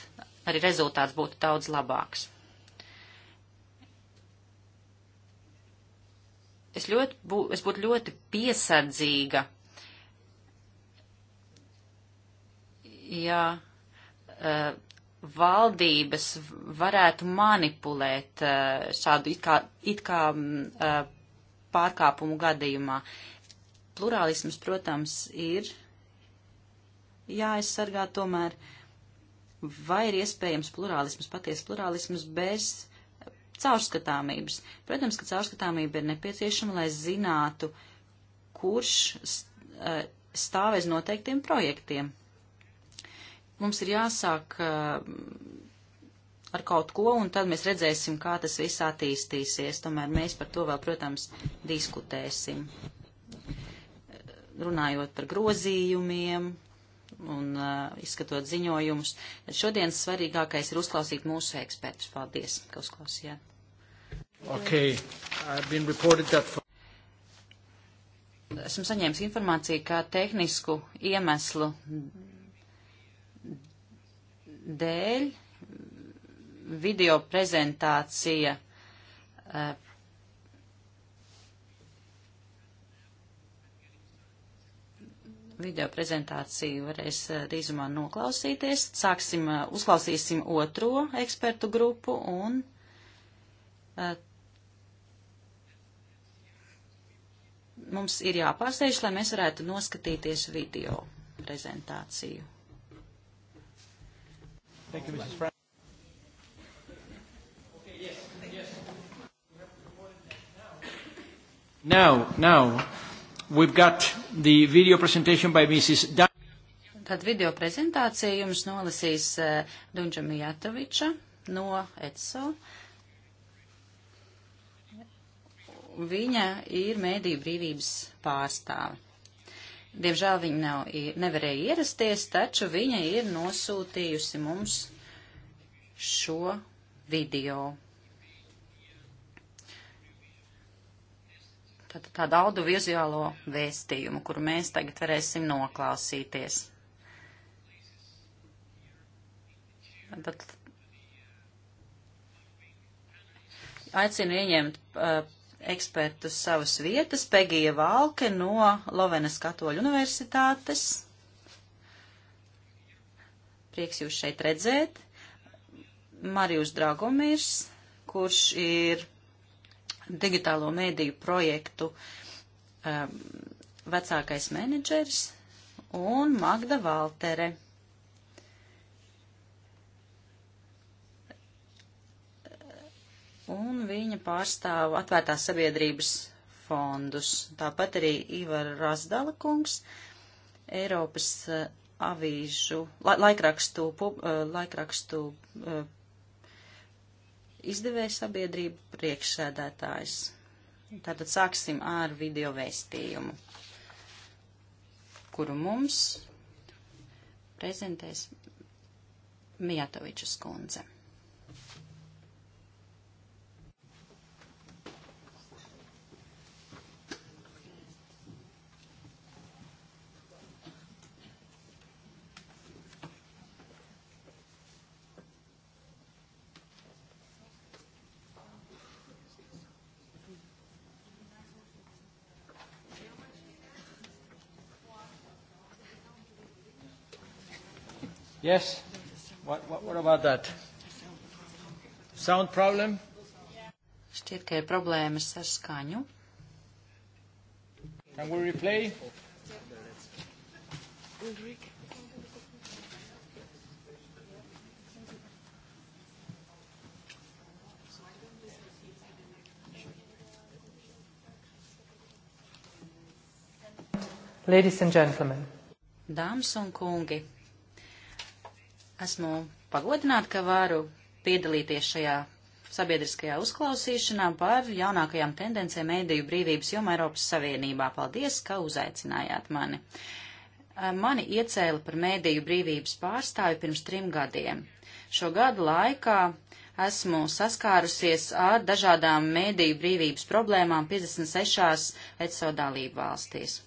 Speaker 3: arī rezultāts būtu daudz labāks. Es, ļoti, bū, es būtu ļoti piesardzīga, ja uh, valdības varētu manipulēt uh, šādu it kā, it kā uh, pārkāpumu gadījumā. Plurālisms, protams, ir jāaizsargā tomēr, vai ir iespējams plurālisms, paties plurālisms bez caurskatāmības. Protams, ka caurskatāmība ir nepieciešama, lai zinātu, kurš eh, stāvēs noteiktiem projektiem. Mums ir jāsāk eh, ar kaut ko, un tad mēs redzēsim, kā tas viss attīstīsies. Tomēr mēs par to vēl, protams, diskutēsim. Runājot par grozījumiem un uh, izskatot ziņojumus, tad šodien svarīgākais ir uzklausīt mūsu ekspertus. Paldies, ka uzklausījāt. Okay.
Speaker 2: For...
Speaker 3: Esmu saņēmis informāciju, ka tehnisku iemeslu dēļ video prezentācija uh, video prezentāciju varēs eh, drīzumā noklausīties. Sāksim, eh, uzklausīsim otro ekspertu grupu un uh, mums ir jāpārsteidz, lai mēs varētu noskatīties video prezentāciju.
Speaker 1: Thank you, Mrs. Frank.
Speaker 2: Now, now, we've got the video presentation by Mrs. Da
Speaker 3: Tad video prezentāciju jums nolasīs uh, Dunča Mijatoviča no ETSO. Viņa ir mēdīju brīvības pārstāve. Diemžēl viņa nav, nevarēja ierasties, taču viņa ir nosūtījusi mums šo video. tad, tādu audiovizuālo vēstījumu, kuru mēs tagad varēsim noklausīties. Tad aicinu ieņemt uh, ekspertus savas vietas, Pegija Valke no Lovenas Katoļu universitātes. Prieks jūs šeit redzēt. Marijus Dragomīrs, kurš ir digitālo mēdīju projektu um, vecākais menedžers un Magda Valtere. Un viņa pārstāv atvērtās sabiedrības fondus. Tāpat arī Ivar Rasdala kungs, Eiropas uh, avīžu, laikrakstu, uh, laikrakstu uh, izdevēja sabiedrība priekšsēdētājs. Tātad sāksim ar video vēstījumu, kuru mums prezentēs Mijatoviča skundze. Yes? What, what, what about that? Sound problem? Šķiet, ka ir problēmas ar skaņu. Can we replay?
Speaker 2: Ulrike.
Speaker 1: Ladies and gentlemen.
Speaker 3: Dāmas un kungi, Esmu pagodināta, ka varu piedalīties šajā sabiedriskajā uzklausīšanā par jaunākajām tendencēm mēdīju brīvības jomā Eiropas Savienībā. Paldies, ka uzaicinājāt mani. Eh, mani iecēla par mēdīju brīvības pārstāvi pirms trim gadiem. Šo gadu laikā esmu saskārusies ar dažādām mēdīju brīvības problēmām 56. ECO dalību valstīs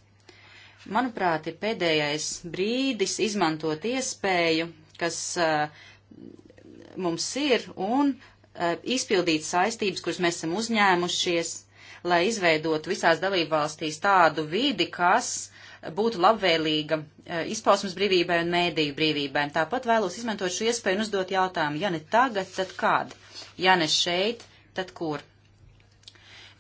Speaker 3: manuprāt, ir pēdējais brīdis izmantot iespēju kas mums ir, un izpildīt saistības, kuras mēs esam uzņēmušies, lai izveidotu visās dalībvalstīs tādu vidi, kas būtu labvēlīga izpausmas brīvībai un mēdīju brīvībai. Tāpat vēlos izmantot šo iespēju un uzdot jautājumu, ja ne tagad, tad kad? Ja ne šeit, tad kur?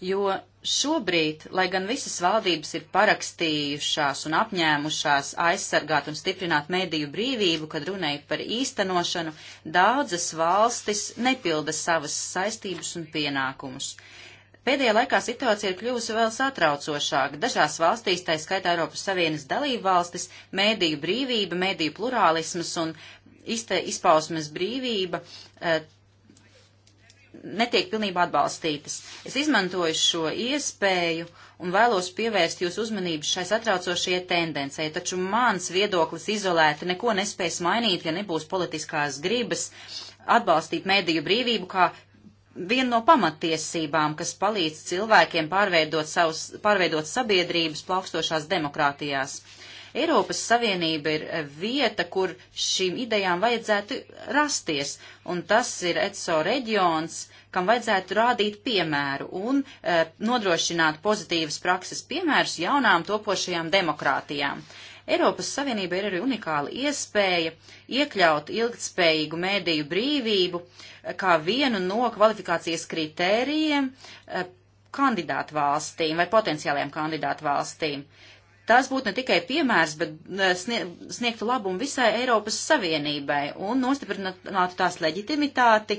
Speaker 3: jo šobrīd, lai gan visas valdības ir parakstījušās un apņēmušās aizsargāt un stiprināt mediju brīvību, kad runājot par īstenošanu, daudzas valstis nepilda savas saistības un pienākumus. Pēdējā laikā situācija ir kļuvusi vēl satraucošāka. Dažās valstīs, tā skaitā Eiropas Savienas dalību valstis, mēdīju brīvība, mēdīju plurālisms un izpausmes brīvība eh, netiek pilnībā atbalstītas. Es izmantoju šo iespēju un vēlos pievērst jūs uzmanību šai satraucošajai tendencei, taču mans viedoklis izolēti neko nespēs mainīt, ja nebūs politiskās gribas atbalstīt mēdīju brīvību kā viena no pamatiesībām, kas palīdz cilvēkiem pārveidot, savus, pārveidot sabiedrības plaukstošās demokrātijās. Uh, Eiropas Savienība ir eh, vieta, kur šīm idejām vajadzētu rasties, un tas ir ECO reģions, kam vajadzētu rādīt piemēru un e, nodrošināt pozitīvas prakses piemērus jaunām topošajām demokrātijām. Eiropas Savienība ir arī unikāla iespēja iekļaut ilgtspējīgu mēdīju brīvību eh, kā vienu no kvalifikācijas kritērijiem kandidātu valstīm vai potenciālajām kandidātu valstīm tas būtu ne tikai piemērs, bet eh, sniegtu labumu visai Eiropas Savienībai un nostiprinātu tās leģitimitāti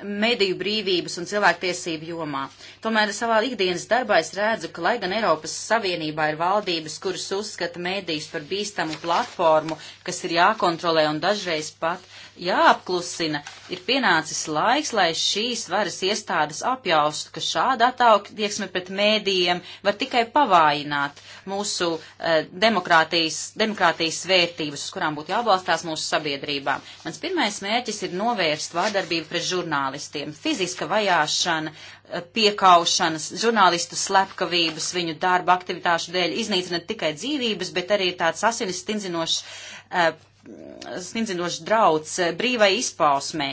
Speaker 3: mediju brīvības un cilvēktiesību jomā. Tomēr savā ikdienas darbā es redzu, ka lai gan Eiropas Savienībā ir valdības, kuras uzskata medijas par bīstamu platformu, kas ir jākontrolē un dažreiz pat uh, jāapklusina, ir pienācis laiks, lai šīs varas iestādes apjaustu, ka šāda attieksme pret mēdījiem var tikai pavājināt mūsu eh, demokrātijas, demokrātijas vērtības, uz kurām būtu jābalstās mūsu sabiedrībām. Mans pirmais mērķis ir novērst vārdarbību pret žurnālistiem, fiziska vajāšana, eh, piekaušanas, žurnālistu slepkavības, viņu darba aktivitāšu dēļ iznīcina ne tikai dzīvības, bet arī tāds asinis stinzinošs uh, eh, sniedzinošs drauds brīvai izpausmē.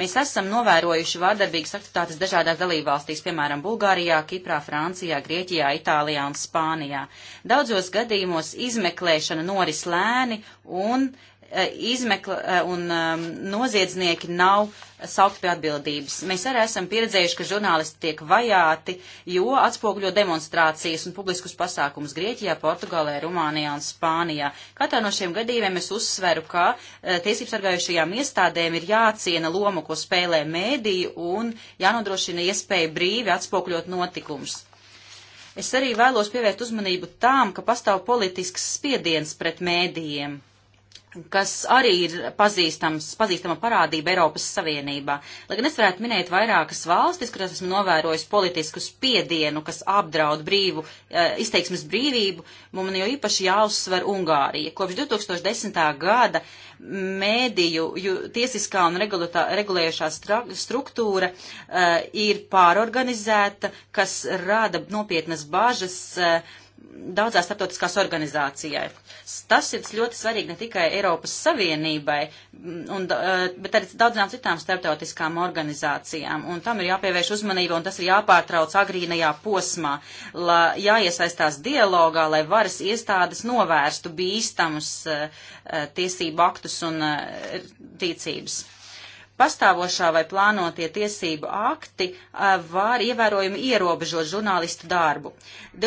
Speaker 3: Mēs esam novērojuši vārdarbīgas aktivitātes dažādās dalībvalstīs, piemēram, Bulgārijā, Kiprā, Francijā, Grieķijā, Itālijā un Spānijā. Daudzos gadījumos izmeklēšana noris lēni un E, izmekla e, un e, noziedznieki nav saukt pie atbildības. Mēs arī esam pieredzējuši, ka žurnālisti tiek vajāti, jo atspoguļo demonstrācijas un publiskus pasākumus Grieķijā, Portugālē, Rumānijā un Spānijā. Katrā no šiem gadījumiem es uzsveru, ka tiesības sargājušajām iestādēm ir jāciena loma, ko spēlē mēdī un jānodrošina iespēja brīvi atspoguļot notikumus. Es arī vēlos pievērst uzmanību tām, ka pastāv politisks spiediens pret mēdījiem kas arī ir pazīstams, pazīstama parādība Eiropas Savienībā. Lai gan es varētu minēt vairākas valstis, kurās esmu novērojis politisku spiedienu, kas apdraud brīvu, eh, izteiksmes brīvību, man jau īpaši jāuzsver Ungārija. Kopš 2010. gada mēdīju tiesiskā un regulējušā struktūra uh, ir pārorganizēta, kas rada nopietnas bažas uh, daudzās starptautiskās organizācijai. Tas ir ļoti svarīgi ne tikai Eiropas Savienībai, mm, un, eh, bet arī daudzām citām starptautiskām organizācijām. Un tam ir jāpievērš uzmanība, un tas ir jāpārtrauc agrīnajā posmā, la, jāiesaistās dialogā, lai varas iestādes novērstu bīstamus eh, eh, tiesību aktus un rīcības. Uh, pastāvošā vai plānotie tiesību akti eh, var ievērojami ierobežot žurnālistu darbu.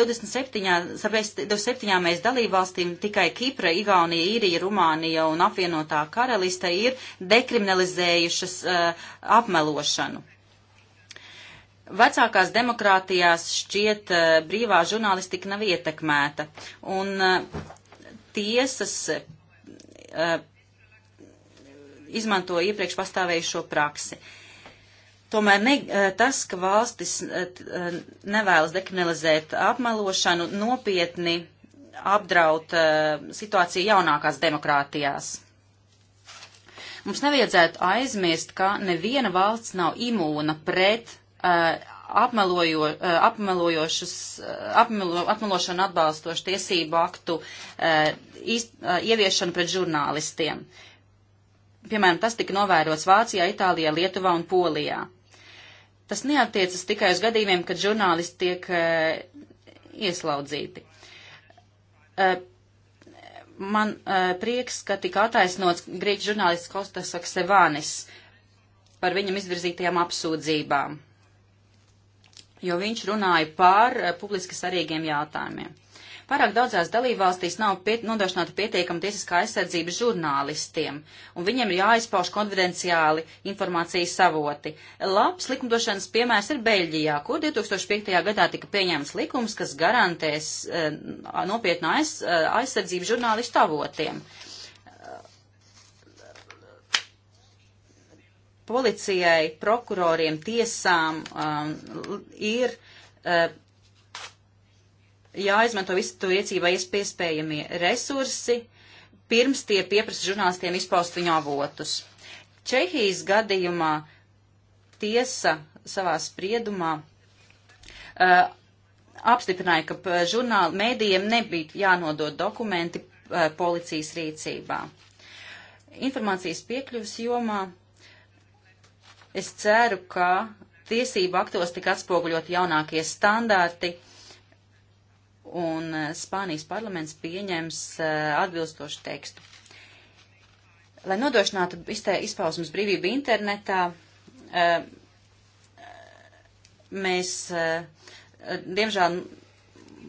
Speaker 3: 27, 27 dalībvalstīm tikai Kipra, Igaunija, Īrija, Rumānija un apvienotā karaliste ir dekriminalizējušas uh, apmelošanu. Vecākās demokrātijās šķiet uh, brīvā žurnālistika nav ietekmēta, un uh, tiesas uh, izmanto iepriekš pastāvējušo praksi. Tomēr ne, eh, tas, ka valstis eh, eh, nevēlas dekriminalizēt apmelošanu, nopietni apdraud situāciju jaunākās demokrātijās. Mums nevajadzētu aizmirst, ka neviena valsts nav imūna pret apmelojo, apmelojošas, apmelo, apmelošanu atbalstošu tiesību aktu iz, ieviešanu pret žurnālistiem. Uh, piemēram, tas tika novērots Vācijā, Itālijā, Lietuvā un Polijā. Tas neatiecas tikai uz gadījumiem, kad žurnālisti tiek uh, eh, ieslaudzīti. Uh, eh, man uh, prieks, ka tika attaisnots grieķu žurnālists Kostas Aksevanis par viņam izvirzītajām apsūdzībām, jo viņš runāja pār publiski svarīgiem jautājumiem. Pārāk daudzās dalībvalstīs nav piet, nodrošināta pietiekama tiesiskā aizsardzība žurnālistiem, un viņiem ir jāizpauž konfidenciāli informācijas savoti. Labs likumdošanas piemērs ir Beļģijā, kur 2005. gadā tika pieņemts likums, kas garantēs e, nopietnu aiz, eh, aizsardzību žurnālistu avotiem. Policijai, prokuroriem, tiesām um, ir uh, jāizmanto visi to iecībā iespējamie resursi, pirms tie pieprasa žurnālistiem izpaust viņu avotus. Čehijas gadījumā tiesa savā spriedumā uh, apstiprināja, ka uh, žurnāla mēdījiem nebija jānodod dokumenti uh, policijas rīcībā. Informācijas piekļuvas jomā es ceru, ka tiesību aktos tika atspoguļot jaunākie standarti, uh, un eh, Spānijas parlaments pieņems eh, atbilstošu tekstu. Lai nodrošinātu izpausmas brīvību internetā, eh, mēs, diemžēl,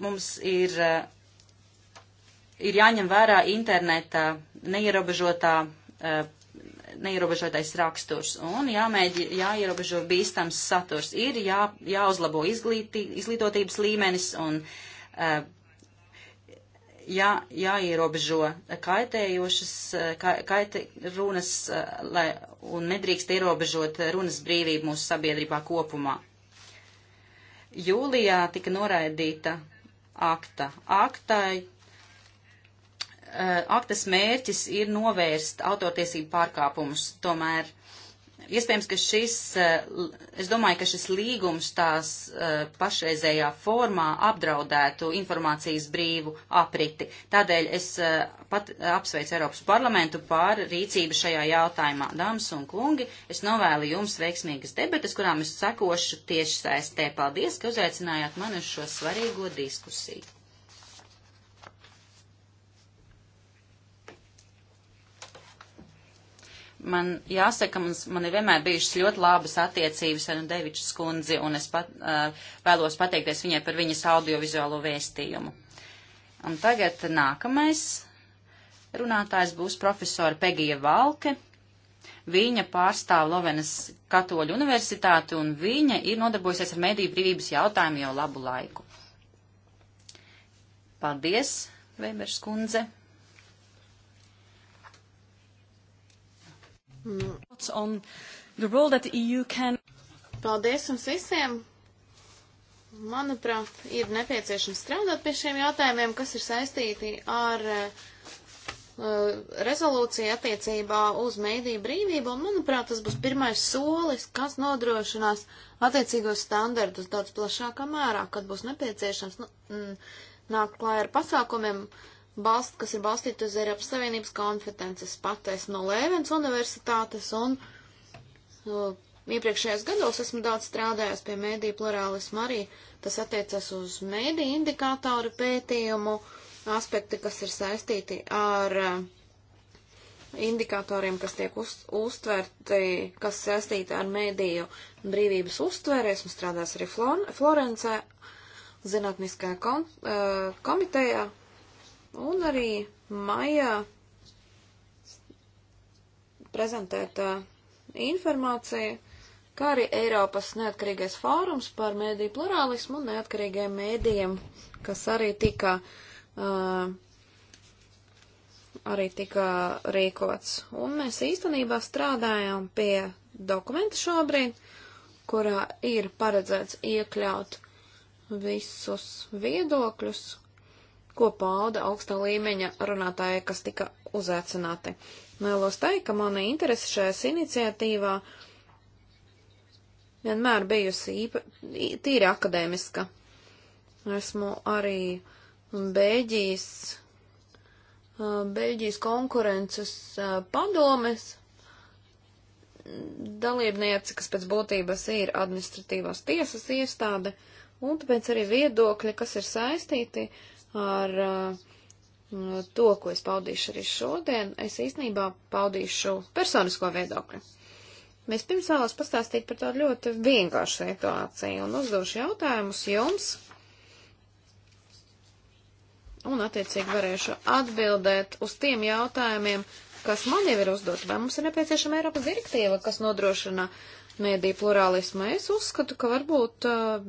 Speaker 3: mums ir, ir jāņem vērā interneta neierobežotā, neierobežotais raksturs un jāmēģi, jāierobežo bīstams saturs. Ir jā, jāuzlabo izglīti, izglītotības līmenis un uh, Eh, jā, jāierobežo kaitējošas eh, ka, kaite, runas eh, lai, un nedrīkst ierobežot runas brīvību mūsu sabiedrībā kopumā. Jūlijā tika noraidīta akta. Aktai, aktas mērķis ir novērst autortiesību pārkāpumus, tomēr Iespējams, ka šis, eh, es domāju, ka šis līgums tās eh, pašreizējā formā apdraudētu informācijas brīvu apriti. Tādēļ es eh, pat apsveicu Eiropas parlamentu par rīcību šajā jautājumā. Dāmas un kungi, es novēlu jums veiksmīgas debetes, kurām es sekošu tieši saistē. Paldies, ka uzaicinājāt mani uz šo svarīgo diskusiju. Man jāsaka, mums, man ir vienmēr bijušas ļoti labas attiecības ar Deviču skundzi, un es pat, uh, vēlos pateikties viņai par viņas audiovizuālo vēstījumu. Un tagad nākamais runātājs būs profesora Pegija Valke. Viņa pārstāv Lovenas Katoļu universitāti, un viņa ir nodarbojusies ar mediju brīvības jautājumu jau labu laiku. Paldies, Vēbers kundze!
Speaker 1: Mm. Paldies jums visiem! Manuprāt, ir nepieciešams strādāt pie šiem jautājumiem, kas ir saistīti ar uh, rezolūciju attiecībā uz mēdīju brīvību, un, manuprāt, tas būs pirmais solis, kas nodrošinās attiecīgos standartus daudz plašākā mērā, kad būs nepieciešams nu, mm, nākt klāj ar pasākumiem, uh, balst, kas ir balstīta uz Eiropas Savienības kompetences patais no Lēvens universitātes un uh, iepriekšējos gados esmu daudz strādājis pie mēdī plurālismu arī. Tas attiecas uz mēdī indikātoru pētījumu aspekti, kas ir saistīti ar uh, e, indikatoriem, kas tiek uz, uztverti, kas saistīti ar mēdīju brīvības uztveri. Esmu strādājis arī Florencē, zinātniskajā kom, uh, komitejā, un arī maijā prezentēt uh, informāciju, kā arī Eiropas neatkarīgais fórums par mēdīju plurālismu un neatkarīgiem mēdījiem, kas arī tika, uh, arī tika rīkots. Un mēs īstenībā strādājam pie dokumenta šobrīd, kurā ir paredzēts iekļaut visus viedokļus ko pauda augsta līmeņa runātāji, kas tika uzaicināti. Vēlos teikt, ka mana interese šajās iniciatīvā vienmēr bijusi īpa, tīri akadēmiska. Esmu arī Bēģijas, Bēģijas konkurences padomes dalībniece, kas pēc būtības ir administratīvās tiesas iestāde, un tāpēc arī viedokļi, kas ir saistīti ar uh, to, ko es paudīšu arī šodien, es īstenībā paudīšu personisko viedokli. Mēs pirms vēlos pastāstīt par tādu ļoti vienkāršu situāciju un uzdošu jautājumus jums. Un attiecīgi varēšu atbildēt uz tiem jautājumiem, kas man jau ir uzdot. Vai mums ir nepieciešama Eiropas direktīva, kas nodrošina mediju plurālismu? Es uzskatu, ka varbūt uh,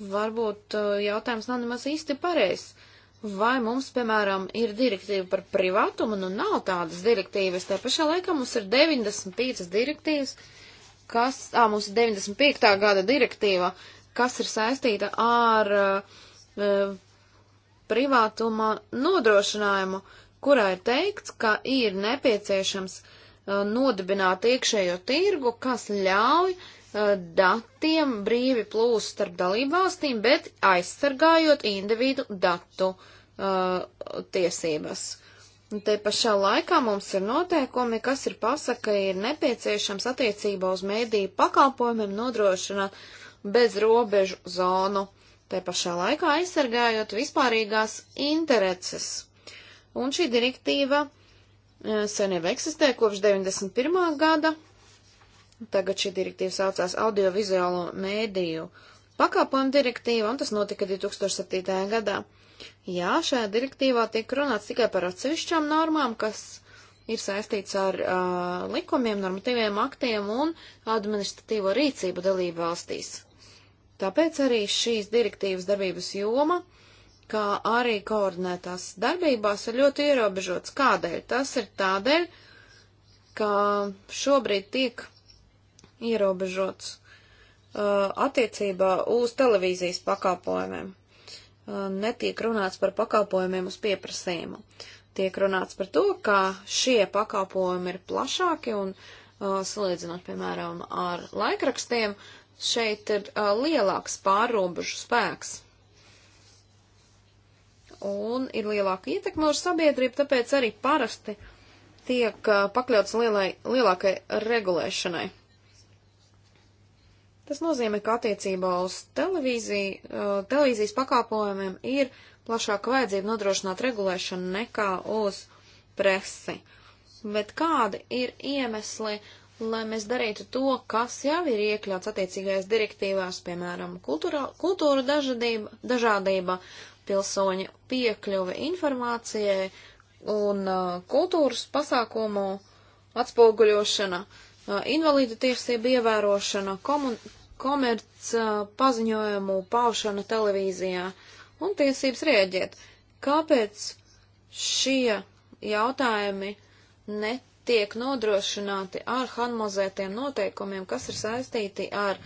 Speaker 1: varbūt uh, jautājums nav nemaz īsti pareizs. Vai mums, piemēram, ir direktīva par privātumu? Nu, nav tādas direktīvas. Tā pašā laikā mums ir 95 direktīvas, kas, ā, mums ir 95. gada direktīva, kas ir saistīta ar uh, uh, privātuma nodrošinājumu, kurā ir teikts, ka ir nepieciešams uh, nodibināt iekšējo tirgu, kas ļauj uh, Eh, datiem brīvi plūst starp dalībvalstīm, bet aizsargājot individu datu uh, tiesības. Un te pašā laikā mums ir noteikumi, kas ir pasaka, ir nepieciešams attiecībā uz mēdīju pakalpojumiem nodrošināt bez robežu zonu, te pašā laikā aizsargājot vispārīgās intereses. Un šī direktīva eh, sen jau eksistē kopš 91. gada, Tagad šī direktīva saucās audiovizuālo mēdīju pakāpojumu direktīva, un tas notika 2007. gadā. Jā, šajā direktīvā tiek runāts tikai par atsevišķām normām, kas ir saistīts ar uh, likumiem, normatīviem aktiem un administratīvo rīcību dalību valstīs. Tāpēc arī šīs direktīvas darbības joma, kā arī koordinētās darbībās, ir ļoti ierobežots. Kādēļ? Tas ir tādēļ, ka šobrīd tiek ierobežots uh, attiecībā uz televīzijas pakāpojumiem. Uh, netiek runāts par pakāpojumiem uz pieprasījumu. Tiek runāts par to, ka šie pakāpojumi ir plašāki un uh, salīdzinot, piemēram, ar laikrakstiem, šeit ir lielāks pārrobežu spēks. Un ir lielāka ietekme uz sabiedrību, tāpēc arī parasti tiek pakļauts lielai, lielākai regulēšanai. Tas nozīmē, ka attiecībā uz televīziju, uh, televīzijas pakāpojumiem ir plašāka vajadzība nodrošināt regulēšanu nekā uz presi. Bet kādi ir iemesli, lai mēs darītu to, kas jau ir iekļauts attiecīgajās direktīvās, piemēram, kultūra, kultūra dažadība, dažādība, pilsoņa piekļuve informācijai un uh, kultūras pasākumu atspoguļošana? Uh, Uh, invalīdu tiesību ievērošana, komun, komerc uh, paziņojumu paušana televīzijā un tiesības rieģēt. Kāpēc šie jautājumi netiek nodrošināti ar harmonizētiem noteikumiem, kas ir saistīti ar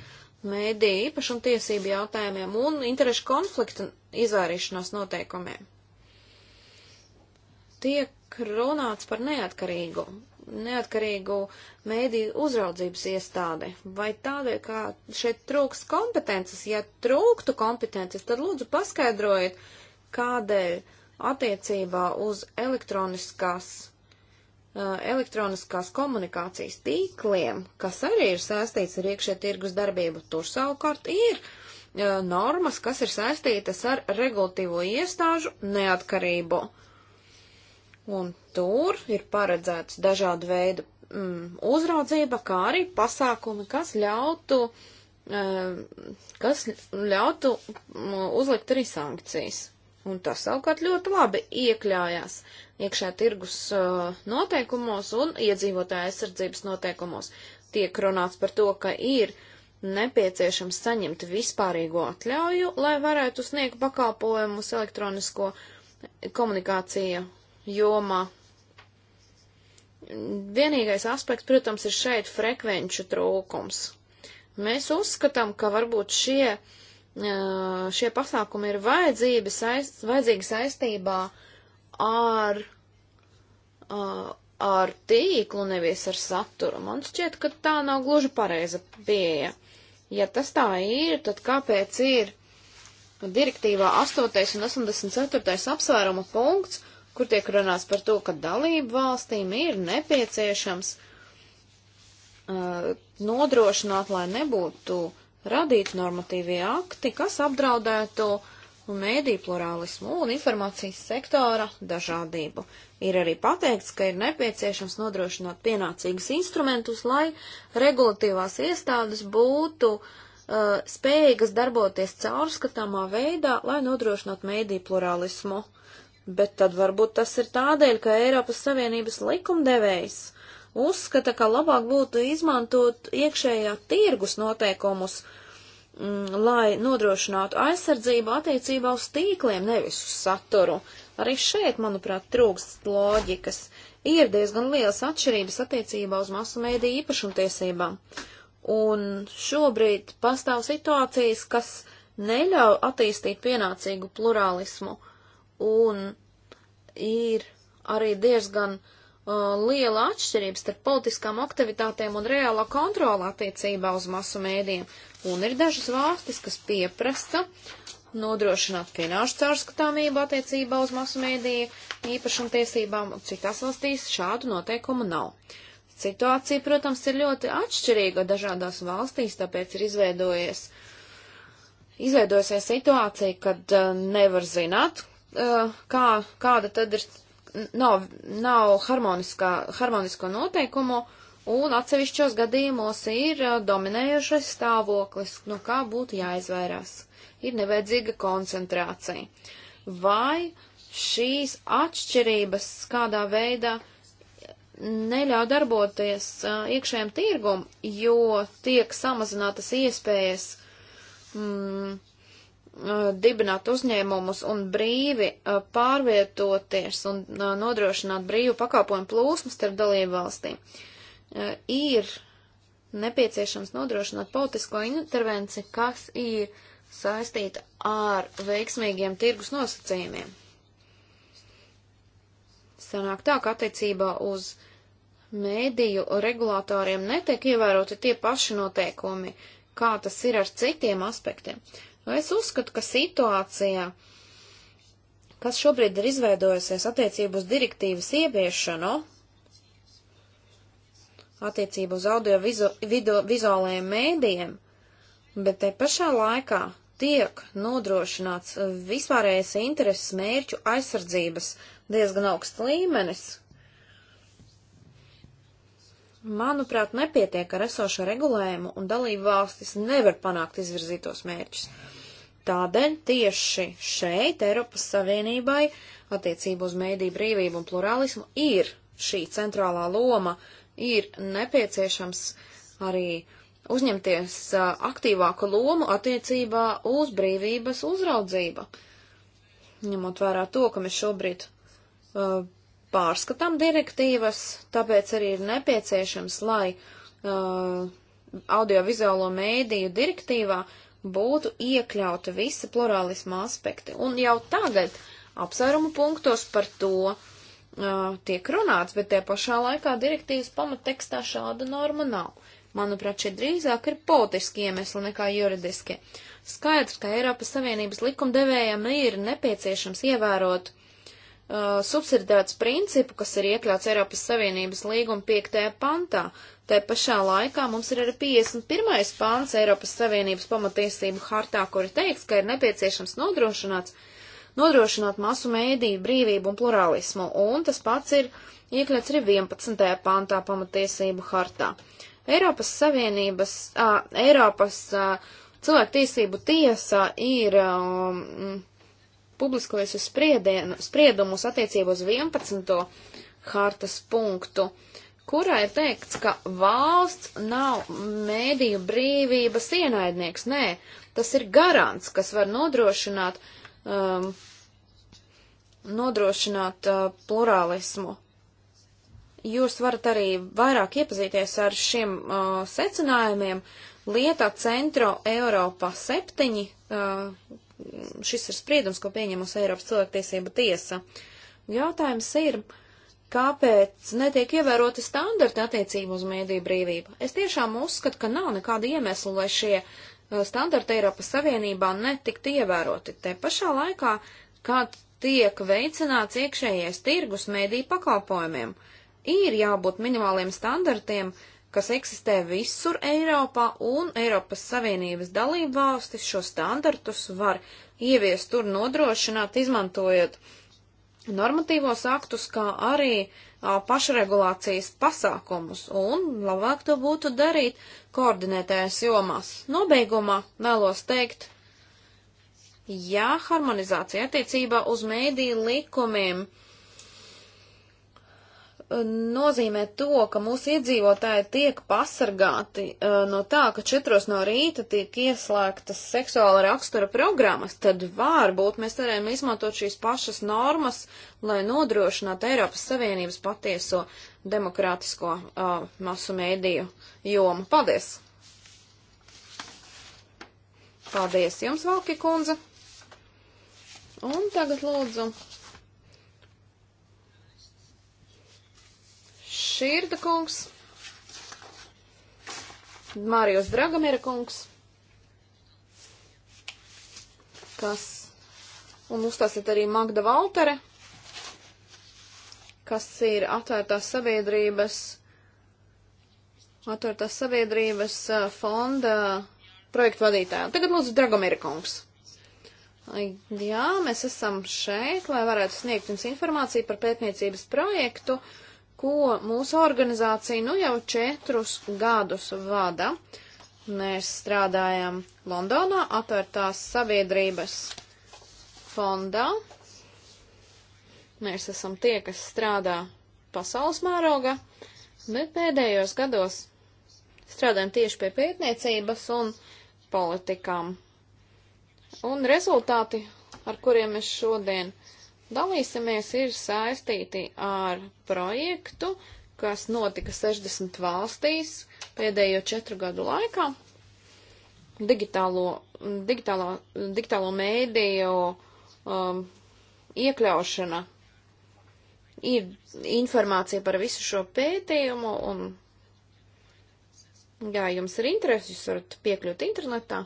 Speaker 1: mēdīju īpašumtiesību jautājumiem un interešu konfliktu izvairīšanās noteikumiem? Tiek runāts par neatkarīgumu neatkarīgu mēdīju uzraudzības iestādi, vai tādēļ, ka šeit trūks kompetences. Ja trūktu kompetences, tad lūdzu paskaidrojiet, kādēļ attiecībā uz elektroniskās, uh, elektroniskās komunikācijas tīkliem, kas arī ir saistīts ar iekšē tirgus darbību, tur savukārt ir uh, normas, kas ir saistītas ar regulatīvo iestāžu neatkarību. Un Tur ir paredzēts dažādu veidu mm, uzraudzība, kā arī pasākumi, kas ļautu, ehm, kas ļautu mm, uzlikt arī sankcijas. Un tas savukārt ļoti labi iekļājās iekšā tirgus eh, noteikumos un iedzīvotāja aizsardzības noteikumos. Tiek runāts par to, ka ir nepieciešams saņemt vispārīgo atļauju, lai varētu sniegt pakalpojumus elektronisko komunikāciju jomā Vienīgais aspekts, protams, ir šeit frekvenču trūkums. Mēs uzskatām, ka varbūt šie, šie pasākumi ir vajadzīgi, saist, vajadzīgi saistībā ar, ar tīklu, nevis ar saturu. Man šķiet, ka tā nav gluži pareiza pieeja. Ja tas tā ir, tad kāpēc ir direktīvā 8. un 84. apsvēruma punkts, kur tiek runāts par to, ka dalību valstīm ir nepieciešams uh, nodrošināt, lai nebūtu radīti normatīvie akti, kas apdraudētu mēdī plurālismu un informācijas sektora dažādību. Ir arī pateikts, ka ir nepieciešams nodrošināt pienācīgus instrumentus, lai regulatīvās iestādes būtu uh, spējīgas darboties caurskatāmā veidā, lai nodrošinātu mēdī plurālismu. Bet tad varbūt tas ir tādēļ, ka Eiropas Savienības likumdevējs uzskata, ka labāk būtu izmantot iekšējā tirgus noteikumus, m, mm, lai nodrošinātu aizsardzību attiecībā uz tīkliem, nevis uz saturu. Arī šeit, manuprāt, trūkst loģikas. Ir diezgan lielas atšķirības attiecībā uz masu mēdī īpašumtiesībām. Un šobrīd pastāv situācijas, kas neļauj attīstīt pienācīgu plurālismu. Uh, un ir arī diezgan uh, liela atšķirības starp politiskām aktivitātēm un reālā kontrola attiecībā uz masu mēdiem, un ir dažas valstis, kas pieprasa nodrošināt finanšu caurskatāmību attiecībā uz masu mēdīju īpašumtiesībām, un citās valstīs šādu noteikumu nav. Situācija, protams, ir ļoti atšķirīga dažādās valstīs, tāpēc ir izveidojies, izveidojusies situācija, kad uh, nevar zināt, Eh, kā, kāda tad ir, nav, nav harmoniskā, harmonisko noteikumu, un atsevišķos gadījumos ir eh, dominējošais stāvoklis, no nu, kā būtu jāizvairās. Ir nevajadzīga koncentrācija. Vai šīs atšķirības kādā veidā neļauj darboties eh, iekšējiem tirgum, jo tiek samazinātas iespējas mm, Uh, dibināt uzņēmumus un brīvi uh, pārvietoties un uh, nodrošināt brīvu pakāpojumu plūsmu starp dalību valstīm, ir nepieciešams nodrošināt politisko intervenci, kas ir saistīta ar veiksmīgiem tirgus nosacījumiem. Sanāk tā, ka attiecībā uz mēdīju regulātoriem netiek ievēroti tie paši noteikumi, kā tas ir ar citiem aspektiem. Es uzskatu, ka situācijā, kas šobrīd ir izveidojusies attiecību uz direktīvas ieviešanu, attiecību uz audio-vizuālajiem mēdījiem, bet te pašā laikā tiek nodrošināts vispārējais intereses mērķu aizsardzības diezgan augsts līmenis. Manuprāt, nepietiek ar esošo regulējumu, un dalību valstis nevar panākt izvirzītos mērķus. Tādēļ tieši šeit Eiropas Savienībai attiecību uz mēdī brīvību un plurālismu ir šī centrālā loma, ir nepieciešams arī uzņemties aktīvāku lomu attiecībā uz brīvības uzraudzību. Ņemot vērā to, ka mēs šobrīd uh, pārskatām direktīvas, tāpēc arī ir nepieciešams, lai uh, audiovizuālo mēdīju direktīvā uh, būtu iekļauta visa plurālisma aspekti. Un jau tagad apsvērumu punktos par to uh, tiek runāts, bet tie pašā laikā direktīvas pamattekstā šāda norma nav. Manuprāt, šie drīzāk ir politiski iemesli nekā juridiski. Skaidrs, ka Eiropas Savienības likumdevējiem ir nepieciešams ievērot uh, subsidiāts principu, kas ir iekļauts Eiropas Savienības līguma 5. pantā. Tā pašā laikā mums ir arī 51. pants Eiropas Savienības pamatiesību hartā, kur ir teikts, ka ir nepieciešams nodrošināts, nodrošināt masu mēdīju brīvību un plurālismu, un tas pats ir iekļauts arī 11. pantā pamatiesību hartā. Eiropas Savienības, uh, Eiropas uh, cilvēktiesību tiesā ir um, publiskojas uz spriedienu, spriedumus attiecību uz 11. hartas punktu, kurā ir teikts, ka valsts nav mēdīju brīvības ienaidnieks. Nē, tas ir garants, kas var nodrošināt, um, nodrošināt uh, plurālismu. Jūs varat arī vairāk iepazīties ar šiem uh, secinājumiem lietā Centro Eiropā 7, uh, šis ir spriedums, ko pieņemusi Eiropas cilvēktiesība tiesa. Jautājums ir, kāpēc netiek ievēroti standarti attiecību uz mēdīju brīvību? Es tiešām uzskatu, ka nav nekāda iemesla, lai šie uh, standarti Eiropas Savienībā netiktu ievēroti. Te pašā laikā, kad tiek veicināts iekšējais tirgus mēdīju pakalpojumiem, ir jābūt minimāliem standartiem, uh, kas eksistē visur Eiropā, un Eiropas Savienības dalību valstis šo standartus var ieviest tur nodrošināt, izmantojot normatīvos aktus, kā arī a, pašregulācijas pasākumus, un labāk to būtu darīt koordinētājas jomās. Nobeigumā vēlos teikt, ja harmonizācija attiecībā uz mēdī likumiem nozīmē to, ka mūsu iedzīvotāji tiek pasargāti uh, no tā, ka četros no rīta tiek ieslēgtas seksuāla rakstura programmas, tad varbūt mēs varējām izmantot šīs pašas normas, lai nodrošinātu Eiropas Savienības patieso demokrātisko uh, masu mēdīju jomu. Paldies! Paldies jums, Valki kundze! Un tagad lūdzu Šīrda kungs, Mārijos Dragomira kungs, kas, un uzstāsiet arī Magda Valtere, kas ir atvērtās sabiedrības, atvērtās sabiedrības fonda projektu vadītāja. Tagad lūdzu Dragomira kungs. Jā, mēs esam šeit, lai varētu sniegt jums informāciju par pētniecības projektu, uh, ko mūsu organizācija nu jau četrus gadus vada. Mēs strādājam Londonā, atvērtās sabiedrības fondā. Mēs esam tie, kas strādā pasaules mēroga, bet pēdējos gados strādājam tieši pie pētniecības un politikām. Un rezultāti, ar kuriem es šodien Dalīsimies ir saistīti ar projektu, kas notika 60 valstīs pēdējo četru gadu laikā. Digitālo, digitālo, digitālo mēdīju um, iekļaušana ir informācija par visu šo pētījumu, un, ja jums ir interesi, jūs varat piekļūt internetā.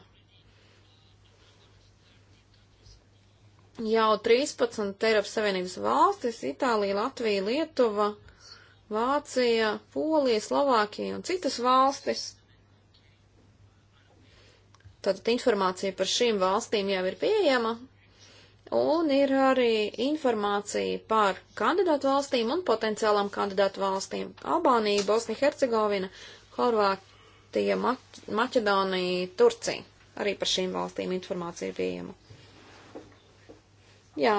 Speaker 1: jau 13 Eiropas Savienības valstis - Itālija, Latvija, Lietuva, Vācija, Polija, Slovākija un citas valstis. Tātad informācija par šīm valstīm jau ir pieejama, un ir arī informācija par kandidātu valstīm un potenciālām kandidātu valstīm - Albānija, Bosnija, Hercegovina, Horvātija, Maķedonija, Turcija. Arī par šīm valstīm informācija ir pieejama. Jā,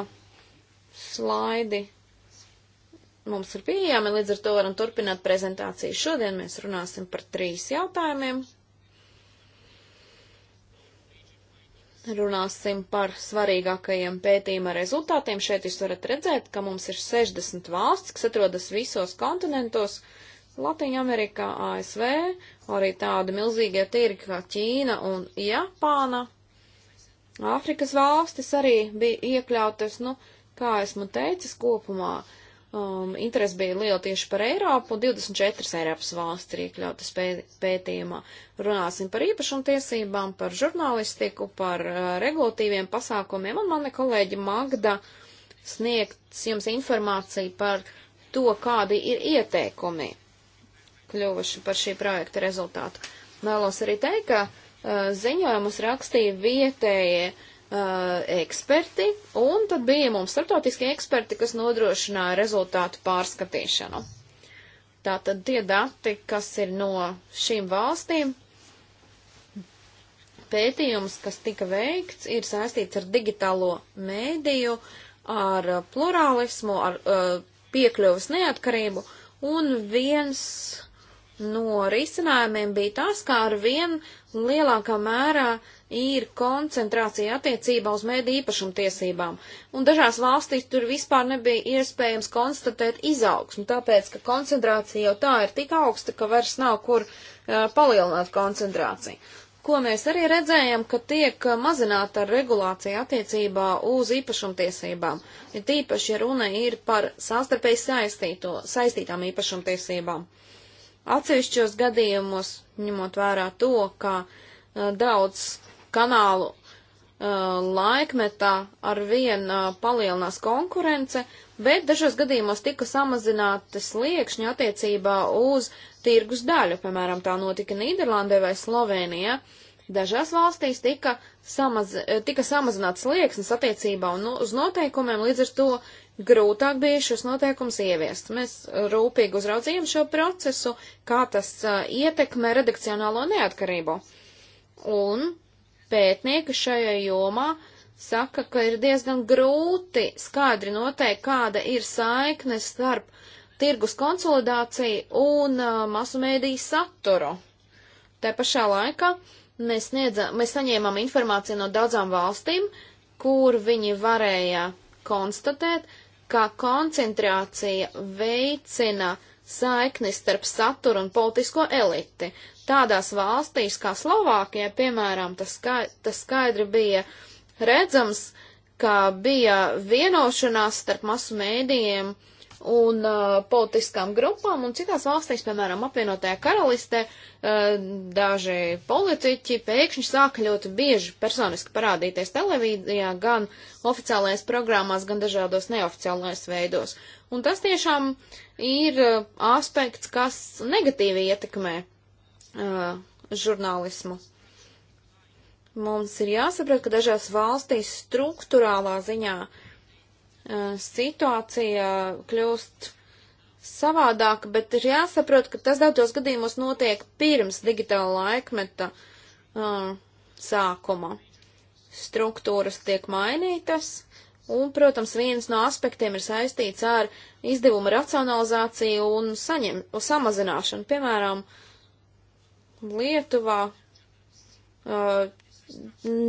Speaker 1: slaidi mums ir pieejami, līdz ar to varam turpināt prezentāciju. Šodien mēs runāsim par trīs jautājumiem. Runāsim par svarīgākajiem pētījuma rezultātiem. Šeit jūs varat redzēt, ka mums ir 60 valsts, kas atrodas visos kontinentos - Latvija, Amerikā, ASV, arī tādi milzīgie tirgi kā Ķīna un Japāna. Āfrikas valstis arī bija iekļautas, nu, kā esmu teicis, kopumā um, interesi bija liela tieši par Eiropu, un 24 Eiropas valsts ir iekļautas pē pētījumā. Runāsim par īpašumtiesībām, par žurnālistiku, par uh, regulatīviem pasākumiem, un mani kolēģi Magda sniegts jums informāciju par to, kādi ir ieteikumi kļuvuši par šī projekta rezultātu. Vēlos arī teikt, ka Eh, ziņojumus rakstīja vietējie uh, eksperti, un tad bija mums startautiskie eksperti, kas nodrošināja rezultātu pārskatīšanu. Tātad tie dati, kas ir no šīm valstīm, pētījums, kas tika veikts, ir saistīts ar digitālo mēdīju, ar eh, plurālismu, ar uh, piekļuvas neatkarību, un viens no risinājumiem bija tas, kā ar vien lielākā mērā ir koncentrācija attiecībā uz mēdī īpašumtiesībām. Un dažās valstīs tur vispār nebija iespējams konstatēt izaugsmu, tāpēc, ka koncentrācija jau tā ir tik augsta, ka vairs nav kur uh, palielināt koncentrāciju. Ko mēs arī redzējam, ka tiek mazināta regulācija attiecībā uz īpašumtiesībām, ja tīpaši runa ir par sastarpēji saistītām īpašumtiesībām. Uh, Atsevišķos gadījumos, ņemot vērā to, ka uh, daudz kanālu eh, laikmetā ar vien eh, palielinās konkurence, bet dažos gadījumos tika samazinātas liekšņi attiecībā uz tirgus daļu, piemēram, tā notika Nīderlandē vai Slovenijā. Dažās valstīs tika samaz, eh, tika samazināts slieksnis attiecībā un, nu, uz noteikumiem, līdz ar to grūtāk bija šos noteikumus ieviest. Mēs rūpīgi uzraudzījām šo procesu, kā tas uh, ietekmē redakcionālo neatkarību. Un pētnieki šajā jomā saka, ka ir diezgan grūti skaidri noteikt, kāda ir saikne starp tirgus konsolidāciju un uh, masu mēdīju saturu. Te pašā laikā Mēs, sniedzā, mēs saņēmām informāciju no daudzām valstīm, kur viņi varēja konstatēt, ka koncentrācija veicina saiknis starp saturu un politisko eliti. Tādās valstīs kā Slovākija, piemēram, tas, skai, tas skaidri bija redzams, ka bija vienošanās starp masu mēdījiem uh, un uh, politiskām grupām, un citās valstīs, piemēram, apvienotajā karalistē, uh, daži politiķi pēkšņi sāka ļoti bieži personiski parādīties televīzijā, gan oficiālajās programmās, gan dažādos neoficiālajos veidos. Un tas tiešām ir uh, aspekts, kas negatīvi ietekmē uh, žurnālismu. Mums ir jāsaprot, ka dažās valstīs struktūrālā ziņā uh, situācija kļūst savādāka, bet ir jāsaprot, ka tas daudzos gadījumos notiek pirms digitāla laikmeta uh, sākuma. Struktūras tiek mainītas, un, protams, viens no aspektiem ir saistīts ar izdevumu racionalizāciju un, saņem, un samazināšanu. Piemēram, Lietuvā uh,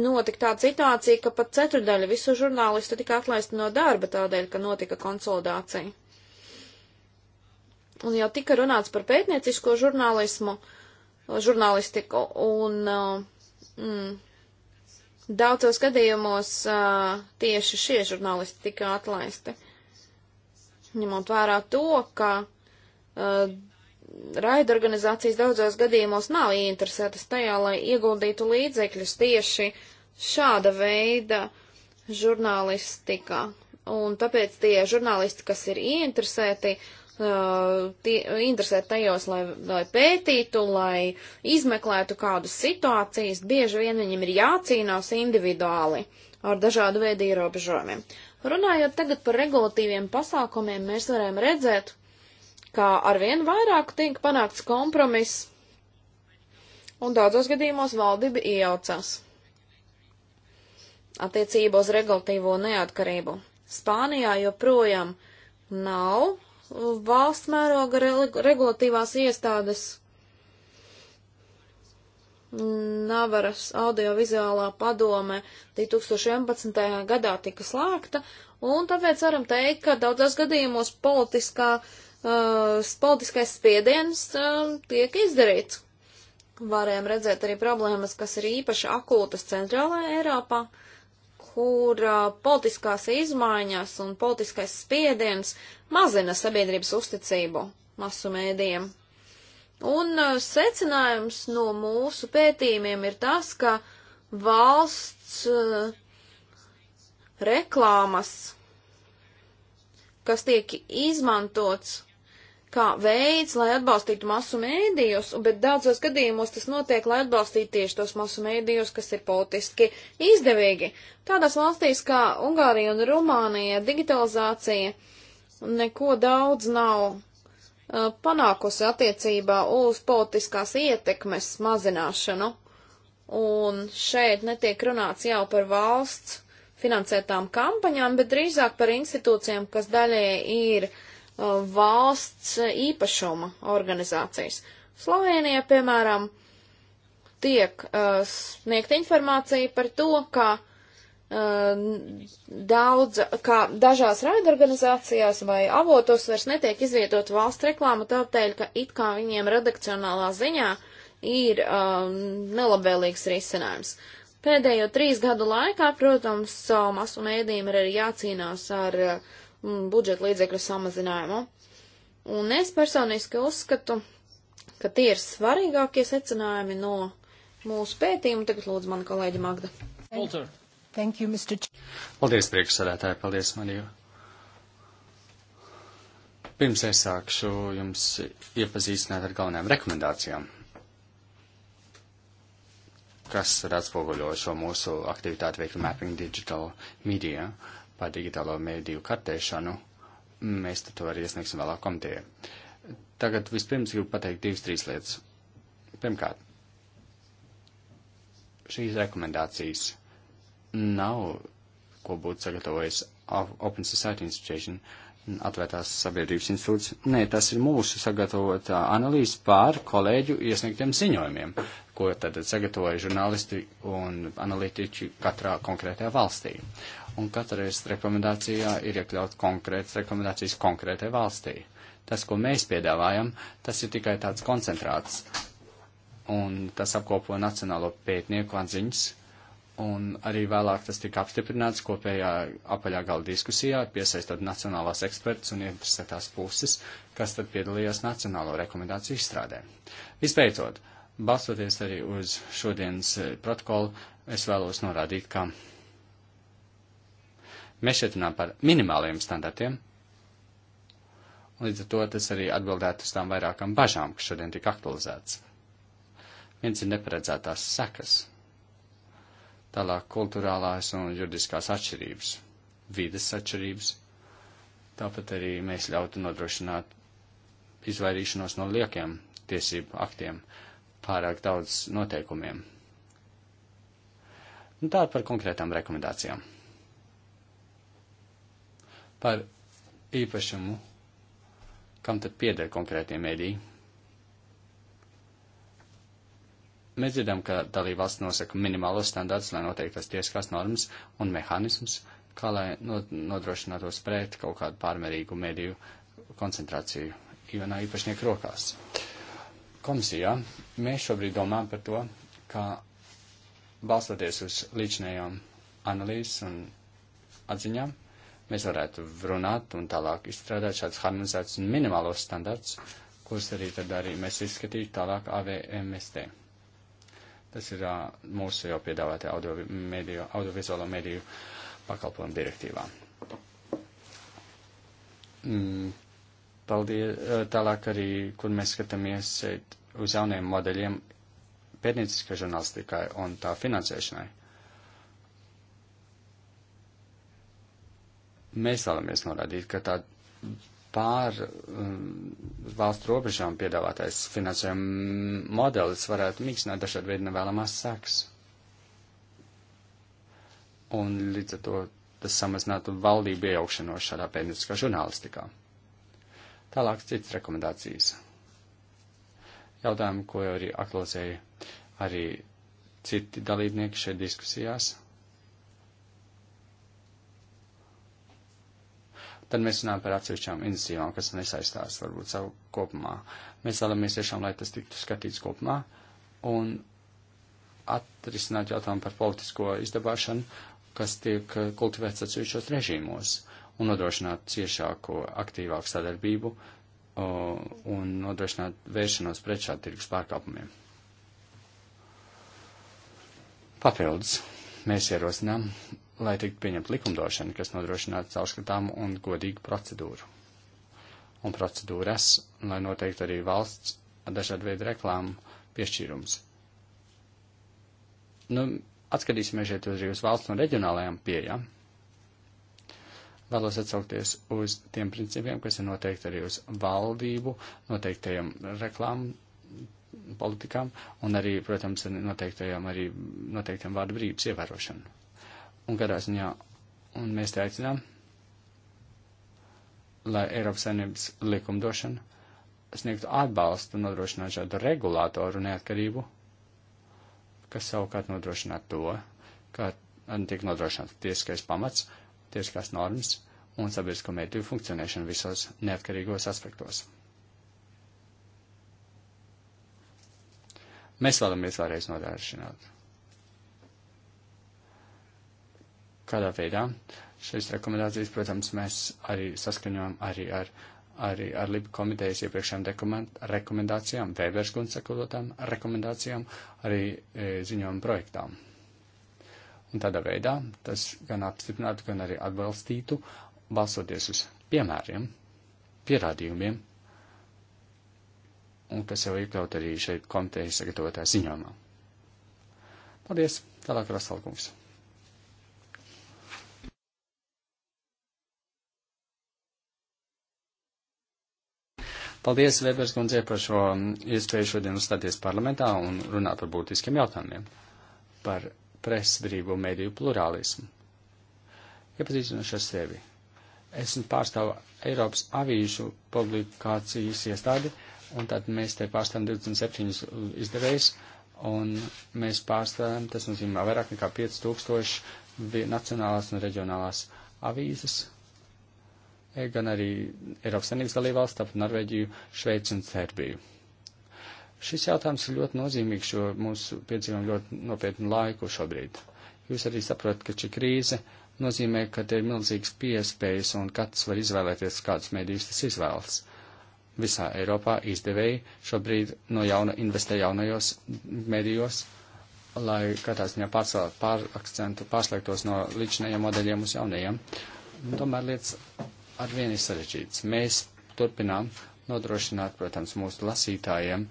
Speaker 1: notika tāda situācija, ka pat ceturdaļa visu žurnālistu tika atlaista no darba tādēļ, ka notika konsolidācija. Un jau tika runāts par pētniecisko žurnālismu, žurnālistiku, un uh, mm, daudzos gadījumos uh, tieši šie žurnālisti tika atlaisti. Ņemot vērā to, ka uh, raida organizācijas daudzos gadījumos nav interesētas tajā, lai ieguldītu līdzekļus tieši šāda veida žurnālistikā. Un tāpēc tie žurnālisti, kas ir ieinteresēti, uh, tie, interesēt tajos, lai, lai pētītu, lai izmeklētu kādas situācijas, bieži vien viņiem ir jācīnās individuāli ar dažādu veidu ierobežojumiem. Runājot tagad par regulatīviem pasākumiem, mēs varam redzēt, kā arvien vairāk tiek panākts kompromiss, un daudzos gadījumos valdība iejaucās attiecībā uz regulatīvo neatkarību. Spānijā joprojām nav valsts mēroga re regulatīvās iestādes. Navaras audiovizuālā padome 2011. gadā tika slēgta, un tāpēc varam teikt, ka daudzās gadījumos politiskā uh, uh, politiskais spiediens uh, tiek izdarīts. Varējām redzēt arī problēmas, kas ir īpaši akūtas centrālajā Eiropā, kur uh, politiskās izmaiņas un politiskais spiediens mazina sabiedrības uzticību masu mēdījiem. Un uh, secinājums no mūsu pētījumiem ir tas, ka valsts uh, reklāmas, kas tiek izmantots kā veids, lai atbalstītu masu mēdījus, bet daudzos gadījumos tas notiek, lai atbalstītu tieši tos masu mēdījus, kas ir politiski izdevīgi. Tādās valstīs kā Ungārija un Rumānija digitalizācija neko daudz nav uh, panākusi attiecībā uz politiskās ietekmes mazināšanu. Un šeit netiek runāts jau par valsts finansētām kampaņām, bet drīzāk par institūcijām, kas daļai ir uh, Uh, valsts īpašuma organizācijas. Slovenijā, piemēram, tiek uh, sniegta informācija par to, ka uh, daudz, kā dažās raidorganizācijās vai avotos vairs netiek izvietot valsts reklāma tāpēc, ka it kā viņiem redakcionālā ziņā ir um, nelabvēlīgs risinājums. Pēdējo trīs gadu laikā, protams, savu um, masu mēdījumu ir arī jācīnās ar uh, Mm, budžeta līdzekļu samazinājumu. Un es personiski uzskatu, ka tie ir svarīgākie secinājumi no mūsu pētījuma. Tagad lūdzu mani kolēģi Magda. Walter. Thank you, Mr. Č
Speaker 2: paldies, priekšsēdētāji, paldies, Marija. Pirms es sākšu jums iepazīstināt ar galvenajām rekomendācijām, kas ir atspoguļo šo mūsu aktivitāti veiktu Mapping Digital Media. Uh, par digitālo mēdīju kartēšanu, mēs to arī iesniegsim vēlāk komitē. Tagad vispirms gribu pateikt divas, trīs lietas. Pirmkārt, šīs rekomendācijas nav, ko būtu sagatavojis Open Society Institution, atvērtās sabiedrības institūts. Nē, tas ir mūsu sagatavotā analīze pār kolēģu iesniegtiem ziņojumiem, ko tad sagatavoja žurnālisti un analītiķi katrā konkrētajā valstī un katreiz rekomendācijā ir iekļaut konkrētas rekomendācijas konkrētai valstī. Tas, ko mēs piedāvājam, tas ir tikai tāds koncentrāts, un tas apkopo nacionālo pētnieku atziņas, un arī vēlāk tas tika apstiprināts kopējā apaļā gala diskusijā, piesaistot nacionālās eksperts un interesētās puses, kas tad piedalījās nacionālo rekomendāciju izstrādē. Visbeidzot, balstoties arī uz šodienas eh, protokolu, es vēlos norādīt, ka Mēs šeit runājam par minimāliem standartiem. Līdz ar to tas arī atbildētu uz tām vairākām bažām, kas šodien tika aktualizētas. Viens ir neparedzētās sekas, tālāk kultūrālās un juridiskās atšķirības, vides atšķirības, tāpat arī mēs ļautu nodrošināt izvairīšanos no liekiem tiesību aktiem, pārāk daudz noteikumiem. Un nu, tā par konkrētām rekomendācijām par īpašumu, kam tad pieder konkrētie mēdī. Mēs dzirdam, ka dalībvalsts nosaka minimālos standartus, lai noteiktas tiesiskās normas un mehānismus, kā lai nodrošinātos pret kaut kādu pārmērīgu mediju koncentrāciju īvenā īpašnieku rokās. Komisijā mēs šobrīd domājam par to, ka balstoties uz līdzinējām analīzes un atziņām, mēs varētu runāt un tālāk izstrādāt šādus harmonizētus un minimālos standarts, kurus arī tad arī mēs izskatītu tālāk AVMST. Tas ir uh, mūsu jau piedāvātajā audio audiovizuālo mediju pakalpojumu direktīvā. Mm, paldies. Tālāk arī, kur mēs skatāmies uz jauniem modeļiem pētnieciskajai žurnālistikai un tā finansēšanai. Mēs vēlamies norādīt, ka tā pār um, valstu robežām piedāvātais finansējuma modelis varētu mīkstināt dažādu veidu nevēlamās sekas. Un līdz ar to tas samazinātu valdību iejaukšanos šādā pētnieciskā žurnālistikā. Tālāk citas rekomendācijas. Jautājumu, ko jau arī aktualizēja arī citi dalībnieki šeit diskusijās. tad mēs runājam par atsevišķām iniciatīvām, kas nesaistās varbūt savu kopumā. Mēs vēlamies tiešām, lai tas tiktu skatīts kopumā un atrisināt jautājumu par politisko izdabāšanu, kas tiek eh, kultivēts atsevišķos režīmos un nodrošināt ciešāko, aktīvāku sadarbību un nodrošināt vēršanos pret šādu tirgus pārkāpumiem. Papildus mēs ierosinām lai tiktu pieņemta likumdošana, kas nodrošinātu caurskatāmu un godīgu procedūru. Un procedūras, lai noteikti arī valsts dažādu veidu reklāmu piešķīrums. Nu, atskatīsimies šeit arī uz valsts un reģionālajām pieejām. Vēlos atsaukties uz tiem principiem, kas ir noteikti arī uz valdību, noteiktajiem reklāmu politikām un arī, protams, noteiktajiem, arī noteiktajiem vārdu brīvības ievērošanu. Un kādā ziņā, un mēs te aicinām, lai Eiropas saimnības likumdošana sniegtu atbalstu un nodrošinātu šādu regulātoru neatkarību, kas savukārt nodrošinātu to, ka tiek nodrošināts tiesiskais pamats, tiesiskās normas un sabiedrisko mēdīju funkcionēšana visos neatkarīgos aspektos. Mēs vēlamies vēlreiz nodrošināt kādā veidā šīs rekomendācijas, protams, mēs arī saskaņojam arī ar, arī ar Liba komitejas iepriekšējām rekomendācijām, Vēberskundas sakolotām rekomendācijām, arī e, ziņojumu projektām. Un tādā veidā tas gan apstiprinātu, gan arī atbalstītu, balsoties uz piemēriem, pierādījumiem, un kas jau iekļaut arī šeit komitejas sagatavotā ziņojumā. Paldies! Tālāk Rasalkungs. Paldies, Vēbers kundze, par šo iespēju šodien uzstāties parlamentā un runāt par būtiskiem jautājumiem - par presbrīvu mediju plurālismu. Iepazīstinoši ar sevi. Es pārstāvu Eiropas avīžu publikācijas iestādi, un tad mēs te pārstāvam 27 izdevējus, un mēs pārstāvam, tas nozīmē vairāk nekā 5000 nacionālās un reģionālās avīzes E, gan arī Eiropas Savienības dalībvalsts, tāpat Norvēģiju, Šveici un Serbiju. Šis jautājums ir ļoti nozīmīgs, jo mūsu piedzīvojam ļoti nopietnu laiku šobrīd. Jūs arī saprotat, ka šī krīze nozīmē, ka te ir milzīgas piespējas un katrs var izvēlēties, kādus mēdījus tas izvēlas. Visā Eiropā izdevēji šobrīd no jauna investē jaunajos mēdījos, lai katrā ziņā pārstāvētu pārakcentu, pārslēgtos no līdzinējiem modeļiem uz jaunajiem. Un tomēr lietas arvien ir sarežģīts. Mēs turpinām nodrošināt, protams, mūsu lasītājiem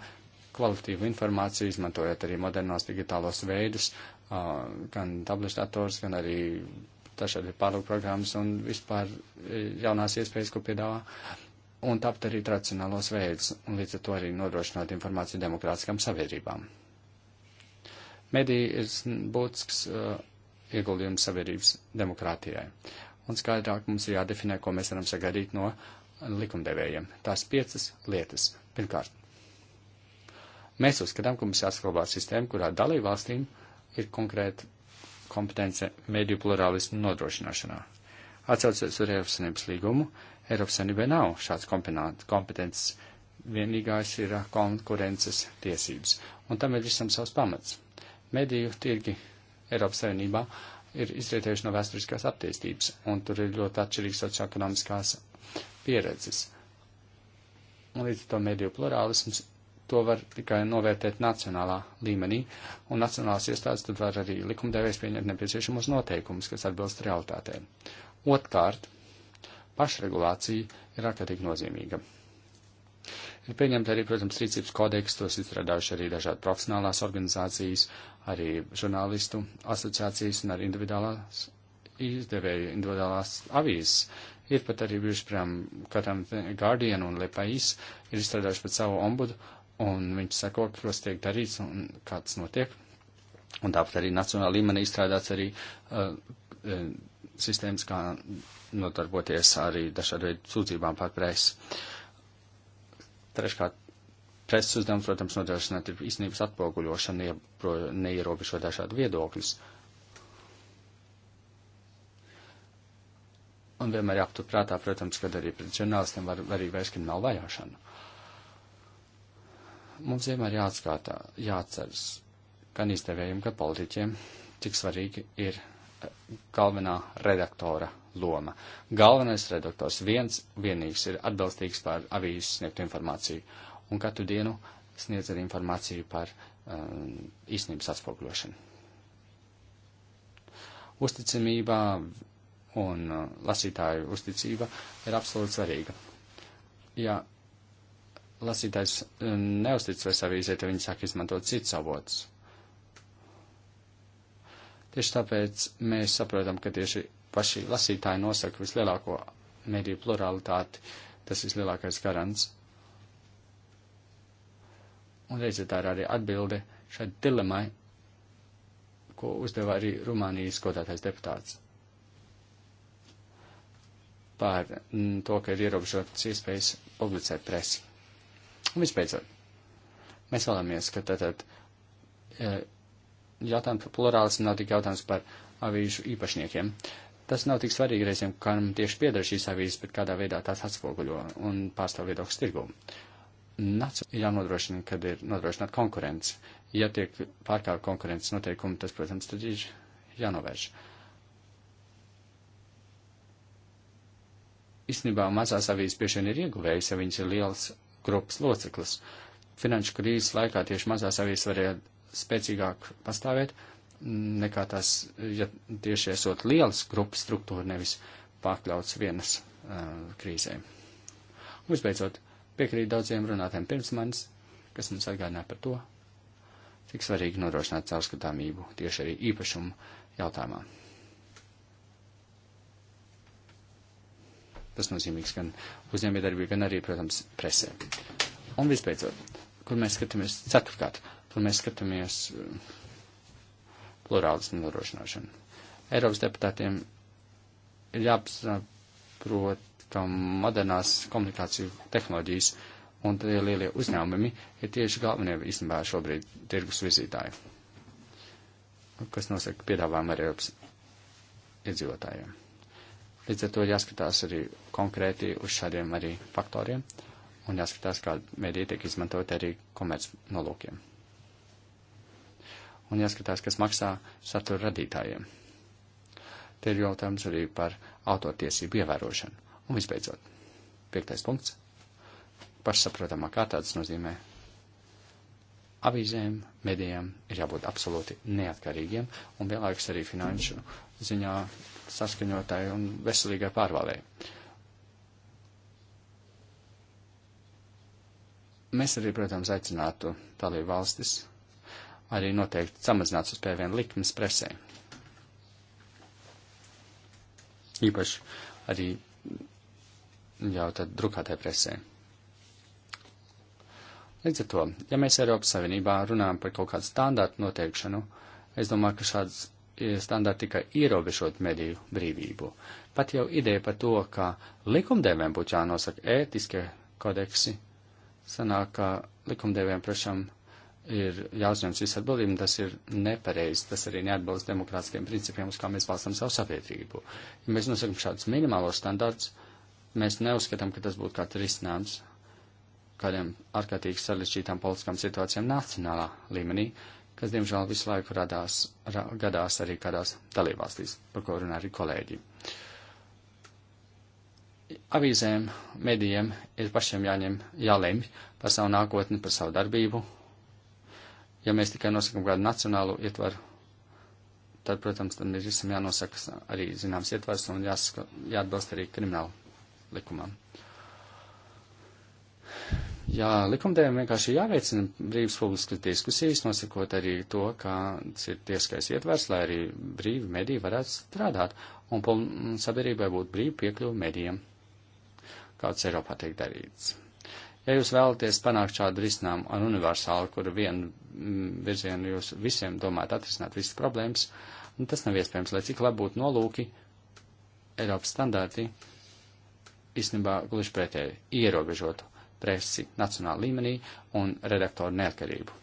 Speaker 2: kvalitīvu informāciju, izmantojot arī modernos digitālos veidus, gan tabletdators, gan arī dažādi pārlūkprogrammas un vispār jaunās iespējas, ko piedāvā, un tapt arī tradicionālos veidus, un līdz ar to arī nodrošinot informāciju demokrātiskām sabiedrībām. Medija ir būtisks uh, ieguldījums sabiedrības demokrātijai un skaidrāk mums ir jādefinē, ko mēs varam sagaidīt no likumdevējiem. Tās piecas lietas. Pirmkārt, mēs uzskatām, ka mums jāsaglabā sistēma, kurā dalībvalstīm ir konkrēta kompetence mediju plurālismu nodrošināšanā. Atcaucoties uz Eiropas Savienības līgumu, Eiropas Savienībai nav šāds kompetences, vienīgais ir konkurences tiesības, un tam ir visam savs pamats. Mediju tirgi Eiropas Savienībā ir izrietējuši no vēsturiskās attīstības, un tur ir ļoti atšķirīgs socioekonomiskās pieredzes. Un līdz ar to mediju plurālisms to var tikai novērtēt nacionālā līmenī, un nacionālās iestādes tad var arī likumdevējs pieņemt nepieciešamos noteikumus, kas atbilst realitātēm. Otkārt, pašregulācija ir ārkārtīgi nozīmīga. Ir pieņemta arī, protams, rīcības kodeks, tos izstrādājuši arī dažādi profesionālās organizācijas, arī žurnālistu asociācijas un arī individuālās izdevēju, individuālās avīzes. Ir pat arī bijuši, piemēram, katram Guardian un Lepais ir izstrādājuši pat savu ombudu, un viņš sako, kas tiek darīts un kāds notiek. Un tāpat arī nacionāla līmenī izstrādāts arī uh, uh, sistēmas, kā notarboties arī dažādu veidu sūdzībām par presi. Uh, Treškārt, preses uzdevums, protams, nodrošināt ir īstenības atpoguļošanu, neierobežo dažādu viedokļus. Un vienmēr jāaptur prātā, protams, kad arī pret žurnālistiem var, var arī vairs kriminālu vajāšanu. Mums vienmēr jāatskatā, jāatceras gan izdevējiem, gan politiķiem, cik svarīgi ir galvenā redaktora loma. Galvenais redaktors viens, vienīgs ir atbilstīgs par avīzes sniegtu informāciju, un katru dienu sniedz arī informāciju par um, īstenības atspoguļošanu. Uzticamība un uh, lasītāju uzticība ir absolūti svarīga. Ja lasītājs um, neustic vairs avīzē, tad viņi sāk izmantot cits avots. Uh, Tieši tāpēc mēs saprotam, ka tieši paši lasītāji nosaka vislielāko mediju pluralitāti, tas vislielākais garants. Un reizē tā ir arī atbilde šai dilemai, ko uzdeva arī Rumānijas godātais deputāts. Par mm, to, ka ir ierobežotas iespējas publicēt presi. Un vispēcot, mēs vēlamies, ka tātad. E, jautājums par plurālismu nav tik jautājums par avīžu īpašniekiem. Tas nav tik svarīgi reizēm, kam tieši pieder šīs avīzes, bet kādā veidā tās atspoguļo un pārstāv viedokļu tirgū. Nacu ir jānodrošina, kad ir nodrošināta konkurence. Ja tiek pārkāpta konkurences noteikumi, tas, protams, tad ir jānovērš. Īstenībā mazās avīzes bieži vien ir ieguvējis, ja viņas ir liels grupas loceklis. Finanšu krīzes laikā tieši mazās avīzes varēja spēcīgāk pastāvēt, nekā tās, ja tieši esot lielas grupas struktūra, nevis pakļauts vienas uh, krīzē. Un visbeidzot, piekrīt daudziem runātiem pirms manis, kas mums atgādināja par to, cik svarīgi nodrošināt caurskatāmību tieši arī īpašumu jautājumā. Tas nozīmīgs gan uzņēmējdarbība, gan arī, protams, presē. Un visbeidzot, kur mēs skatāmies ceturtkārt, Tur mēs skatāmies eh, plurālis nodrošināšanu. Eiropas deputātiem ir jāapsaprot, ka modernās komunikāciju tehnoloģijas un tie lielie uzņēmumi ir tieši galvenie īstenībā šobrīd tirgus vizītāji, kas nosaka piedāvājumu arī Eiropas iedzīvotājiem. Līdz ar to jāskatās arī konkrēti uz šādiem arī faktoriem un jāskatās, kā mēdī tiek izmantot arī komerc nolūkiem un jāskatās, kas maksā satura radītājiem. Te ir jautājums arī par autortiesību ievērošanu. Un visbeidzot, piektais punkts. Pašsaprotamā kā tāds nozīmē avīzēm, medijām ir jābūt absolūti neatkarīgiem un vienlaikus arī finanšu ziņā saskaņotai un veselīgai pārvalē. Mēs arī, protams, aicinātu dalību valstis arī noteikti samazināts uz PVN likmes presē. Īpaši arī jau tad drukātai presē. Līdz ar to, ja mēs Eiropas Savienībā runājam par kaut kādu standārtu noteikšanu, es domāju, ka šāds e, standārti tikai ierobežot mediju brīvību. Pat jau ideja par to, ka likumdevējiem būtu jānosaka ētiskie kodeksi, sanāk, ka likumdevējiem prašam ir jāuzņems visu atbildību, un tas ir nepareizi. Tas arī neatbilst demokrātiskiem principiem, uz kā mēs balstām savu sabiedrību. Ja mēs nosakam šādus minimālos standarts, mēs neuzskatām, ka tas būtu kāds risinājums kādiem ārkārtīgi sarežģītām politiskām situācijām nacionālā līmenī, kas, diemžēl, visu laiku radās, ra, gadās arī kādās dalībvalstīs, par ko runā arī kolēģi. Avīzēm, medijiem ir pašiem jāņem, jālemj par savu nākotni, par savu darbību, Ja mēs tikai nosakam kādu nacionālu ietvaru, tad, protams, tam ir visam jānosaka arī zināms ietvars un jāsaka, jāatbalst arī kriminālu likumam. Jā, likumdevējiem vienkārši jāveicina brīvas publiskas diskusijas, nosakot arī to, kāds ir tieskais ietvers, lai arī brīvi mediji varētu strādāt un sabiedrībai būtu brīvi piekļuvi medijiem, kāds Eiropā tiek darīts. Ja jūs vēlaties panākt šādu risinājumu ar universālu, kur vienu mm, virzienu jūs visiem domājat atrisināt visas problēmas, nu, tas nav iespējams, lai cik labi būtu nolūki, Eiropas standarti īstenībā gluži pretēji ierobežotu presi nacionāla līmenī un redaktoru neatkarību.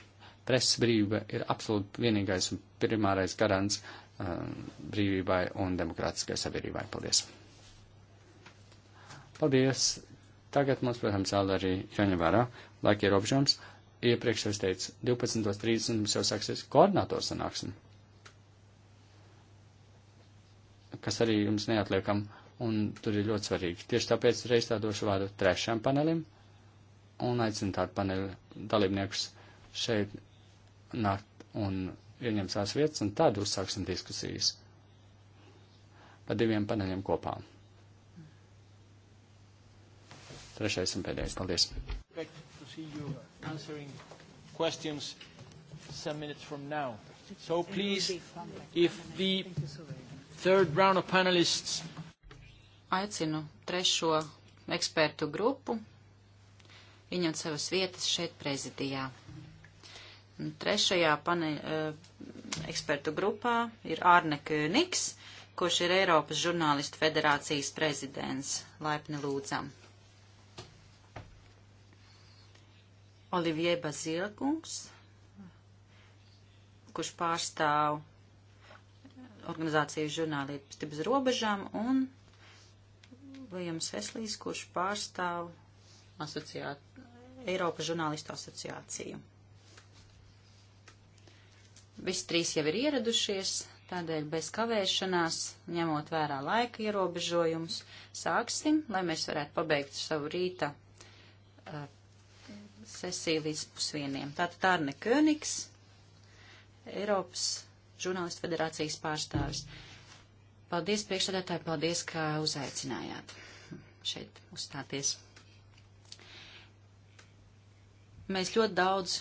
Speaker 2: Preses brīvība ir absolūti vienīgais un primārais garants um, brīvībai un demokrātiskai sabiedrībai. Paldies! Paldies! Tagad mums, protams, vēl arī jāņem vērā laika ierobežojums. Iepriekš es teicu, 12.30 mums jau sāksies koordinātoru sanāksme, kas arī jums neatliekam, un tur ir ļoti svarīgi. Tieši tāpēc reiz tā došu vārdu trešajam panelim, un aicinu tādu paneļu dalībniekus šeit nākt un ieņemt savas vietas, un tad uzsāksim diskusijas par diviem paneļiem kopā. Trešais un pēdējais. Paldies. Some minutes from now. So please, if the third
Speaker 3: round of panelists. Aicinu trešo ekspertu grupu ieņemt savas vietas šeit prezidijā. Un trešajā pane, eh, ekspertu grupā ir Arne Königs, kurš ir Eiropas žurnālistu federācijas prezidents. Laipni lūdzam! Olivier Bazilkungs, kurš pārstāv organizāciju žurnālisti bez robežām, un Viljams Heslīs, kurš pārstāv asociāt, Eiropas žurnālistu asociāciju. Visi trīs jau ir ieradušies, tādēļ bez kavēšanās, ņemot vērā laika ierobežojumus, sāksim, lai mēs varētu pabeigt savu rīta uh, sesiju līdz pusvieniem. Tātad Tārne Königs, Eiropas žurnālistu federācijas pārstāvis. Paldies priekšsēdētāji, paldies, ka uzaicinājāt šeit uzstāties. Mēs ļoti daudz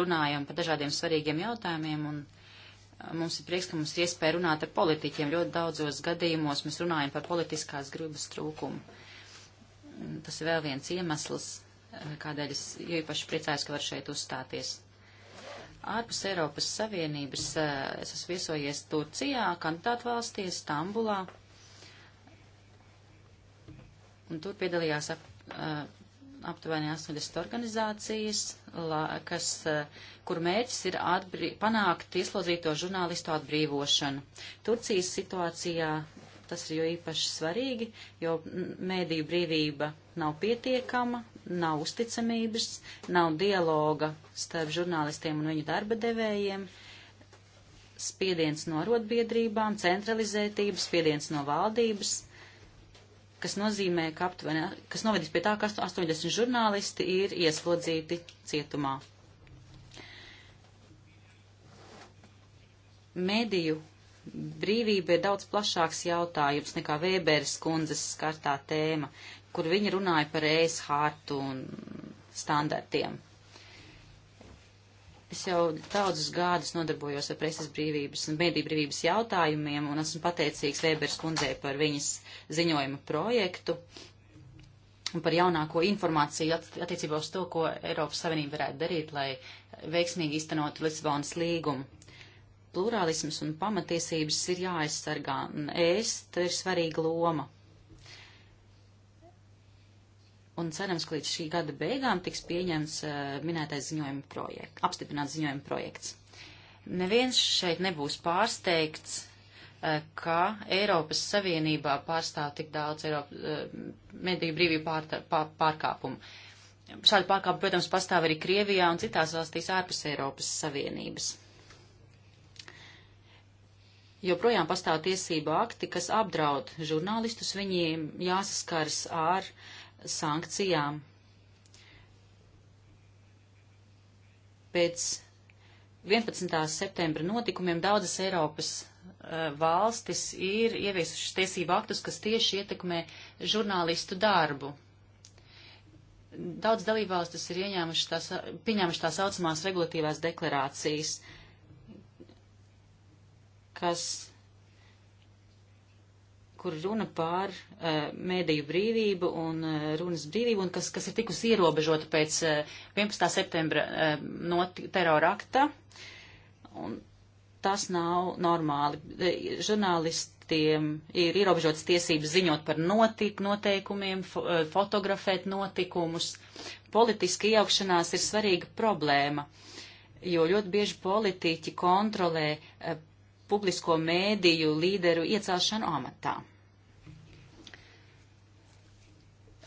Speaker 3: runājam par dažādiem svarīgiem jautājumiem un uh, mums ir prieks, ka mums ir iespēja runāt ar politiķiem. Ļoti daudzos gadījumos mēs runājam par politiskās gribas trūkumu. Tas ir vēl viens iemesls, kādēļ es īpaši priecājos, ka var šeit uzstāties. Ārpus Eiropas Savienības eh, es esmu viesojies Turcijā, kandidātu valstī, Stambulā. Un tur piedalījās ap, eh, aptuveni 80 organizācijas, la, kas, eh, kur mērķis ir atbrī, panākt ieslodzīto žurnālistu atbrīvošanu. Turcijas situācijā Tas ir jo īpaši svarīgi, jo mēdīju brīvība nav pietiekama, nav uzticamības, nav dialoga starp žurnālistiem un viņu darba devējiem, spiediens no rotbiedrībām, centralizētības, spiediens no valdības, kas nozīmē, ka aptuveni, kas novedīs pie tā, ka 80 žurnālisti ir ieslodzīti cietumā. Mediju brīvība ir daudz plašāks jautājums nekā Vēberes kundzes skartā tēma, kur viņa runāja par ēs hārtu un standartiem. Es jau daudzus gadus nodarbojos ar preses brīvības un mēdī brīvības jautājumiem un esmu pateicīgs Vēberes kundzei par viņas ziņojuma projektu un par jaunāko informāciju at attiecībā uz to, ko Eiropas Savienība varētu darīt, lai veiksmīgi iztenot Lisabonas līgumu plurālisms un pamatiesības ir jāaizsargā, un es te ir svarīga loma. Un cerams, ka līdz šī gada beigām tiks pieņemts uh, minētais ziņojuma projekts, apstiprināts ziņojuma projekts. Neviens šeit nebūs pārsteigts, uh, ka Eiropas Savienībā pārstāv tik daudz Eiropa, uh, mediju brīvību pār, pār, pārkāpumu. Šādi pārkāpumi, protams, pastāv arī Krievijā un citās valstīs ārpus Eiropas Savienības joprojām pastāv tiesību akti, kas apdraud žurnālistus, viņiem jāsaskars ar sankcijām. Pēc 11. septembra notikumiem daudzas Eiropas uh, valstis ir ieviesušas tiesību aktus, kas tieši ietekmē žurnālistu darbu. Daudz dalībvalstis ir ieņēmuši tās, pieņēmuši tā saucamās regulatīvās deklarācijas. Uh, kas, kur runa pār uh, mēdīju brīvību un uh, runas brīvību, un kas, kas ir tikusi ierobežota pēc uh, eh, 11. septembra uh, not, terora akta. Un tas nav normāli. Uh, žurnālistiem ir ierobežotas tiesības ziņot par notik, noteikumiem, fo, uh, fotografēt notikumus. Politiska iejaukšanās ir svarīga problēma. Uh, jo ļoti bieži politiķi kontrolē publisko mēdīju līderu iecelšanu amatā.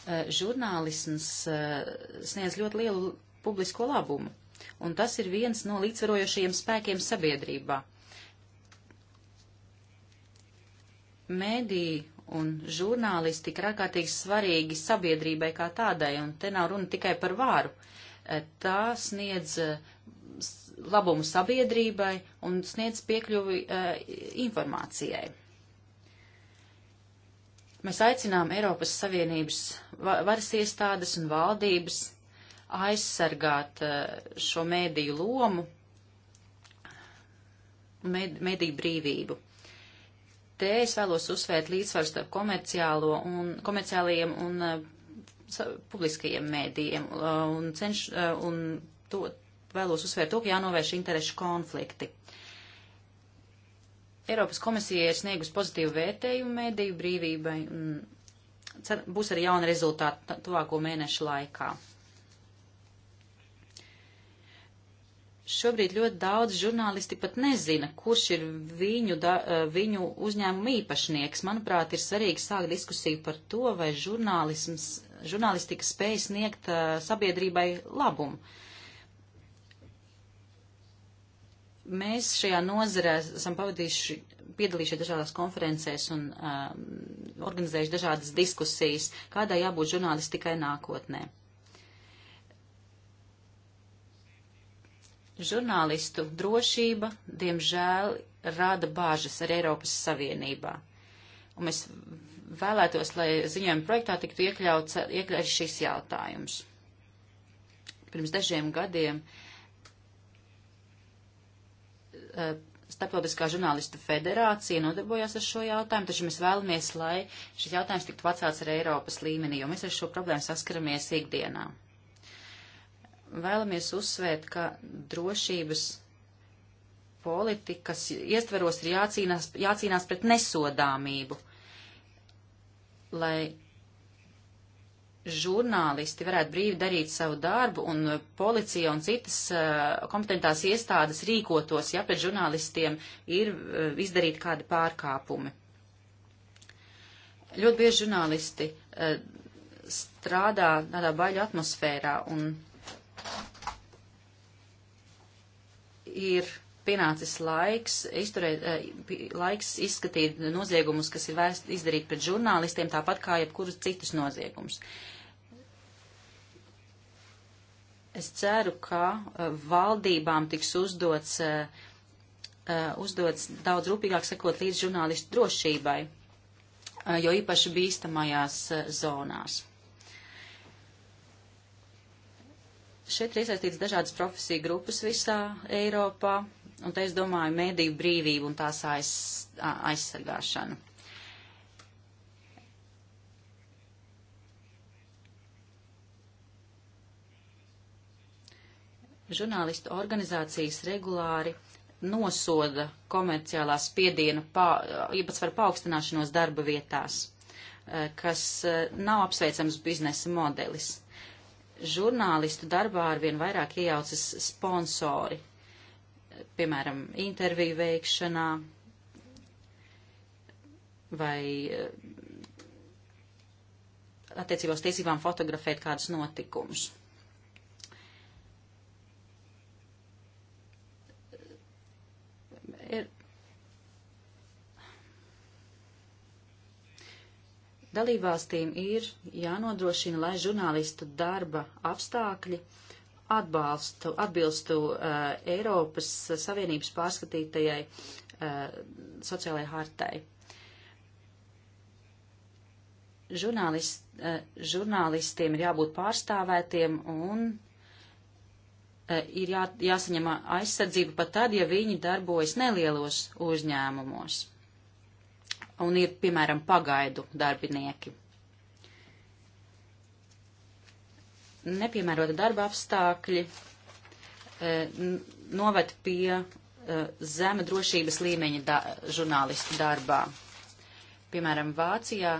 Speaker 3: Eh, žurnālisms eh, sniedz ļoti lielu publisko labumu, un tas ir viens no līdzsvarojošajiem spēkiem sabiedrībā. Mēdī un žurnālisti ir ārkārtīgi svarīgi sabiedrībai kā tādai, un te nav runa tikai par vāru. Eh, tā sniedz labumu sabiedrībai un sniedz piekļuvi uh, informācijai. Mēs aicinām Eiropas Savienības varas iestādes un valdības aizsargāt uh, šo mēdīju lomu, med, mediju brīvību. Te es vēlos uzsvērt līdzsvaru starp komerciālo un, komerciālajiem un uh, publiskajiem mēdījiem un, cenš, un to, vēlos uzsvērt to, ka jānovērš interešu konflikti. Eiropas komisija ir sniegus pozitīvu vērtējumu mēdīju brīvībai un cer, būs arī jauni rezultāti tuvāko mēnešu laikā. Šobrīd ļoti daudz žurnālisti pat nezina, kurš ir viņu, da, viņu uzņēmuma īpašnieks. Manuprāt, ir svarīgi sākt diskusiju par to, vai žurnālistika spēj sniegt uh, sabiedrībai labumu. Uh, Mēs šajā nozarē esam pavadījuši, piedalījušies dažādās konferencēs un um, organizējuši dažādas diskusijas, kādā jābūt žurnālistikai nākotnē. Žurnālistu drošība, diemžēl, rada bāžas ar Eiropas Savienībā. Un mēs vēlētos, lai ziņojuma projektā tiktu iekļauts, iekļauts šis jautājums. Pirms dažiem gadiem uh, Eh, Starptautiskā žurnālistu federācija nodarbojas ar šo jautājumu, taču mēs vēlamies, lai šis jautājums tiktu pacelts ar Eiropas līmenī, jo mēs ar šo problēmu saskaramies ikdienā. Vēlamies uzsvērt, ka drošības politikas iestveros ir jācīnās, jācīnās pret nesodāmību, lai žurnālisti varētu brīvi darīt savu darbu un uh, policija un citas uh, kompetentās iestādes rīkotos, ja pret žurnālistiem ir uh, izdarīti kādi pārkāpumi. Ļoti bieži žurnālisti uh, strādā tādā baļu atmosfērā un ir pienācis laiks, izturēt, uh, laiks izskatīt noziegumus, kas ir vēst, izdarīti pret žurnālistiem, tāpat kā jebkurus citus noziegumus. Uh, Es ceru, ka eh, valdībām tiks uzdots, eh, eh, uzdots daudz rūpīgāk sekot līdz žurnālistu drošībai, jo īpaši bīstamajās zonās. Šeit ir iesaistīts dažādas profesiju grupas visā Eiropā, un te es domāju mēdīju brīvību un tās aiz, aizsargāšanu. žurnālistu organizācijas regulāri nosoda komerciālā spiediena pā, īpatsvaru paaugstināšanos darba vietās, eh, kas eh, nav apsveicams biznesa modelis. Žurnālistu darbā arvien vairāk iejaucas sponsori, piemēram, interviju veikšanā vai eh, attiecībā uz tiesībām fotografēt kādus notikumus. ir Dalībvalstīm ir jānodrošina, lai žurnālistu darba apstākļi atbalstu, atbilstu uh, Eiropas Savienības pārskatītajai uh, sociālajai hartai. Žurnālist, uh, žurnālistiem ir jābūt pārstāvētiem un E, ir jā, jāsaņem aizsardzība pat tad, ja viņi darbojas nelielos uzņēmumos un ir, piemēram, pagaidu darbinieki. Nepiemērota darba apstākļi e, noved pie e, zema drošības līmeņa da žurnālistu darbā. Piemēram, Vācijā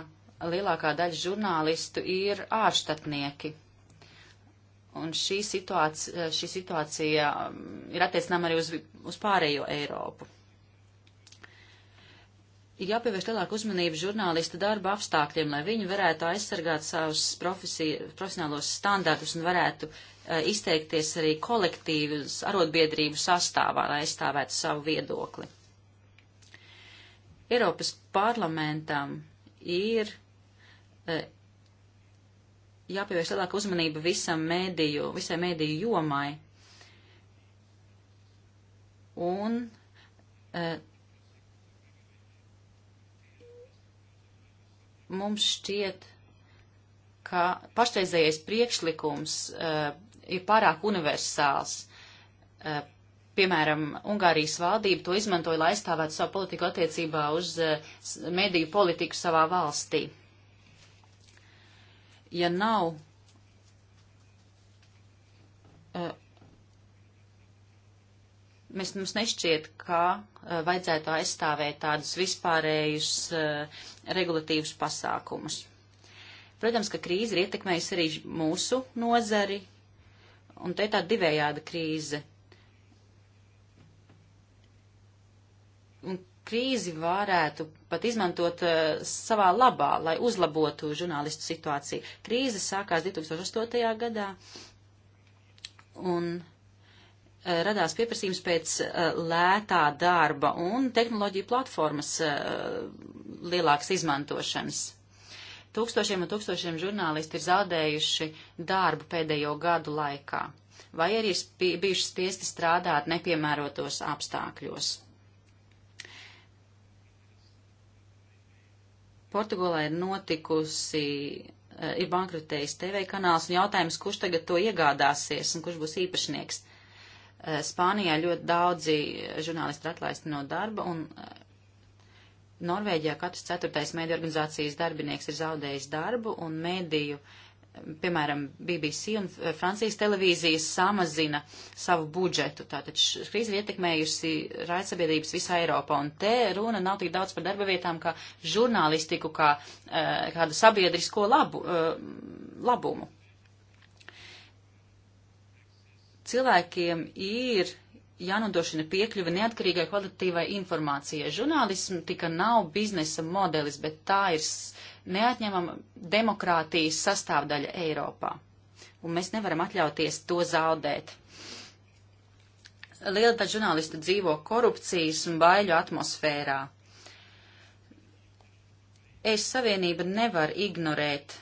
Speaker 3: lielākā daļa žurnālistu ir ārštatnieki Un šī situācija, šī situācija um, ir attiecināma arī uz, uz pārējo Eiropu. Ir jāpievērš lielāka uzmanība žurnālistu darba apstākļiem, lai viņi varētu aizsargāt savus profesionālos standartus un varētu uh, izteikties arī kolektīvas arotbiedrību sastāvā, lai aizstāvētu savu viedokli. Eiropas parlamentam ir uh, jāpievērš lielāka uzmanība visam mēdīju, visai mēdīju jomai. Un uh, mums šķiet, ka pašreizējais priekšlikums uh, ir pārāk universāls. Uh, piemēram, Ungārijas valdība to izmantoja, lai aizstāvētu savu politiku attiecībā uz uh, mediju politiku savā valstī. Uh, ja nav uh, mēs mums nešķiet, kā uh, eh, vajadzētu aizstāvēt tādus vispārējus uh, regulatīvus pasākumus. Protams, ka krīze ir ietekmējusi arī mūsu nozari, un te ir tāda divējāda krīze. krīzi varētu pat izmantot uh, savā labā, lai uzlabotu žurnālistu situāciju. Krīze sākās 2008. gadā un uh, radās pieprasījums pēc uh, lētā darba un tehnoloģiju platformas lielākas izmantošanas. Tūkstošiem un tūkstošiem žurnālisti ir zaudējuši darbu pēdējo gadu laikā, vai arī ir bijuši spiesti strādāt nepiemērotos apstākļos. Portugālē ir notikusi, eh, ir bankrotējis TV kanāls un jautājums, kurš tagad to iegādāsies un kurš būs īpašnieks. Eh, Spānijā ļoti daudzi eh, žurnālisti atlaisti no darba un Norvēģijā katrs ceturtais mēdī organizācijas darbinieks ir zaudējis darbu un mēdīju uh, piemēram, BBC un eh, Francijas televīzijas samazina savu budžetu. Tātad krīze ir ietekmējusi raidsabiedrības visā Eiropā. Un te runa nav tik daudz par darba vietām, kā žurnālistiku, kā eh, kādu sabiedrisko labu, eh, labumu. Cilvēkiem ir jānodrošina piekļuva neatkarīgai kvalitatīvai informācijai. Žurnālisms tika nav biznesa modelis, bet tā ir neatņemama demokrātijas sastāvdaļa Eiropā. Un mēs nevaram atļauties to zaudēt. Liela daļa žurnālistu dzīvo korupcijas un baiļu atmosfērā. Es savienība nevar ignorēt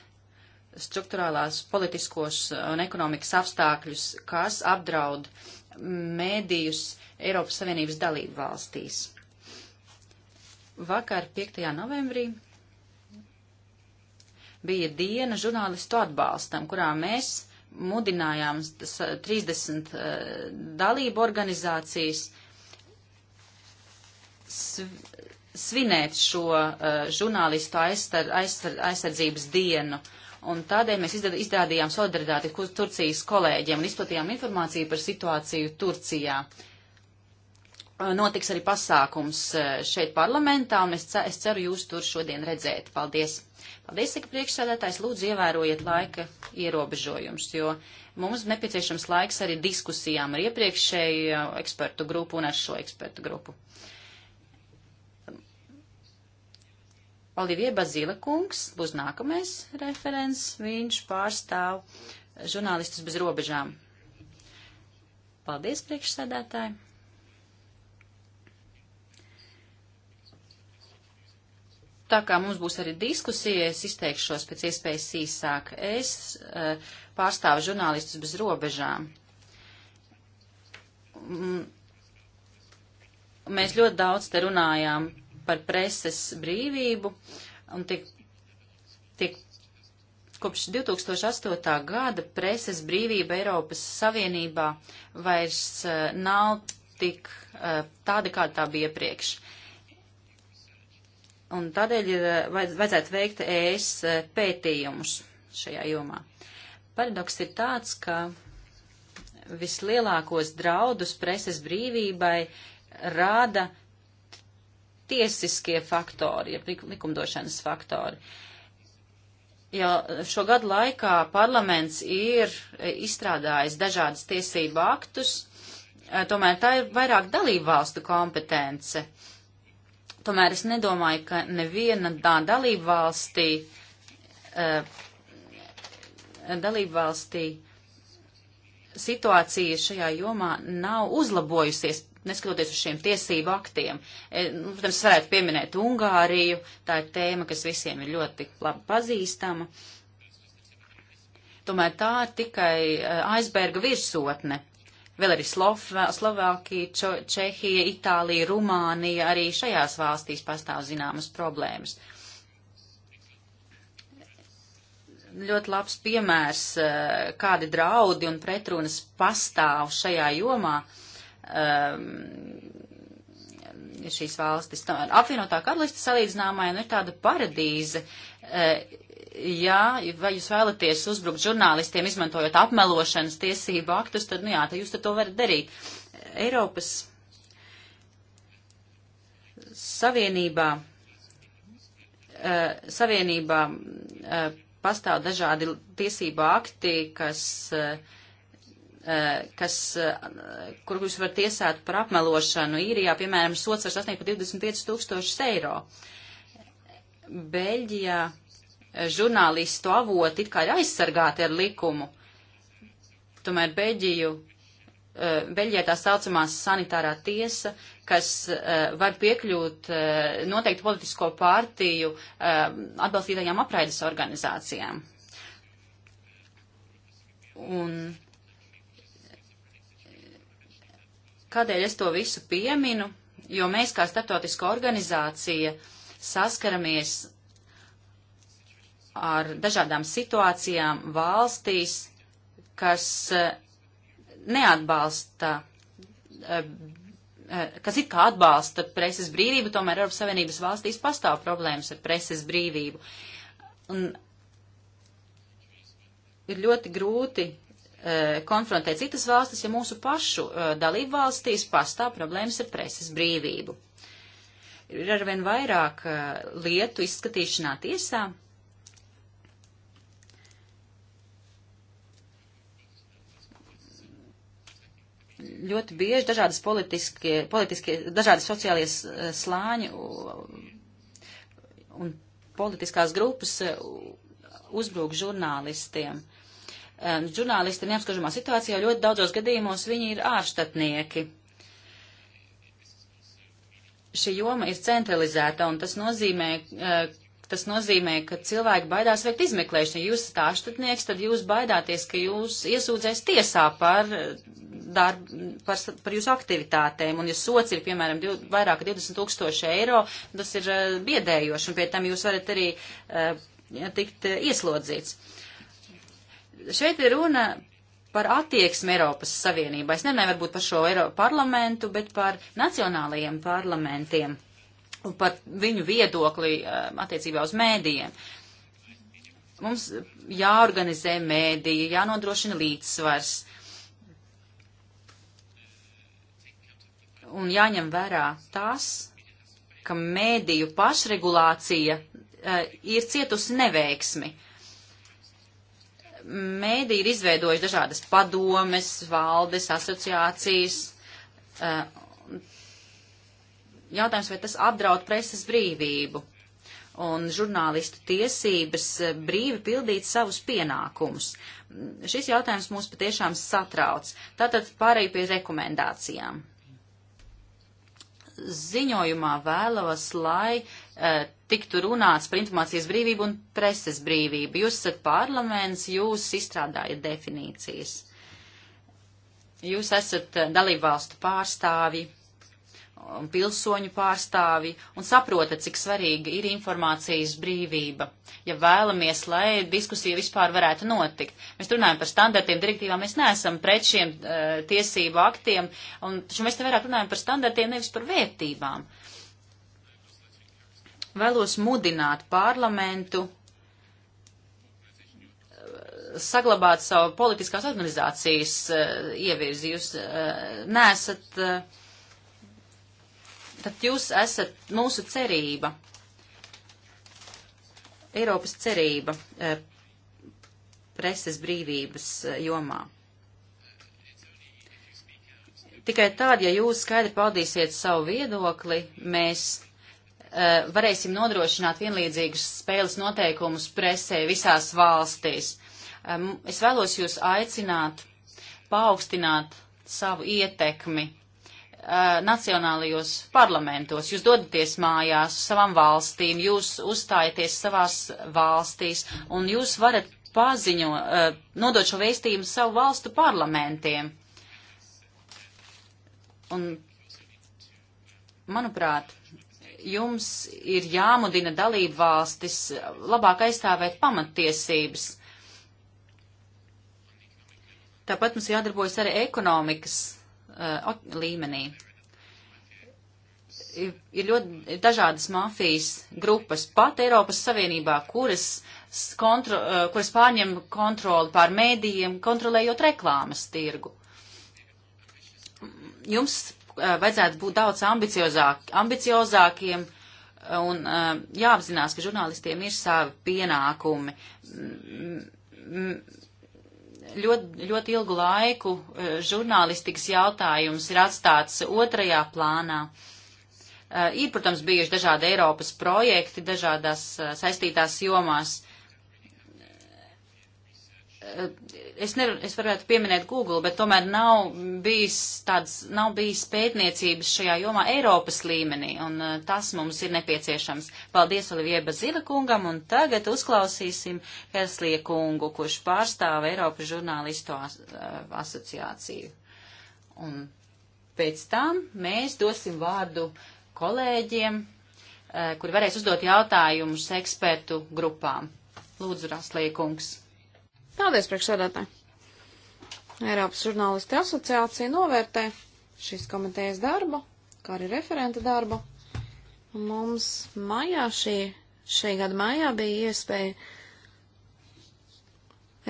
Speaker 3: struktūrālās, politiskos un ekonomikas apstākļus, kas apdraud mēdījus Eiropas Savienības dalību valstīs. Vakar 5. novembrī bija diena žurnālistu atbalstam, kurā mēs mudinājām 30 e, dalību organizācijas svinēt šo e, žurnālistu aizstar, aizstar, aizsardzības dienu. Un tādēļ mēs izrādījām solidaritāti Turcijas kolēģiem un izplatījām informāciju par situāciju Turcijā. E, notiks arī pasākums šeit parlamentā, un es ceru jūs tur šodien redzēt. Paldies! Paldies, saka priekšsēdētājs, lūdzu ievērojiet laika ierobežojums, jo mums nepieciešams laiks arī diskusijām ar iepriekšēju uh, ekspertu grupu un ar šo ekspertu grupu. Olivie Bazila kungs būs nākamais referents, viņš pārstāv žurnālistus bez robežām. Paldies, priekšsēdētāji! Tā kā mums būs arī diskusija, es izteikšos pēc iespējas īsāk. Es uh, pārstāvu žurnālistus bez robežām. M mm. mēs ļoti daudz te runājām par preses brīvību un tiek, tiek kopš 2008. gada preses brīvība Eiropas Savienībā vairs uh, nav tik uh, tāda, kāda tā bija iepriekš. Uh, un tādēļ eh, ir vajadzētu veikt ES eh, pētījumus šajā jomā. Paradoks ir tāds, ka vislielākos draudus preses brīvībai rāda tiesiskie faktori, jeb likumdošanas faktori. Ja šo gadu laikā parlaments ir eh, izstrādājis dažādas tiesību aktus, tomēr tā ir vairāk dalību valstu kompetence. Uh, tomēr es nedomāju, ka neviena tā dalība valstī, uh, e, dalība valstī situācija šajā jomā nav uzlabojusies, neskatoties uz šiem tiesību aktiem. E, nu, protams, es varētu pieminēt Ungāriju, tā ir tēma, kas visiem ir ļoti labi pazīstama. Tomēr tā ir tikai e, aizberga virsotne. Vēl arī Slovā, Slovākija, Čo, Čehija, Itālija, Rumānija, arī šajās valstīs pastāv zināmas problēmas. Ļoti labs piemērs, eh, kādi draudi un pretrunas pastāv šajā jomā. Um, šīs valstis. Apvienotā karalista salīdzināmā nu, ir tāda paradīze, eh, ja vai jūs vēlaties uzbrukt žurnālistiem, izmantojot apmelošanas tiesību aktus, tad, nu jā, tad jūs tad to varat darīt. Eiropas Savienībā, uh, savienībā uh, pastāv dažādi tiesību akti, kas, uh, kas, kur jūs varat tiesāt par apmelošanu. Īrijā, piemēram, sots var sasniegt pat 25 tūkstošus eiro. Beļģijā žurnālistu avoti it kā ir aizsargāti ar likumu. Tomēr Beļģiju, e, Beļģijā tā saucamā sanitārā tiesa, kas e, var piekļūt e, noteikti politisko pārtīju atbalstītajām apraides organizācijām. Un kādēļ es to visu pieminu? Jo mēs kā statotiska organizācija saskaramies ar dažādām situācijām valstīs, kas eh, neatbalsta, eh, eh, kas it kā atbalsta preses brīvību, tomēr Eiropas Savienības valstīs pastāv problēmas ar preses brīvību. Un ir ļoti grūti konfrontēt citas valstis, ja mūsu pašu dalību valstīs pastāv problēmas ar preses brīvību. Ir arvien vairāk lietu izskatīšanā tiesā, ļoti bieži dažādas politiskie, politiskie dažādas sociālie eh, slāņi un politiskās grupas eh, uzbruk žurnālistiem. Žurnālisti neapskažamā situācijā ļoti daudzos gadījumos viņi ir ārštatnieki. Šī joma ir centralizēta, un tas nozīmē, eh, Tas nozīmē, ka cilvēki baidās veikt izmeklēšanu. Ja jūs esat ārštatnieks, tad jūs baidāties, ka jūs iesūdzēs tiesā par, darb, par, par jūsu aktivitātēm. Un ja sots ir, piemēram, div, vairāk 20 tūkstoši eiro, tas ir uh, biedējoši. Un pie tam jūs varat arī uh, tikt uh, ieslodzīts. Šeit ir runa par attieksmi Eiropas Savienībā. Es nemanāju varbūt par šo Eiropa parlamentu, bet par nacionālajiem parlamentiem un pat viņu viedokli um, attiecībā uz mēdījiem. Mums jāorganizē mēdīja, jānodrošina līdzsvars un jāņem vērā tas, ka mēdīju pašregulācija eh, ir cietusi neveiksmi. Mēdī ir izveidojuši dažādas padomes, valdes, asociācijas, eh, jautājums, vai tas apdraud preses brīvību un žurnālistu tiesības eh, brīvi pildīt savus pienākumus. Mm, šis jautājums mūs patiešām satrauc. Tātad pārēj pie rekomendācijām. Ziņojumā vēlos, lai e, tiktu runāts par informācijas brīvību un preses brīvību. Jūs esat parlaments, jūs izstrādājat definīcijas. Jūs esat eh, dalībvalstu pārstāvi, Um, pilsoņu pārstāvi un saprota, cik svarīga ir informācijas brīvība, ja vēlamies, lai diskusija vispār varētu notikt. Mēs runājam par standartiem, direktīvām, mēs neesam pret šiem uh, tiesību aktiem, un, taču mēs te vairāk runājam par standartiem, nevis par vērtībām. Vēlos mudināt parlamentu uh, saglabāt savu politiskās organizācijas uh, ievirzi. Jūs uh, nesat uh, Tad jūs esat mūsu cerība, Eiropas cerība e, preses brīvības e, jomā. Tikai tād, ja jūs skaidri paudīsiet savu viedokli, mēs uh, varēsim nodrošināt vienlīdzīgus spēles noteikumus presē visās valstīs. Um, es vēlos jūs aicināt paaugstināt savu ietekmi Eh, nacionālajos parlamentos, jūs dodaties mājās savām valstīm, jūs uzstājaties savās valstīs un jūs varat paziņo, eh, nodot šo vēstījumu savu valstu parlamentiem. Un, manuprāt, jums ir jāmudina dalību valstis labāk aizstāvēt pamattiesības. Tāpat mums jādarbojas arī ekonomikas uh, līmenī. Ir, ir ļoti dažādas mafijas grupas pat Eiropas Savienībā, kuras, kontro, uh, kuras pārņem kontroli pār mēdījiem, kontrolējot reklāmas tirgu. Jums uh, vajadzētu būt daudz ambiciozāk, ambiciozākiem un uh, jāapzinās, ka žurnālistiem ir savi pienākumi. M ļoti, ļoti ilgu laiku e, žurnālistikas jautājums ir atstāts otrajā plānā. E, ir, protams, bijuši dažādi Eiropas projekti dažādās e, saistītās jomās, Eh, es, nevar, es varētu pieminēt Google, bet tomēr nav bijis tāds, nav bijis pētniecības šajā jomā Eiropas līmenī, un eh, tas mums ir nepieciešams. Paldies Olivie Bazila kungam, un tagad uzklausīsim Herslie kungu, kurš pārstāv Eiropas žurnālistu as eh, asociāciju. Un pēc tam mēs dosim vārdu kolēģiem, kuri varēs uzdot jautājumus ekspertu grupām. Lūdzu, Raslīkungs.
Speaker 1: Paldies, priekšsēdētāji! Eiropas žurnālisti asociācija novērtē šīs komitejas darbu, kā arī referenta darbu. Mums maijā šī, šī gada maijā bija iespēja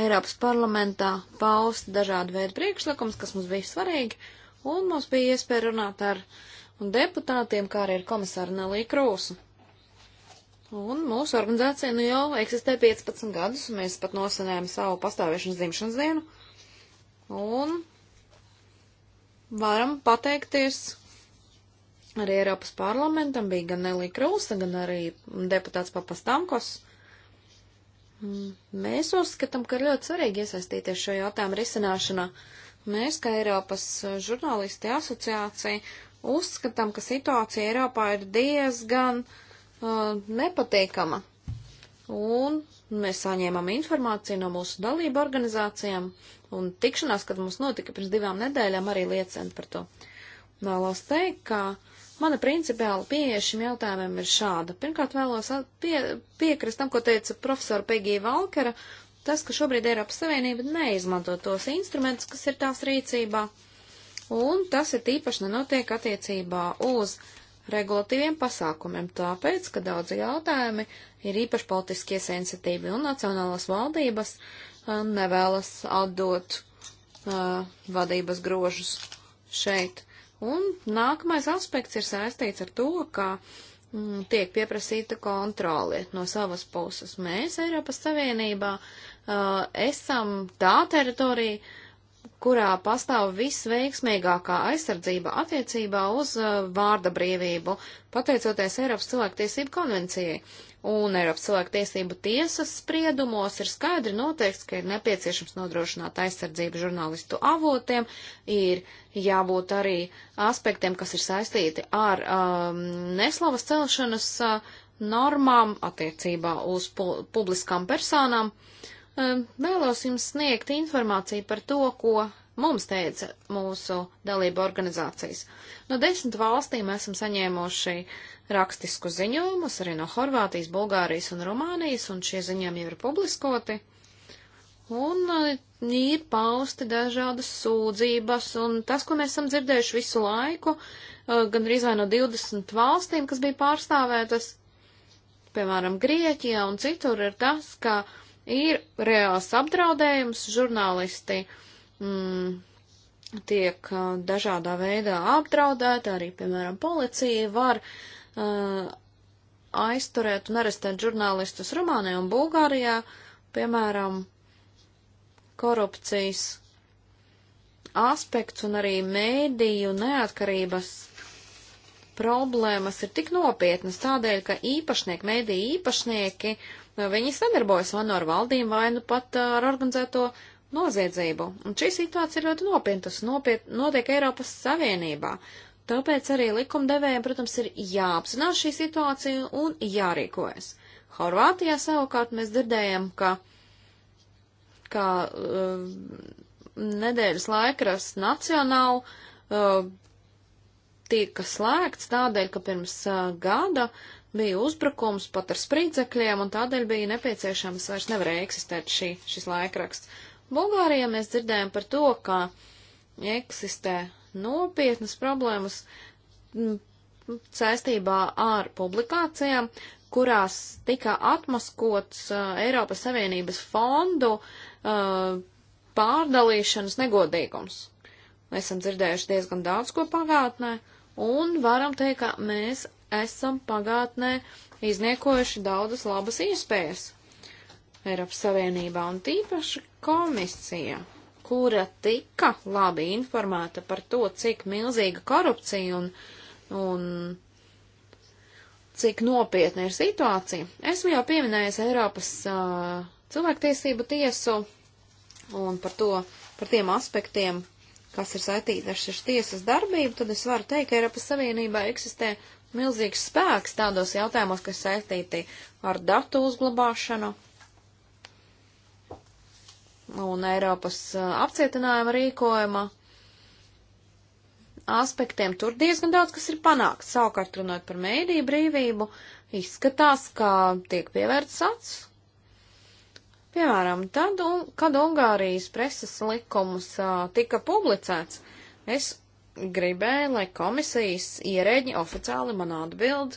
Speaker 1: Eiropas parlamentā paust dažādu veidu priekšlikums, kas mums bija svarīgi, un mums bija iespēja runāt ar deputātiem, kā arī ar komisāru Nelī Krūsu. Un mūsu organizācija nu jau eksistē 15 gadus, un mēs pat nosinējam savu pastāvēšanas dzimšanas dienu. Un varam pateikties arī Eiropas parlamentam, bija gan Nelī Krūsa, gan arī deputāts Papastamkos. Mm, mēs uzskatām, ka ir ļoti svarīgi iesaistīties šo jautājumu risināšanā. Mēs, kā Eiropas žurnālisti asociācija, uzskatām, ka situācija Eiropā ir diezgan uh, uh, nepatīkama. Un mēs saņēmām informāciju no mūsu dalību organizācijām, un tikšanās, kad mums notika pirms divām nedēļām, arī liecina par to. Vēlos teikt, ka mana principiāla pieeja šim jautājumam ir šāda. Pirmkārt, vēlos pie, piekrist tam, ko teica profesora Pegija Valkera, tas, ka šobrīd Eiropas Savienība neizmanto tos instrumentus, kas ir tās rīcībā, un tas ir tīpaši nenotiek attiecībā uz uh, regulatīviem pasākumiem, tāpēc, ka daudzi jautājumi ir īpaši politiskie sensitīvi un nacionālās valdības uh, nevēlas atdot uh, vadības grožus šeit. Un nākamais aspekts ir saistīts ar to, ka mm, tiek pieprasīta kontrole no savas puses. Mēs Eiropas Savienībā uh, esam tā teritorija, uh, kurā pastāv visveiksmīgākā aizsardzība attiecībā uz uh, vārda brīvību, pateicoties Eiropas cilvēktiesību konvencijai. Un Eiropas cilvēktiesību tiesas spriedumos ir skaidri noteikts, ka ir nepieciešams nodrošināt aizsardzību žurnālistu avotiem, ir jābūt arī aspektiem, kas ir saistīti ar um, neslavas celšanas uh, normām attiecībā uz pu publiskām personām. Uh, Vēlos jums sniegt informāciju par to, ko mums teica mūsu dalība organizācijas. No desmit valstīm esam saņēmuši rakstisku ziņojumus, arī no Horvātijas, Bulgārijas un Rumānijas, un šie ziņojumi jau ir publiskoti. Un eh, ir pausti dažādas sūdzības, un tas, ko mēs esam dzirdējuši visu laiku, eh, gan arī no 20 valstīm, kas bija pārstāvētas, piemēram, Grieķijā un citur, ir tas, ka uh, ir reāls apdraudējums, žurnālisti mm, tiek uh, dažādā veidā apdraudēti, arī, piemēram, policija var uh, aizturēt un arestēt žurnālistus Rumānijā un Bulgārijā, piemēram, korupcijas aspekts un arī mēdīju neatkarības problēmas ir tik nopietnas tādēļ, ka īpašnieki, mēdīju īpašnieki uh, Nu, viņi sadarbojas vai nu ar valdību, vai nu pat ar organizēto noziedzību. Un šī situācija ir ļoti nopietna, tas nopiet, notiek Eiropas Savienībā. Tāpēc arī likumdevējiem, protams, ir jāapzinās šī situācija un jārīkojas. Horvātijā savukārt mēs dzirdējam, ka, ka uh, nedēļas laikras nacionāli uh, tika slēgts tādēļ, ka pirms uh, gada uh, bija uzbrukums pat ar sprīdzekļiem, un tādēļ bija nepieciešams vairs nevarēja eksistēt šī, šis laikraksts. Bulgārijā mēs dzirdējam par to, ka eksistē nopietnas problēmas saistībā ar publikācijām, kurās tika atmaskots uh, Eiropas Savienības fondu uh, pārdalīšanas negodīgums. Esam dzirdējuši diezgan daudz ko pagātnē, un varam teikt, ka mēs esam pagātnē izniekojuši daudzas labas iespējas Eiropas Savienībā un tīpaši komisija, kura tika labi informēta par to, cik milzīga korupcija un, un cik nopietna ir situācija. Esmu jau pieminējis Eiropas uh, cilvēktiesību tiesu un par to, par tiem aspektiem, kas ir saistīti ar šīs tiesas darbību, tad es varu teikt, ka Eiropas Savienībā eksistē milzīgs spēks tādos jautājumos, kas saistīti ar datu uzglabāšanu un Eiropas uh, apcietinājuma rīkojuma aspektiem. Tur diezgan daudz kas ir panākts. Savukārt runājot par mēdīju brīvību, izskatās, ka tiek pievērts acs. Piemēram, tad, un, kad Ungārijas preses likums a, uh, tika publicēts, es gribēju, lai komisijas ierēģi oficiāli man atbild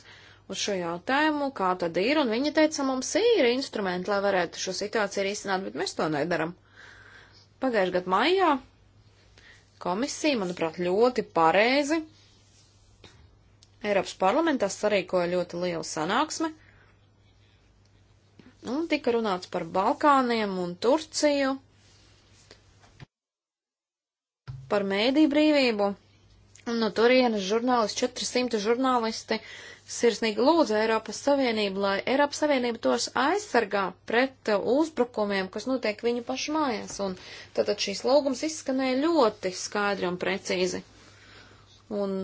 Speaker 1: uz šo jautājumu, kā tad ir, un viņi teica, mums ir instrumenti, lai varētu šo situāciju risināt, bet mēs to nedaram. Pagājušajā gadā maijā komisija, manuprāt, ļoti pareizi Eiropas parlamentā sarīkoja ļoti lielu sanāksmi, un tika runāts par Balkāniem un Turciju, par mēdī brīvību. Un nu, no turienes žurnālisti, 400 žurnālisti sirsnīgi lūdza Eiropas Savienību, lai Eiropas Savienība tos aizsargā pret uh, uzbrukumiem, kas notiek viņu pašu mājās. Un tātad šīs lūgums izskanēja ļoti skaidri un precīzi. Un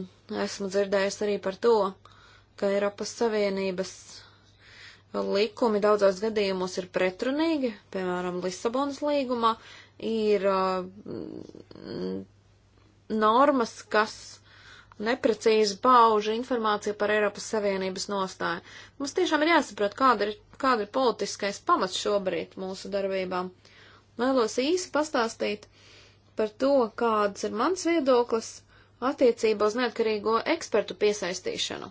Speaker 1: esmu dzirdējis arī par to, ka Eiropas Savienības likumi daudzos gadījumos ir pretrunīgi, piemēram, Lisabonas līgumā ir. Uh, normas, kas neprecīzi pauž informāciju par Eiropas Savienības nostāju. Mums tiešām ir jāsaprot, kāda ir, kāda ir politiskais pamats šobrīd mūsu darbībām. Vēlos īsi pastāstīt par to, kāds ir mans viedoklis attiecībā uz neatkarīgo ekspertu piesaistīšanu.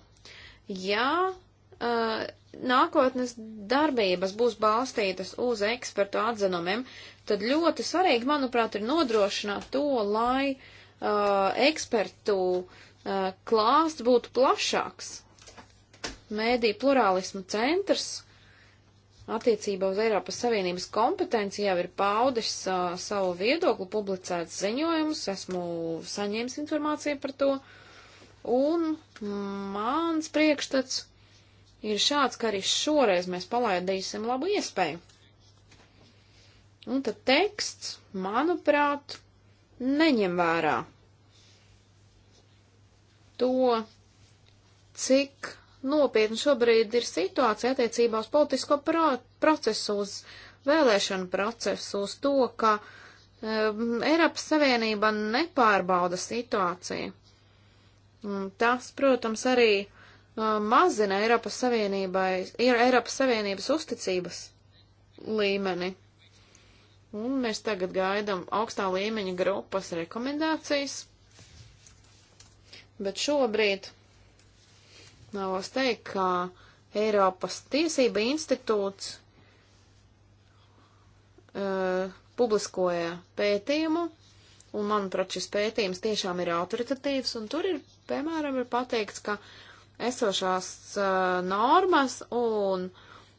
Speaker 1: Ja uh, nākotnes darbības būs balstītas uz ekspertu atzinumiem, tad ļoti svarīgi, manuprāt, ir nodrošināt to, lai uh, uh, ekspertu uh, klāsts būtu plašāks. Mēdī plurālismu centrs attiecībā uz Eiropas Savienības kompetenci jau ir paudis uh, savu viedokli, publicēts ziņojumus, esmu saņēmis informāciju par to, un mans priekšstats ir šāds, ka arī šoreiz mēs palaidīsim labu iespēju. Un tad teksts, manuprāt, neņem vērā to, cik nopietni šobrīd ir situācija attiecībā uz politisko pro procesu, uz vēlēšanu procesu, uz to, ka um, Eiropas Savienība nepārbauda situāciju. Un tas, protams, arī um, mazina Eiropas, Savienībai, Eiropas Savienības uzticības līmeni Un mēs tagad gaidām augstā līmeņa grupas rekomendācijas. Bet šobrīd vēlos teikt, ka Eiropas tiesība institūts uh, publiskoja pētījumu, un, manuprāt, šis pētījums tiešām ir autoritatīvs, un tur ir, piemēram, ir pateikts, ka esošās uh, normas un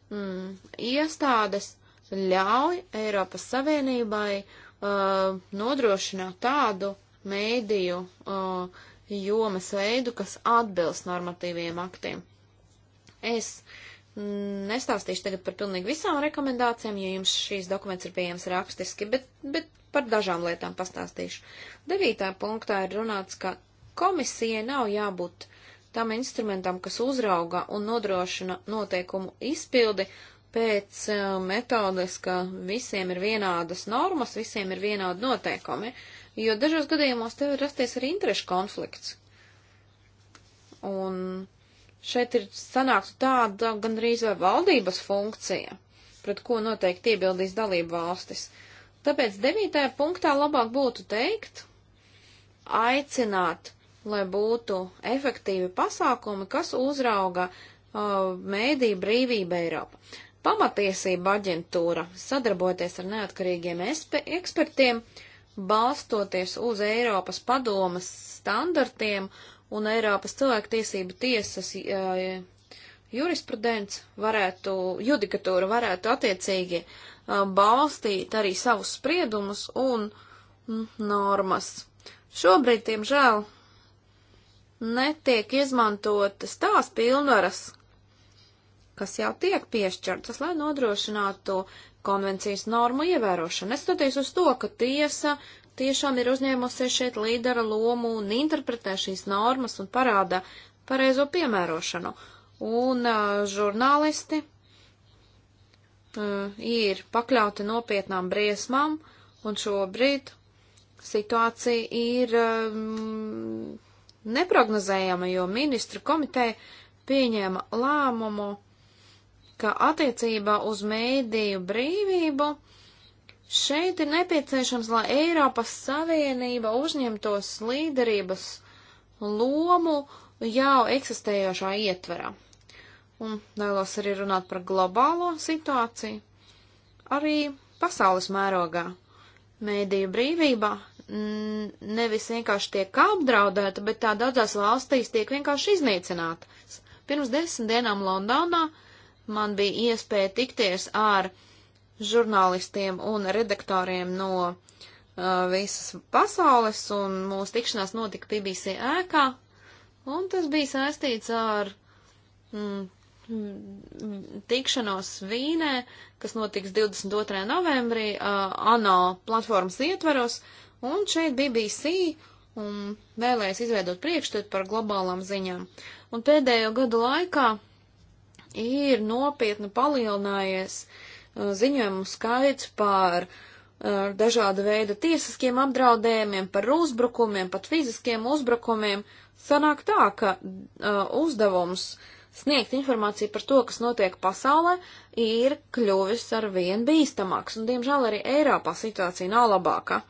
Speaker 1: mm, iestādes ļauj Eiropas Savienībai uh, nodrošināt tādu mēdīju uh, jomas veidu, kas atbilst normatīviem aktiem. Es nestāstīšu tagad par pilnīgi visām rekomendācijām, jo jums šīs dokuments ir pieejams rakstiski, bet, bet par dažām lietām pastāstīšu. Devītā punktā ir runāts, ka komisijai nav jābūt tam instrumentam, kas uzrauga un nodrošina noteikumu izpildi, pēc eh, metodes, ka visiem ir vienādas normas, visiem ir vienādi noteikumi, jo dažos gadījumos tev ir rasties arī interešu konflikts. Un šeit ir sanāktu tāda gandrīz vai valdības funkcija, pret ko noteikti iebildīs dalību valstis. Tāpēc devītajā punktā labāk būtu teikt, aicināt, lai būtu efektīvi pasākumi, kas uzrauga uh, mēdī brīvība Eiropa. Pamatiesība aģentūra sadarboties ar neatkarīgiem ekspertiem, balstoties uz Eiropas padomas standartiem un Eiropas cilvēktiesību tiesas eh, jurisprudents varētu, judikatūra varētu attiecīgi eh, balstīt arī savus spriedumus un normas. Šobrīd, diemžēl, netiek izmantotas tās pilnvaras, kas jau tiek piešķirtas, lai nodrošinātu konvencijas normu ievērošanu. Neskatoties uz to, ka tiesa tiešām ir uzņēmusies šeit līdera lomu un interpretē šīs normas un parāda pareizo piemērošanu. Un uh, žurnālisti uh, ir pakļauti nopietnām briesmām, un šobrīd situācija ir um, neprognozējama, jo ministra komiteja pieņēma lēmumu ka attiecībā uz mēdīju brīvību šeit ir nepieciešams, lai Eiropas Savienība uzņemtos līderības lomu jau eksistējošā ietverā. Un vēlos arī runāt par globālo situāciju, arī pasaules mērogā. Mēdīju brīvība nevis vienkārši tiek apdraudēta, bet tā daudzās valstīs tiek vienkārši iznīcināta. Pirms desmit dienām Londonā uh, man bija iespēja tikties ar žurnālistiem un redaktoriem no uh, visas pasaules, un mūsu tikšanās notika BBC ēkā, un tas bija saistīts ar mm, mm tikšanos Vīnē, kas notiks 22. novembrī uh, ANO platformas ietveros, un šeit BBC un um, vēlēs izveidot priekšstatu par globālām ziņām. Un pēdējo gadu laikā ir nopietni palielinājies uh, ziņojumu skaits par uh, dažāda veida tiesiskiem apdraudējumiem, par uzbrukumiem, pat fiziskiem uzbrukumiem. Sanāk tā, ka uh, uzdevums sniegt informāciju par to, kas notiek pasaulē, ir kļuvis ar vien bīstamāks, un diemžēl arī Eiropā situācija nav labāka.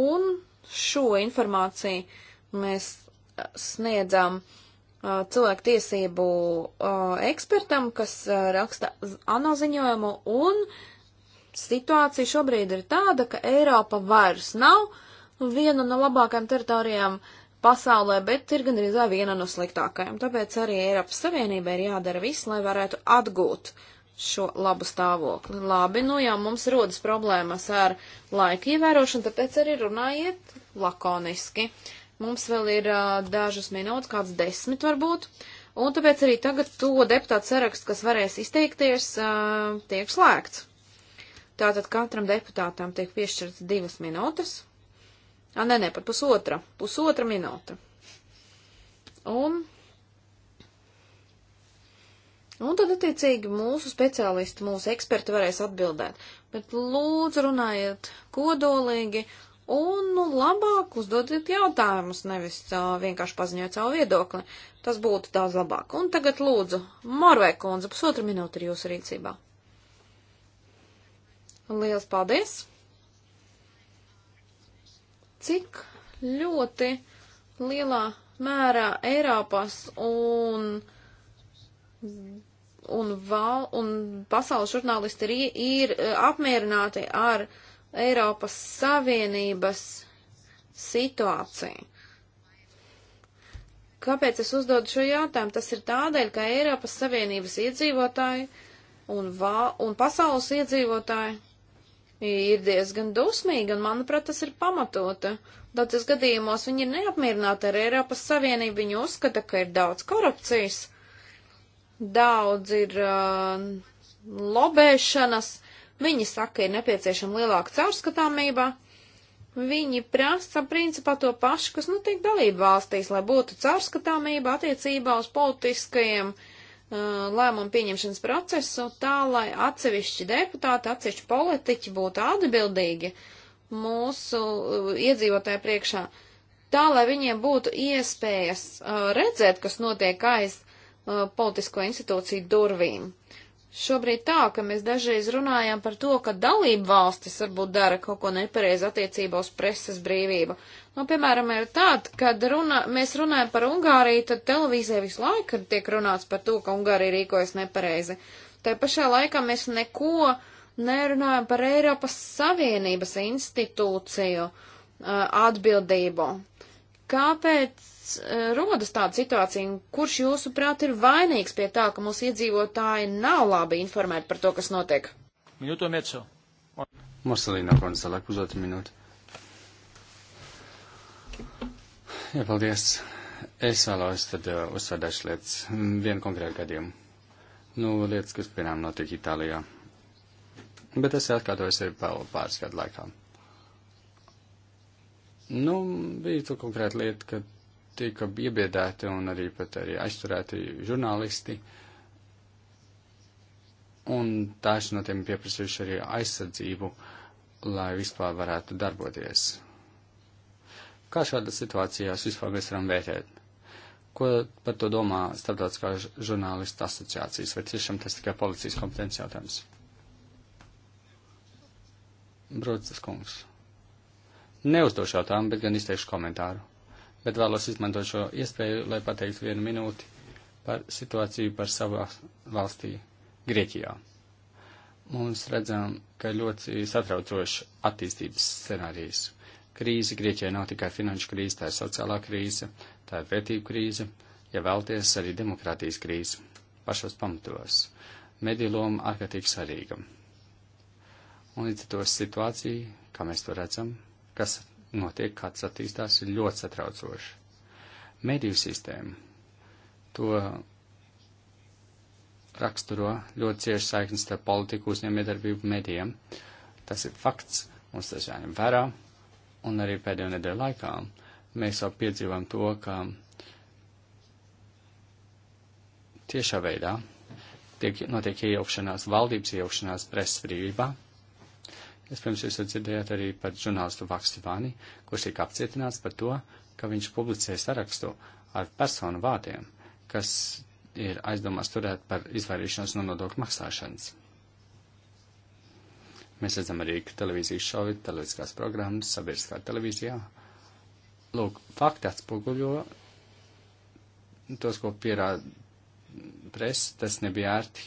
Speaker 1: Un šo informāciju mēs sniedzām uh, cilvēku tiesību ekspertam, kas raksta ANO ziņojumu, un situācija šobrīd ir tāda, ka Eiropa vairs nav viena no labākajām teritorijām pasaulē, bet ir gandrīz viena no sliktākajām. Tāpēc arī Eiropas Savienībai ir jādara viss, lai varētu atgūt šo labu stāvokli. Labi, nu jau mums rodas problēmas ar laika ievērošanu, tāpēc arī runājiet lakoniski. Mums vēl ir uh, dažas minūtes, kāds desmit varbūt, un tāpēc arī tagad to deputātu sarakstu, kas varēs izteikties, uh, tiek slēgts. Tātad katram deputātam tiek piešķirts divas minūtes. A, nē, nē, pat pusotra, pusotra minūte. Un, un tad, attiecīgi, mūsu speciālisti, mūsu eksperti varēs atbildēt. Bet lūdzu runājiet kodolīgi un nu, labāk uzdodiet jautājumus, nevis uh, vienkārši paziņot savu viedokli. Tas būtu daudz labāk. Un tagad lūdzu, Morvē kundze, pusotra minūte ir jūsu rīcībā. Liels paldies! Cik ļoti lielā mērā Eiropas un un, val, un pasaules žurnālisti ir, ir apmierināti ar uh, Eiropas Savienības situāciju. Kāpēc es uzdodu šo jautājumu? Tas ir tādēļ, ka Eiropas Savienības iedzīvotāji un, vā, un pasaules iedzīvotāji ir diezgan dusmīgi, un, manuprāt, tas ir pamatota. Daudzos gadījumos viņi ir neapmierināti ar Eiropas Savienību, viņi uzskata, ka ir daudz korupcijas, daudz ir uh, lobēšanas, Viņi saka, ir nepieciešama lielāka caurskatāmība. Viņi prasa principā to pašu, kas notiek nu, dalību valstīs, lai būtu caurskatāmība attiecībā uz politiskajiem uh, lēmumu pieņemšanas procesu, tā lai atsevišķi deputāti, atsevišķi politiķi būtu atbildīgi mūsu uh, iedzīvotāju priekšā, tā lai viņiem būtu iespējas uh, redzēt, kas notiek aiz uh, politisko institūciju durvīm šobrīd tā, ka mēs dažreiz runājam par to, ka dalība valstis varbūt dara kaut ko nepareizi attiecībā uz preses brīvību. Nu, piemēram, ir tāda, kad runa, mēs runājam par Ungāriju, tad televīzē visu laiku tiek runāts par to, ka Ungārija rīkojas nepareizi. Tā pašā laikā mēs neko nerunājam par Eiropas Savienības institūciju uh, atbildību. Kāpēc kāpēc e, rodas tāda situācija un kurš jūsuprāt ir vainīgs pie tā, ka mūsu iedzīvotāji nav labi informēti par to, kas notiek?
Speaker 2: Minūto Mietso. Marcelīna Konsalē, pusotru minūti. Jā, paldies. Es vēlos tad uh, uzsvērt dažas lietas. Vienu konkrētu gadījumu. Nu, lietas, kas, piemēram, notiek Itālijā. Bet tas atkārtojas arī vēl pāris gadu laikā. Nu, bija tur konkrēta lieta, kad tika iebiedēti un arī pat arī aizturēti žurnālisti. Un daži no tiem pieprasījuši arī aizsardzību, lai vispār varētu darboties. Kā šādas situācijās vispār mēs varam vērtēt? Ko par to domā starptautiskā žurnālista asociācijas, vai tiešām tas tikai policijas kompetences jautājums? Brodsas kungs. Neuzdošu jautājumu, bet gan izteikšu komentāru bet vēlos izmantot šo iespēju, lai pateiktu vienu minūti par situāciju par savu valstī Grieķijā. Mums redzam, ka ļoti satraucoši attīstības scenārijas. Krīze Grieķijai nav tikai finanšu krīze, tā ir sociālā krīze, tā ir vērtību krīze, ja vēlties arī demokrātijas krīze pašos pamatos. Mediju loma ārkārtīgi svarīga. Un līdz ar to situācija, kā mēs to redzam, kas notiek, kāds attīstās, ir ļoti satraucoši. Mediju sistēma to raksturo ļoti cieši saiknis starp politiku uzņēmiedarbību medijiem. Tas ir fakts, mums tas jāņem vērā, un arī pēdējo nedēļu laikā mēs jau piedzīvām to, ka tiešā veidā tiek, notiek iejaukšanās, valdības iejaukšanās presas brīvībā Iespējams, jūs dzirdējāt arī par žurnālistu Vakstivāni, kurš tika apcietināts par to, ka viņš publicēja sarakstu ar personu vārdiem, kas ir aizdomās turēt par izvairīšanos no nodokļu maksāšanas. Mēs redzam arī, ka televīzijas šovi, televīzijas programmas, sabiedriskā televīzijā. Lūk, fakti atspoguļo tos, ko pierāda presa, tas nebija ērti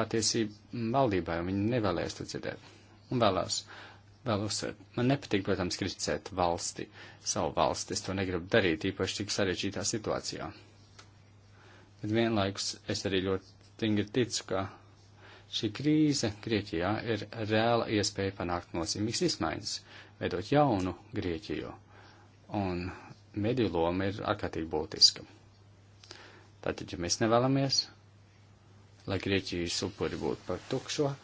Speaker 2: patiesību valdībai, un viņi nevēlēs to dzirdēt. Un vēlās, vēl uzsvērt, man nepatīk, protams, kritizēt valsti, savu valsti, es to negribu darīt, īpaši tik sarežģītā situācijā. Bet vienlaikus es arī ļoti stingri ticu, ka šī krīze Grieķijā ir reāla iespēja panākt nozīmīgas izmaiņas, veidot jaunu Grieķiju, un mediju loma ir ārkārtīgi būtiska. Tātad, ja mēs nevēlamies, lai Grieķijas upuri būtu par tukšo,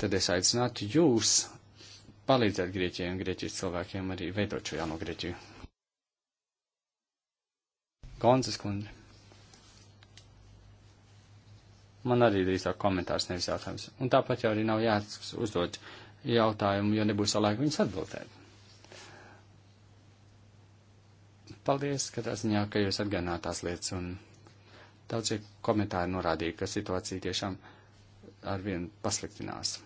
Speaker 2: tad es aicinātu jūs palīdzēt Grieķijai un Grieķijas cilvēkiem arī veidot šo jauno Grieķiju. Gonzes kundze. Man arī drīzāk komentārs nevis jautājums. Un tāpat jau arī nav jāuzdod jautājumu, jo nebūs laika viņus atbildēt. Paldies, ka tā ziņā, ka jūs atgādināt tās lietas un daudzie komentāri norādīja, ka situācija tiešām ir arvien pasliktinās.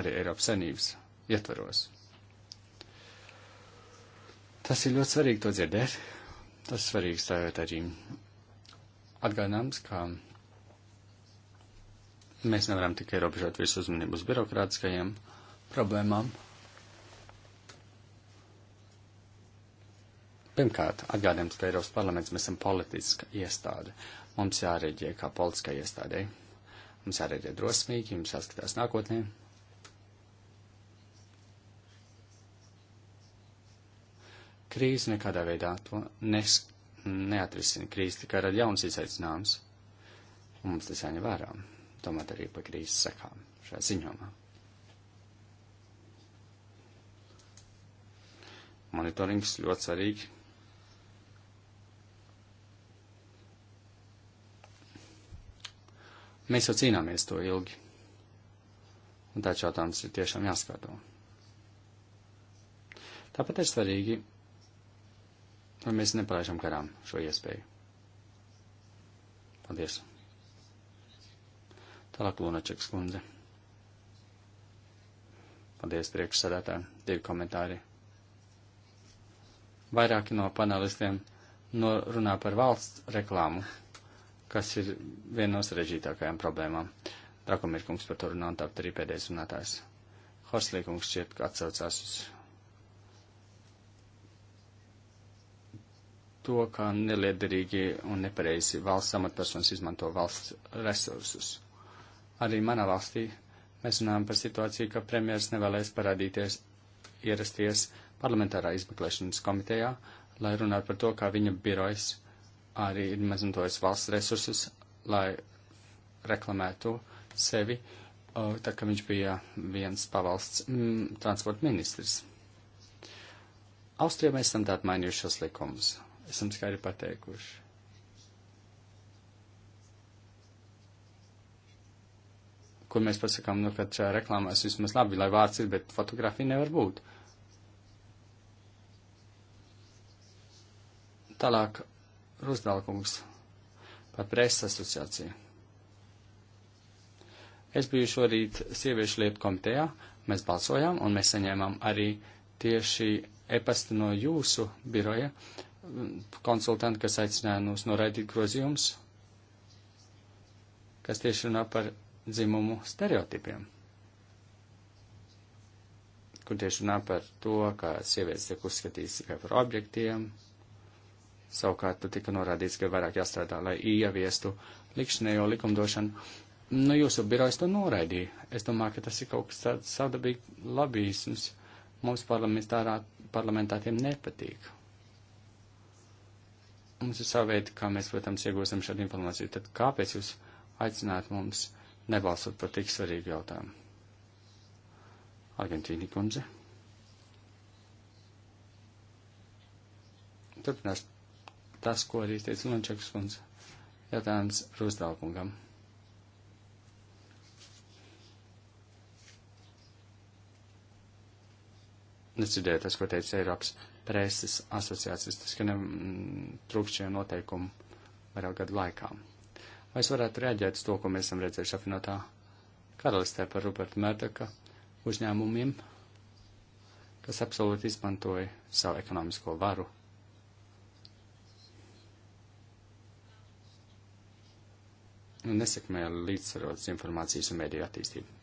Speaker 2: Arī Eiropas Savienības ietvaros. Tas ir ļoti svarīgi to dzirdēt. Tas svarīgs tagad arī atgādināms, ka mēs nevaram tikai ierobežot visu uzmanību uz birokrātiskajiem problēmām. Pirmkārt, atgādinājums, ka Eiropas parlaments mēs esam politiska iestāde, Mums jāreģē kā politiskai iestādēji. Mums jāreģē drosmīgi, mums jāskatās nākotnē. Krīze nekādā veidā to nes, neatrisina. Krīze tikai rada jauns izaicinājums. Un mums tas jāņem vērā. Tomēr arī par krīzes sekām šajā ziņomā. Monitorings ļoti svarīgi Mēs jau cīnāmies to ilgi. Un tāds jautājums ir tiešām jāskato. Tāpat ir svarīgi, lai mēs nepalaižam garām šo iespēju. Paldies! Tālāk Lunačeks kundze. Paldies priekšsēdētājiem, divi komentāri. Vairāki no panelistiem norunā par valsts reklāmu kas ir viena no sarežģītākajām problēmām. Rakumir kungs par to runā un tāpat arī pēdējais runātājs. Horslī kungs šķiet, ka atsaucās uz to, kā neliederīgi un nepareizi valsts amatpersonas izmanto valsts resursus. Arī manā valstī mēs runājam par situāciju, ka premjers nevēlēs parādīties, ierasties parlamentārā izmeklēšanas komitejā, lai runātu par to, kā viņa birojas arī ir izmantojis valsts resursus, lai reklamētu sevi, tā kā viņš bija viens pavalsts mm, transporta ministrs. Austrijā mēs esam tātad mainījuši šos likumus. Esam skaidri pateikuši. kur mēs pasakām, nu, ka šajā reklāmā es vismaz labi, lai vārds ir, bet fotografija nevar būt. Tālāk Rusdalkungs par preses asociāciju. Es biju šorīt sieviešu lietu komitejā, mēs balsojām un mēs saņēmām arī tieši epastu no jūsu biroja konsultanti, kas aicināja mūs noraidīt grozījumus, kas tieši runā par dzimumu stereotipiem, kur tieši runā par to, ka sievietes tiek uzskatītas tikai par objektiem, Savukārt tika norādīts, ka vairāk jāstrādā, lai ieviestu likšanējo likumdošanu. Nu, jūsu birojas to noraidīja. Es domāju, ka tas ir kaut kas tāds savdabīgi labīsums. Mums parlamentārā, parlamentāriem nepatīk. Mums ir savi veidi, kā mēs, protams, iegūsim šādu informāciju. Tad kāpēc jūs aicināt mums nebalsot par tik svarīgu jautājumu? Argentīni kundze. Turpināšu tas, ko arī teica Lunčakas kundze. Jautājums Rustālkungam. Nedzirdēju tas, ko teica Eiropas preses asociācijas, tas, ka mm, trūkst šie noteikumi vairāk gadu laikā. Vai es varētu reaģēt uz to, ko mēs esam redzējuši apvienotā karalistē par Ruperta Mērtaka uzņēmumiem, kas absolūti izmantoja savu ekonomisko varu un nu, nesekmē līdzsvarotas informācijas un mēdīju attīstību.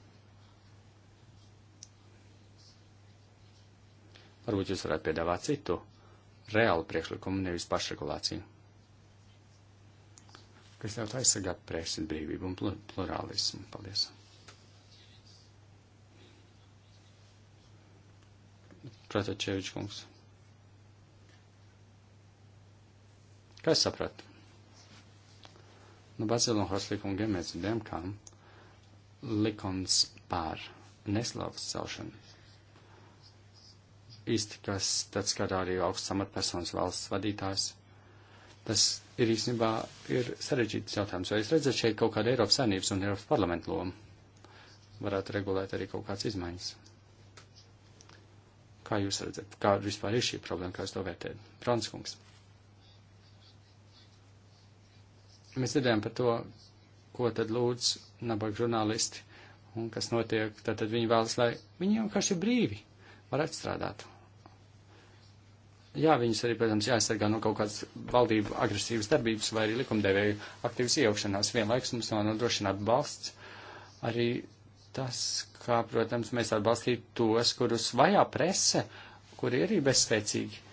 Speaker 2: Varbūt jūs varētu piedāvāt citu reālu priekšlikumu, nevis pašregulāciju, kas ļautu aizsargāt preses brīvību un plur plurālismu. Paldies! Protačevičs kungs. Kā es sapratu? Nu, Bazila un Hoslīkungiem mēs dzirdējām, kā likums pār neslavas celšanu. Īsti, kas tad skar arī augsts amatpersonas valsts vadītājs. Tas ir īstenībā ir sarežģīts jautājums, vai jūs redzat šeit kaut kādu Eiropas saimnības un Eiropas parlamentu lomu? Varētu regulēt arī kaut kādas izmaiņas. Kā jūs redzat, kāda vispār ir šī problēma, kā jūs to vērtējat? Franskungs. kungs. Mēs dzirdējām par to, ko tad lūdz nabaga žurnālisti un kas notiek. Tātad viņi vēlas, lai viņi vienkārši brīvi varētu strādāt. Jā, viņus arī, protams, jāaizsargā no kaut kādas valdību agresīvas darbības vai arī likumdevēju aktīvas iejaukšanās. Vienlaiks mums nav nodrošināt balsts. Arī tas, kā, protams, mēs atbalstītu tos, kurus vajā prese, kuri ir arī bezspēcīgi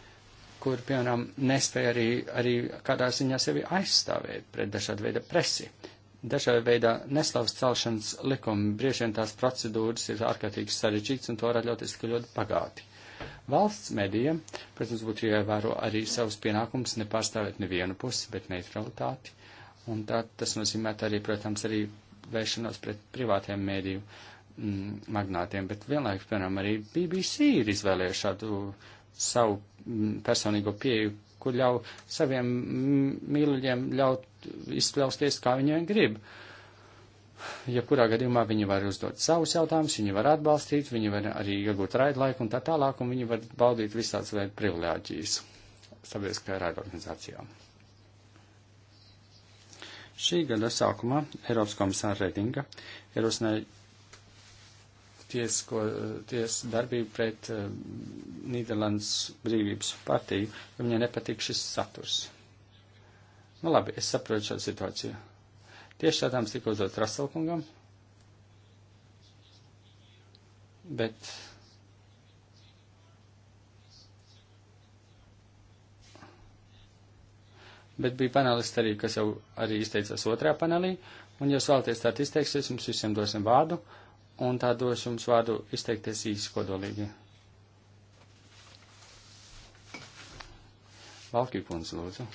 Speaker 2: kur, piemēram, nespēja arī, arī kādā ziņā sevi aizstāvēt pret dažādu veidu presi. Dažāda veida neslavas celšanas likumi, bieži vien tās procedūras ir ārkārtīgi sarežģītas un to var atļauties tikai ļoti pagāti. Valsts medijiem, protams, būtu jāievēro arī savus pienākumus, nepārstāvēt nevienu pusi, bet neutralitāti. Un tā, tas nozīmē arī, protams, arī vēršanos pret privātiem mēdīju mm, magnātiem, bet vienlaikus, piemēram, arī BBC ir izvēlējuši šādu uh, savu mm, personīgo pieeju, kur ļauj saviem mm, mīluļiem ļaut izklausties, kā viņi grib. Ja kurā gadījumā viņi var uzdot savus jautājumus, viņi var atbalstīt, viņi var arī iegūt raidlaiku un tā tālāk, un viņi var baudīt visāds veidu privilēģijas sabiedriskajā raidorganizācijā. Šī gada sākumā Eiropas komisāra Redinga ierosināja tiesko, ties darbību pret uh, Nīderlandes brīvības partiju, jo viņai nepatīk šis saturs. Nu labi, es saprotu šo situāciju. Tieši tādām tika uzdot Raselkungam, bet bet bija panelisti arī, kas jau arī izteicās otrā panelī, un, ja jūs vēlaties tādu izteiksies, jums visiem dosim vārdu, uh, un tā došu jums vārdu izteikties īsi kodolīgi. Valkī kundze, lūdzu.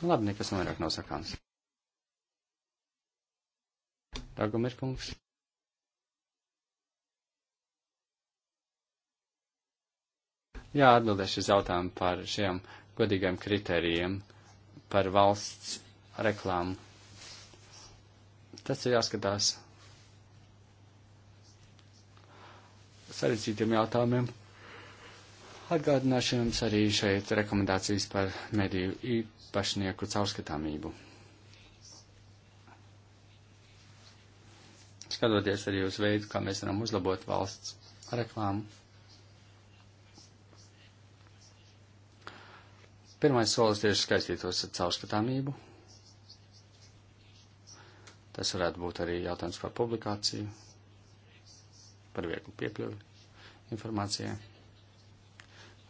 Speaker 2: Nu, labi, nekas vairāk nav sakāms. Dagomir kungs. Jā, atbildēšu uz jautājumu par šiem godīgiem kritērijiem par valsts reklāmu. Tas ir jāskatās sarežģītiem jautājumiem. Atgādināšu jums arī šeit rekomendācijas par mediju īpašnieku caurskatāmību. Skatoties arī uz veidu, kā mēs varam uzlabot valsts reklāmu. Pirmais solis tieši skaistītos ar caurskatāmību. Tas varētu būt arī jautājums par publikāciju, par vieglu piekļuvi informācijai.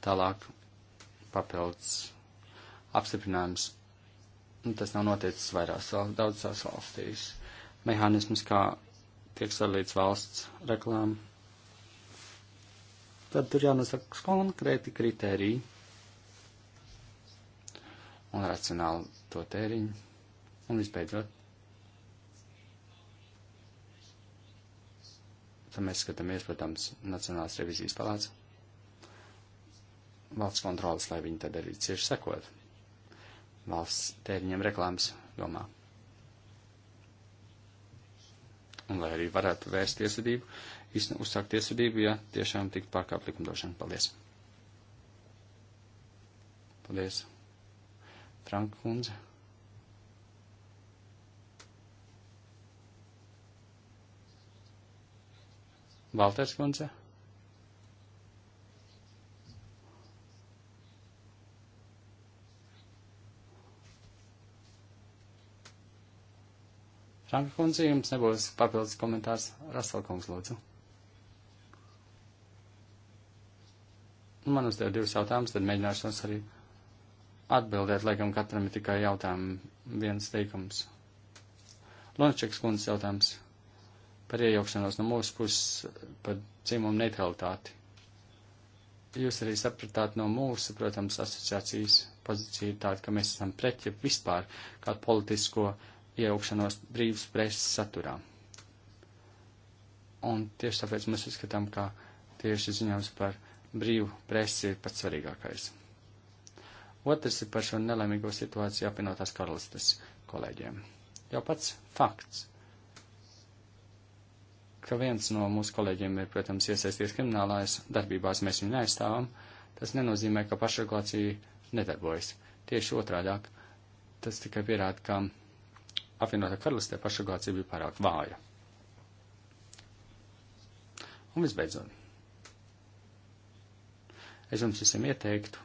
Speaker 2: Tālāk papildus apstiprinājums. Un nu, tas nav noticis vairās daudzās valstīs. Mehānisms, kā tiek sadalīts valsts reklāma. Tad tur jānosaka konkrēti kriteriji un racionāli to tēriņu. Un visbeidzot, tad mēs skatāmies, protams, Nacionālās revizijas palāca valsts kontrolas, lai viņi tad arī cieši sekot valsts tēriņiem reklāmas jomā. Un lai arī varētu vērst tiesvedību, uzsākt tiesvedību, ja tiešām tiktu pārkāpt likumdošana. Paldies! Paldies! Franka kundze. Valters kundze. Franka kundze, jums nebūs papildus komentārs. Rasalkungs, lūdzu. Nu, man uzdev divus jautājumus, tad mēģināšu tos arī atbildēt, laikam katram ir tikai jautājumi viens teikums. Lončeks kundzes jautājums par iejaukšanos no mūsu puses par dzimumu neutralitāti. Jūs arī sapratāt no mūsu, protams, asociācijas pozīciju tādu, ka mēs esam pret, ja vispār kādu politisko iejaukšanos brīvas preses saturā. Un tieši tāpēc mēs uzskatām, ka tieši ziņojums par brīvu presi ir pats svarīgākais. Otrs ir par šo nelaimīgo situāciju apvienotās karalistes kolēģiem. Jau pats fakts, ka viens no mūsu kolēģiem ir, protams, iesaisties kriminālās darbībās, mēs viņu neaizstāvam, tas nenozīmē, ka pašregulācija nedarbojas. Tieši otrādāk, tas tikai pierāda, ka apvienotā karalistē pašregulācija bija pārāk vāja. Un visbeidzot, es jums visiem ieteiktu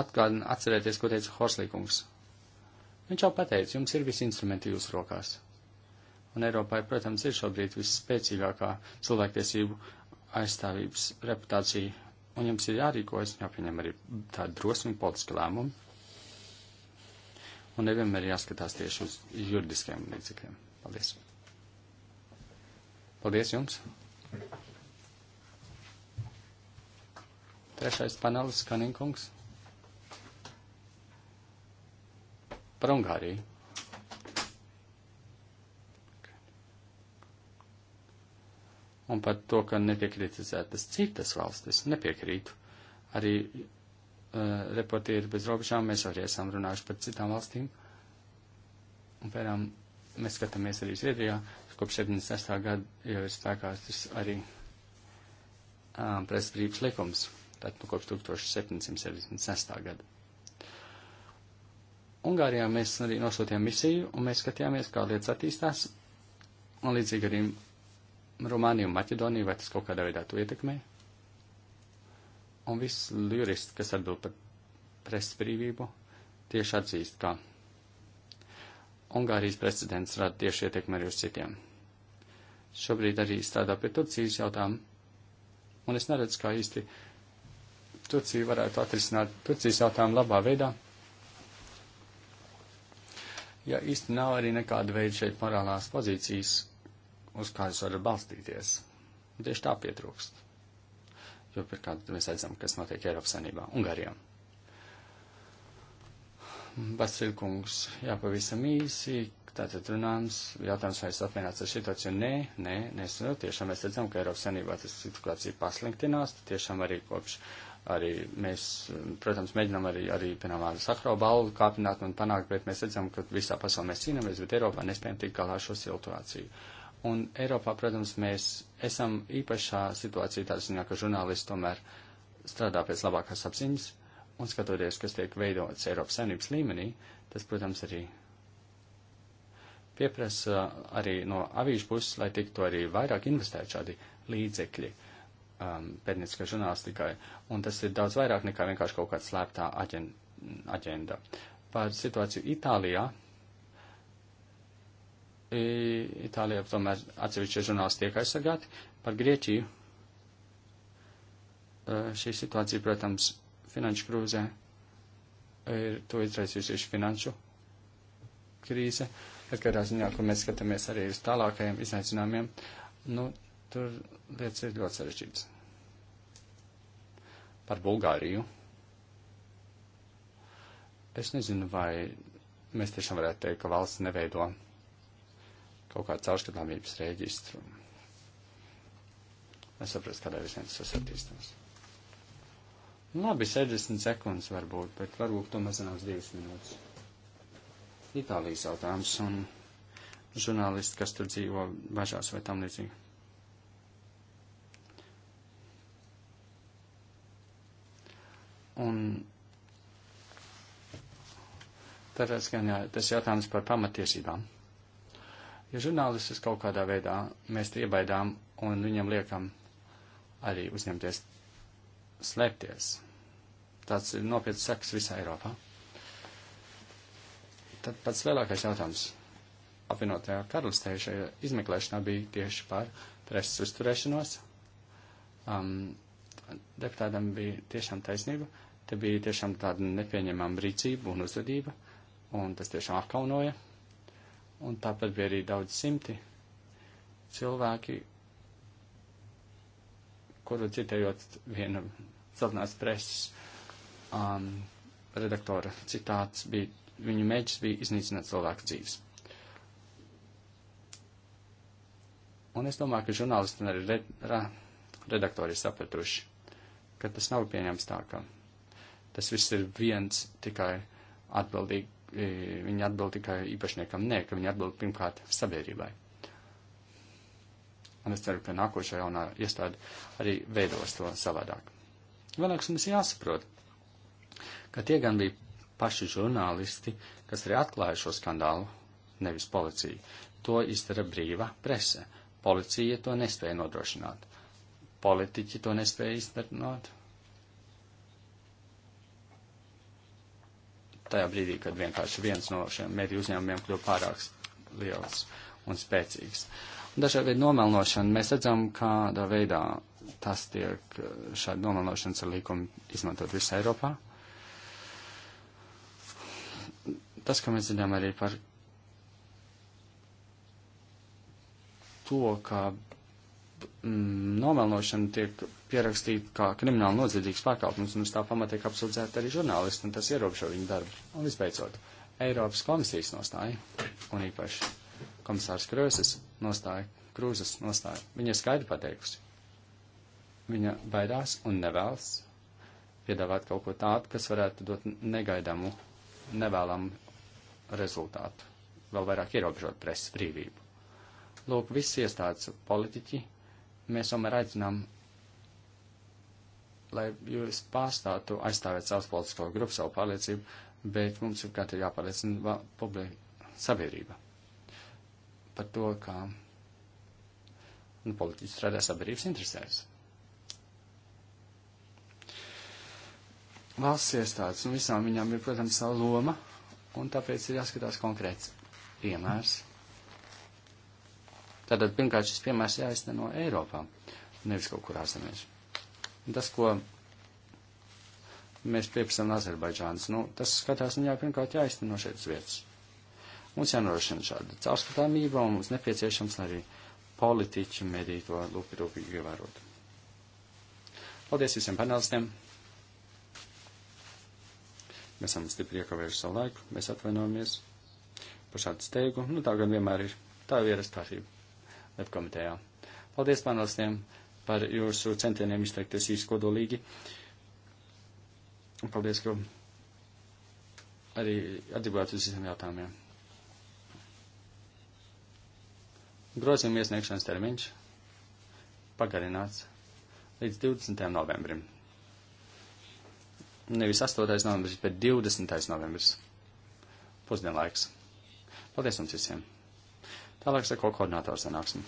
Speaker 2: atgādina atcerēties, ko teica Horslīkungs. Viņš jau pateica, jums ir visi instrumenti jūsu rokās. Un Eiropai, protams, ir šobrīd visspēcīgākā cilvēktiesību aizstāvības reputācija, un jums ir jārīkojas, jāpieņem arī tādi drosmīgi politiski lēmumi, un nevienmēr jāskatās tieši uz juridiskiem līdzekļiem. Paldies! Paldies jums! Trešais panelis, Kaninkungs. par Ungāriju. Un par to, ka netiek kritizētas citas valstis, nepiekrītu. Arī uh, reportieri bez robežām mēs arī esam runājuši par citām valstīm. Un pēram, mēs skatāmies arī Zviedrijā, kopš 76. gada jau ir spēkās tas arī um, eh, presbrības likums, tad nu, kopš 1776. gada. Ungārijā mēs arī nosūtījām misiju, un mēs skatījāmies, kā lietas attīstās, un līdzīgi arī Rumāniju un Maķedoniju, vai tas kaut kādā veidā to ietekmē. Un viss jurists, kas atbild par presas brīvību, tieši atzīst, ka Ungārijas precedents rada tieši ietekmi arī uz citiem. Šobrīd arī strādā pie Turcijas jautājumu, un es neredzu, kā īsti Turcija varētu atrisināt Turcijas jautājumu labā veidā ja īsti nav arī nekāda veida šeit morālās pozīcijas, uz kādas var balstīties. Un tieši tā pietrūkst. Jo pirmkārt mēs redzam, kas notiek Eiropas Sanībā, Ungārijā. Basilkungs, jā, pavisam īsi, tātad runājums, jautājums, vai es apmienāts ar situāciju? Nē, nē, nē, nu, tiešām mēs redzam, ka Eiropas Sanībā tas situācija pasliktinās, tiešām arī kopš arī mēs, protams, mēģinām arī, arī piemēram, Sakro balvu kāpināt un panākt, bet mēs redzam, ka visā pasaulē mēs cīnāmies, bet Eiropā nespējam tikt galā ar šo situāciju. Un Eiropā, protams, mēs esam īpašā situācijā tādā ziņā, ka žurnālisti tomēr strādā pēc labākās apziņas un skatoties, kas tiek veidots Eiropas saimnības līmenī, tas, protams, arī pieprasa arī no avīžu puses, lai tiktu arī vairāk investēt šādi līdzekļi um, pētnieciskai žurnālistikai, un tas ir daudz vairāk nekā vienkārši kaut kāda slēptā aģenda. Par situāciju Itālijā. Itālijā tomēr atsevišķi žurnālisti tiek aizsargāti. Par Grieķiju e, šī situācija, protams, finanšu krūzē ir to izraisījusi finanšu krīze. Bet kādā ziņā, kur mēs skatāmies arī uz tālākajiem izaicinājumiem, nu, tur lietas ir ļoti sarežģītas par Bulgāriju. Es nezinu, vai mēs tiešām varētu teikt, ka valsts neveido kaut kādu caurskatāmības reģistru. Es saprotu, kādā visiem tas attīstās. Nu, labi, 60 sekundes varbūt, bet varbūt to mazinās divas minūtes. Itālijas jautājums un žurnālisti, kas tur dzīvo, bažās vai tam līdzīgi. Un tad atskan jā, tas jautājums par pamatiesībām. Ja žurnālistus kaut kādā veidā mēs iebaidām un viņam liekam arī uzņemties slēpties, tāds ir nopietns seks visā Eiropā. Tad pats lielākais jautājums apvienotajā karalistē šajā izmeklēšanā bija tieši par preses uzturēšanos. Um, deputātam bija tiešām taisnība, Te bija tiešām tāda nepieņemama rīcība un uzvedība, un tas tiešām apkaunoja. Un tāpat bija arī daudz simti cilvēki, kuru citējot viena celtnās preses um, redaktora citāts bija, viņu mēģis bija iznīcināt cilvēku dzīves. Un es domāju, ka žurnālisti un arī redaktori ir sapratuši, ka tas nav pieņems tā, ka tas viss ir viens tikai atbildīgi, e, viņi atbild tikai īpašniekam, nē, ka viņi atbild pirmkārt sabiedrībai. Un es ceru, ka nākošā jaunā iestāde arī veidos to savādāk. Vēlāk mums jāsaprot, ka tie gan bija paši žurnālisti, kas arī atklāja šo skandālu, nevis policija. To izdara brīva prese. Policija to nespēja nodrošināt. Politiķi to nespēja izdarīt. tajā brīdī, kad vienkārši viens no šiem mediju uzņēmumiem kļūst pārāk liels un spēcīgs. Dažādi veidi nomelnošana, mēs redzam, kādā veidā tas tiek šādi nomelnošanas ar līkumu izmantot visā Eiropā. Tas, ko mēs zinām arī par to, ka mm, nomelnošana tiek pierakstīta kā krimināla noziedzīgs pārkāpums, un uz tā pamata tiek apsūdzēta arī žurnālisti, un tas ierobežo viņu darbu. Un visbeidzot, Eiropas komisijas nostāja, un īpaši komisārs Krēsas nostāja, Krūzes nostāja, viņa skaidri pateikusi. Viņa baidās un nevēlas piedāvāt kaut ko tādu, kas varētu dot negaidamu, nevēlamu rezultātu, vēl vairāk ierobežot presas brīvību. Lūk, visi iestādes politiķi Mēs tomēr aicinām, lai jūs pārstātu aizstāvēt savus politisko grupu, savu pārliecību, bet mums ir katru jāpārliecina publika sabiedrība par to, kā nu, politiķi strādā sabiedrības interesēs. Valsts iestādes un visām viņām ir, protams, savu loma, un tāpēc ir jāskatās konkrēts piemērs. Mm Tātad pirmkārt šis piemērs jāizteno Eiropā, nevis kaut kur ārzemēs. Tas, ko mēs pieprasām no Azerbaidžānas, nu, tas skatās viņā nu, pirmkārt jāizteno šeit uz vietas. Mums jānorošina šāda caurskatāmība, un mums nepieciešams arī politiķu mediju to lūpi rūpīgi ievērot. Paldies visiem panelistiem! Mēs esam stipri iekavējuši savu laiku, mēs atvainojamies par šādu steigu. Nu, tā gan vienmēr ir. Tā ir ierastkārtība. Liet komitejā. Paldies panelistiem par jūsu centieniem izteikties īskodolīgi. Un paldies, ka arī atbildējāt uz visiem jautājumiem. Grozījuma iesniegšanas termiņš pagarināts līdz 20. novembrim. Nevis 8. novembris, bet 20. novembris. Pusdienlaiks. Paldies jums visiem! Tālāk seko koordinātors sanāksme.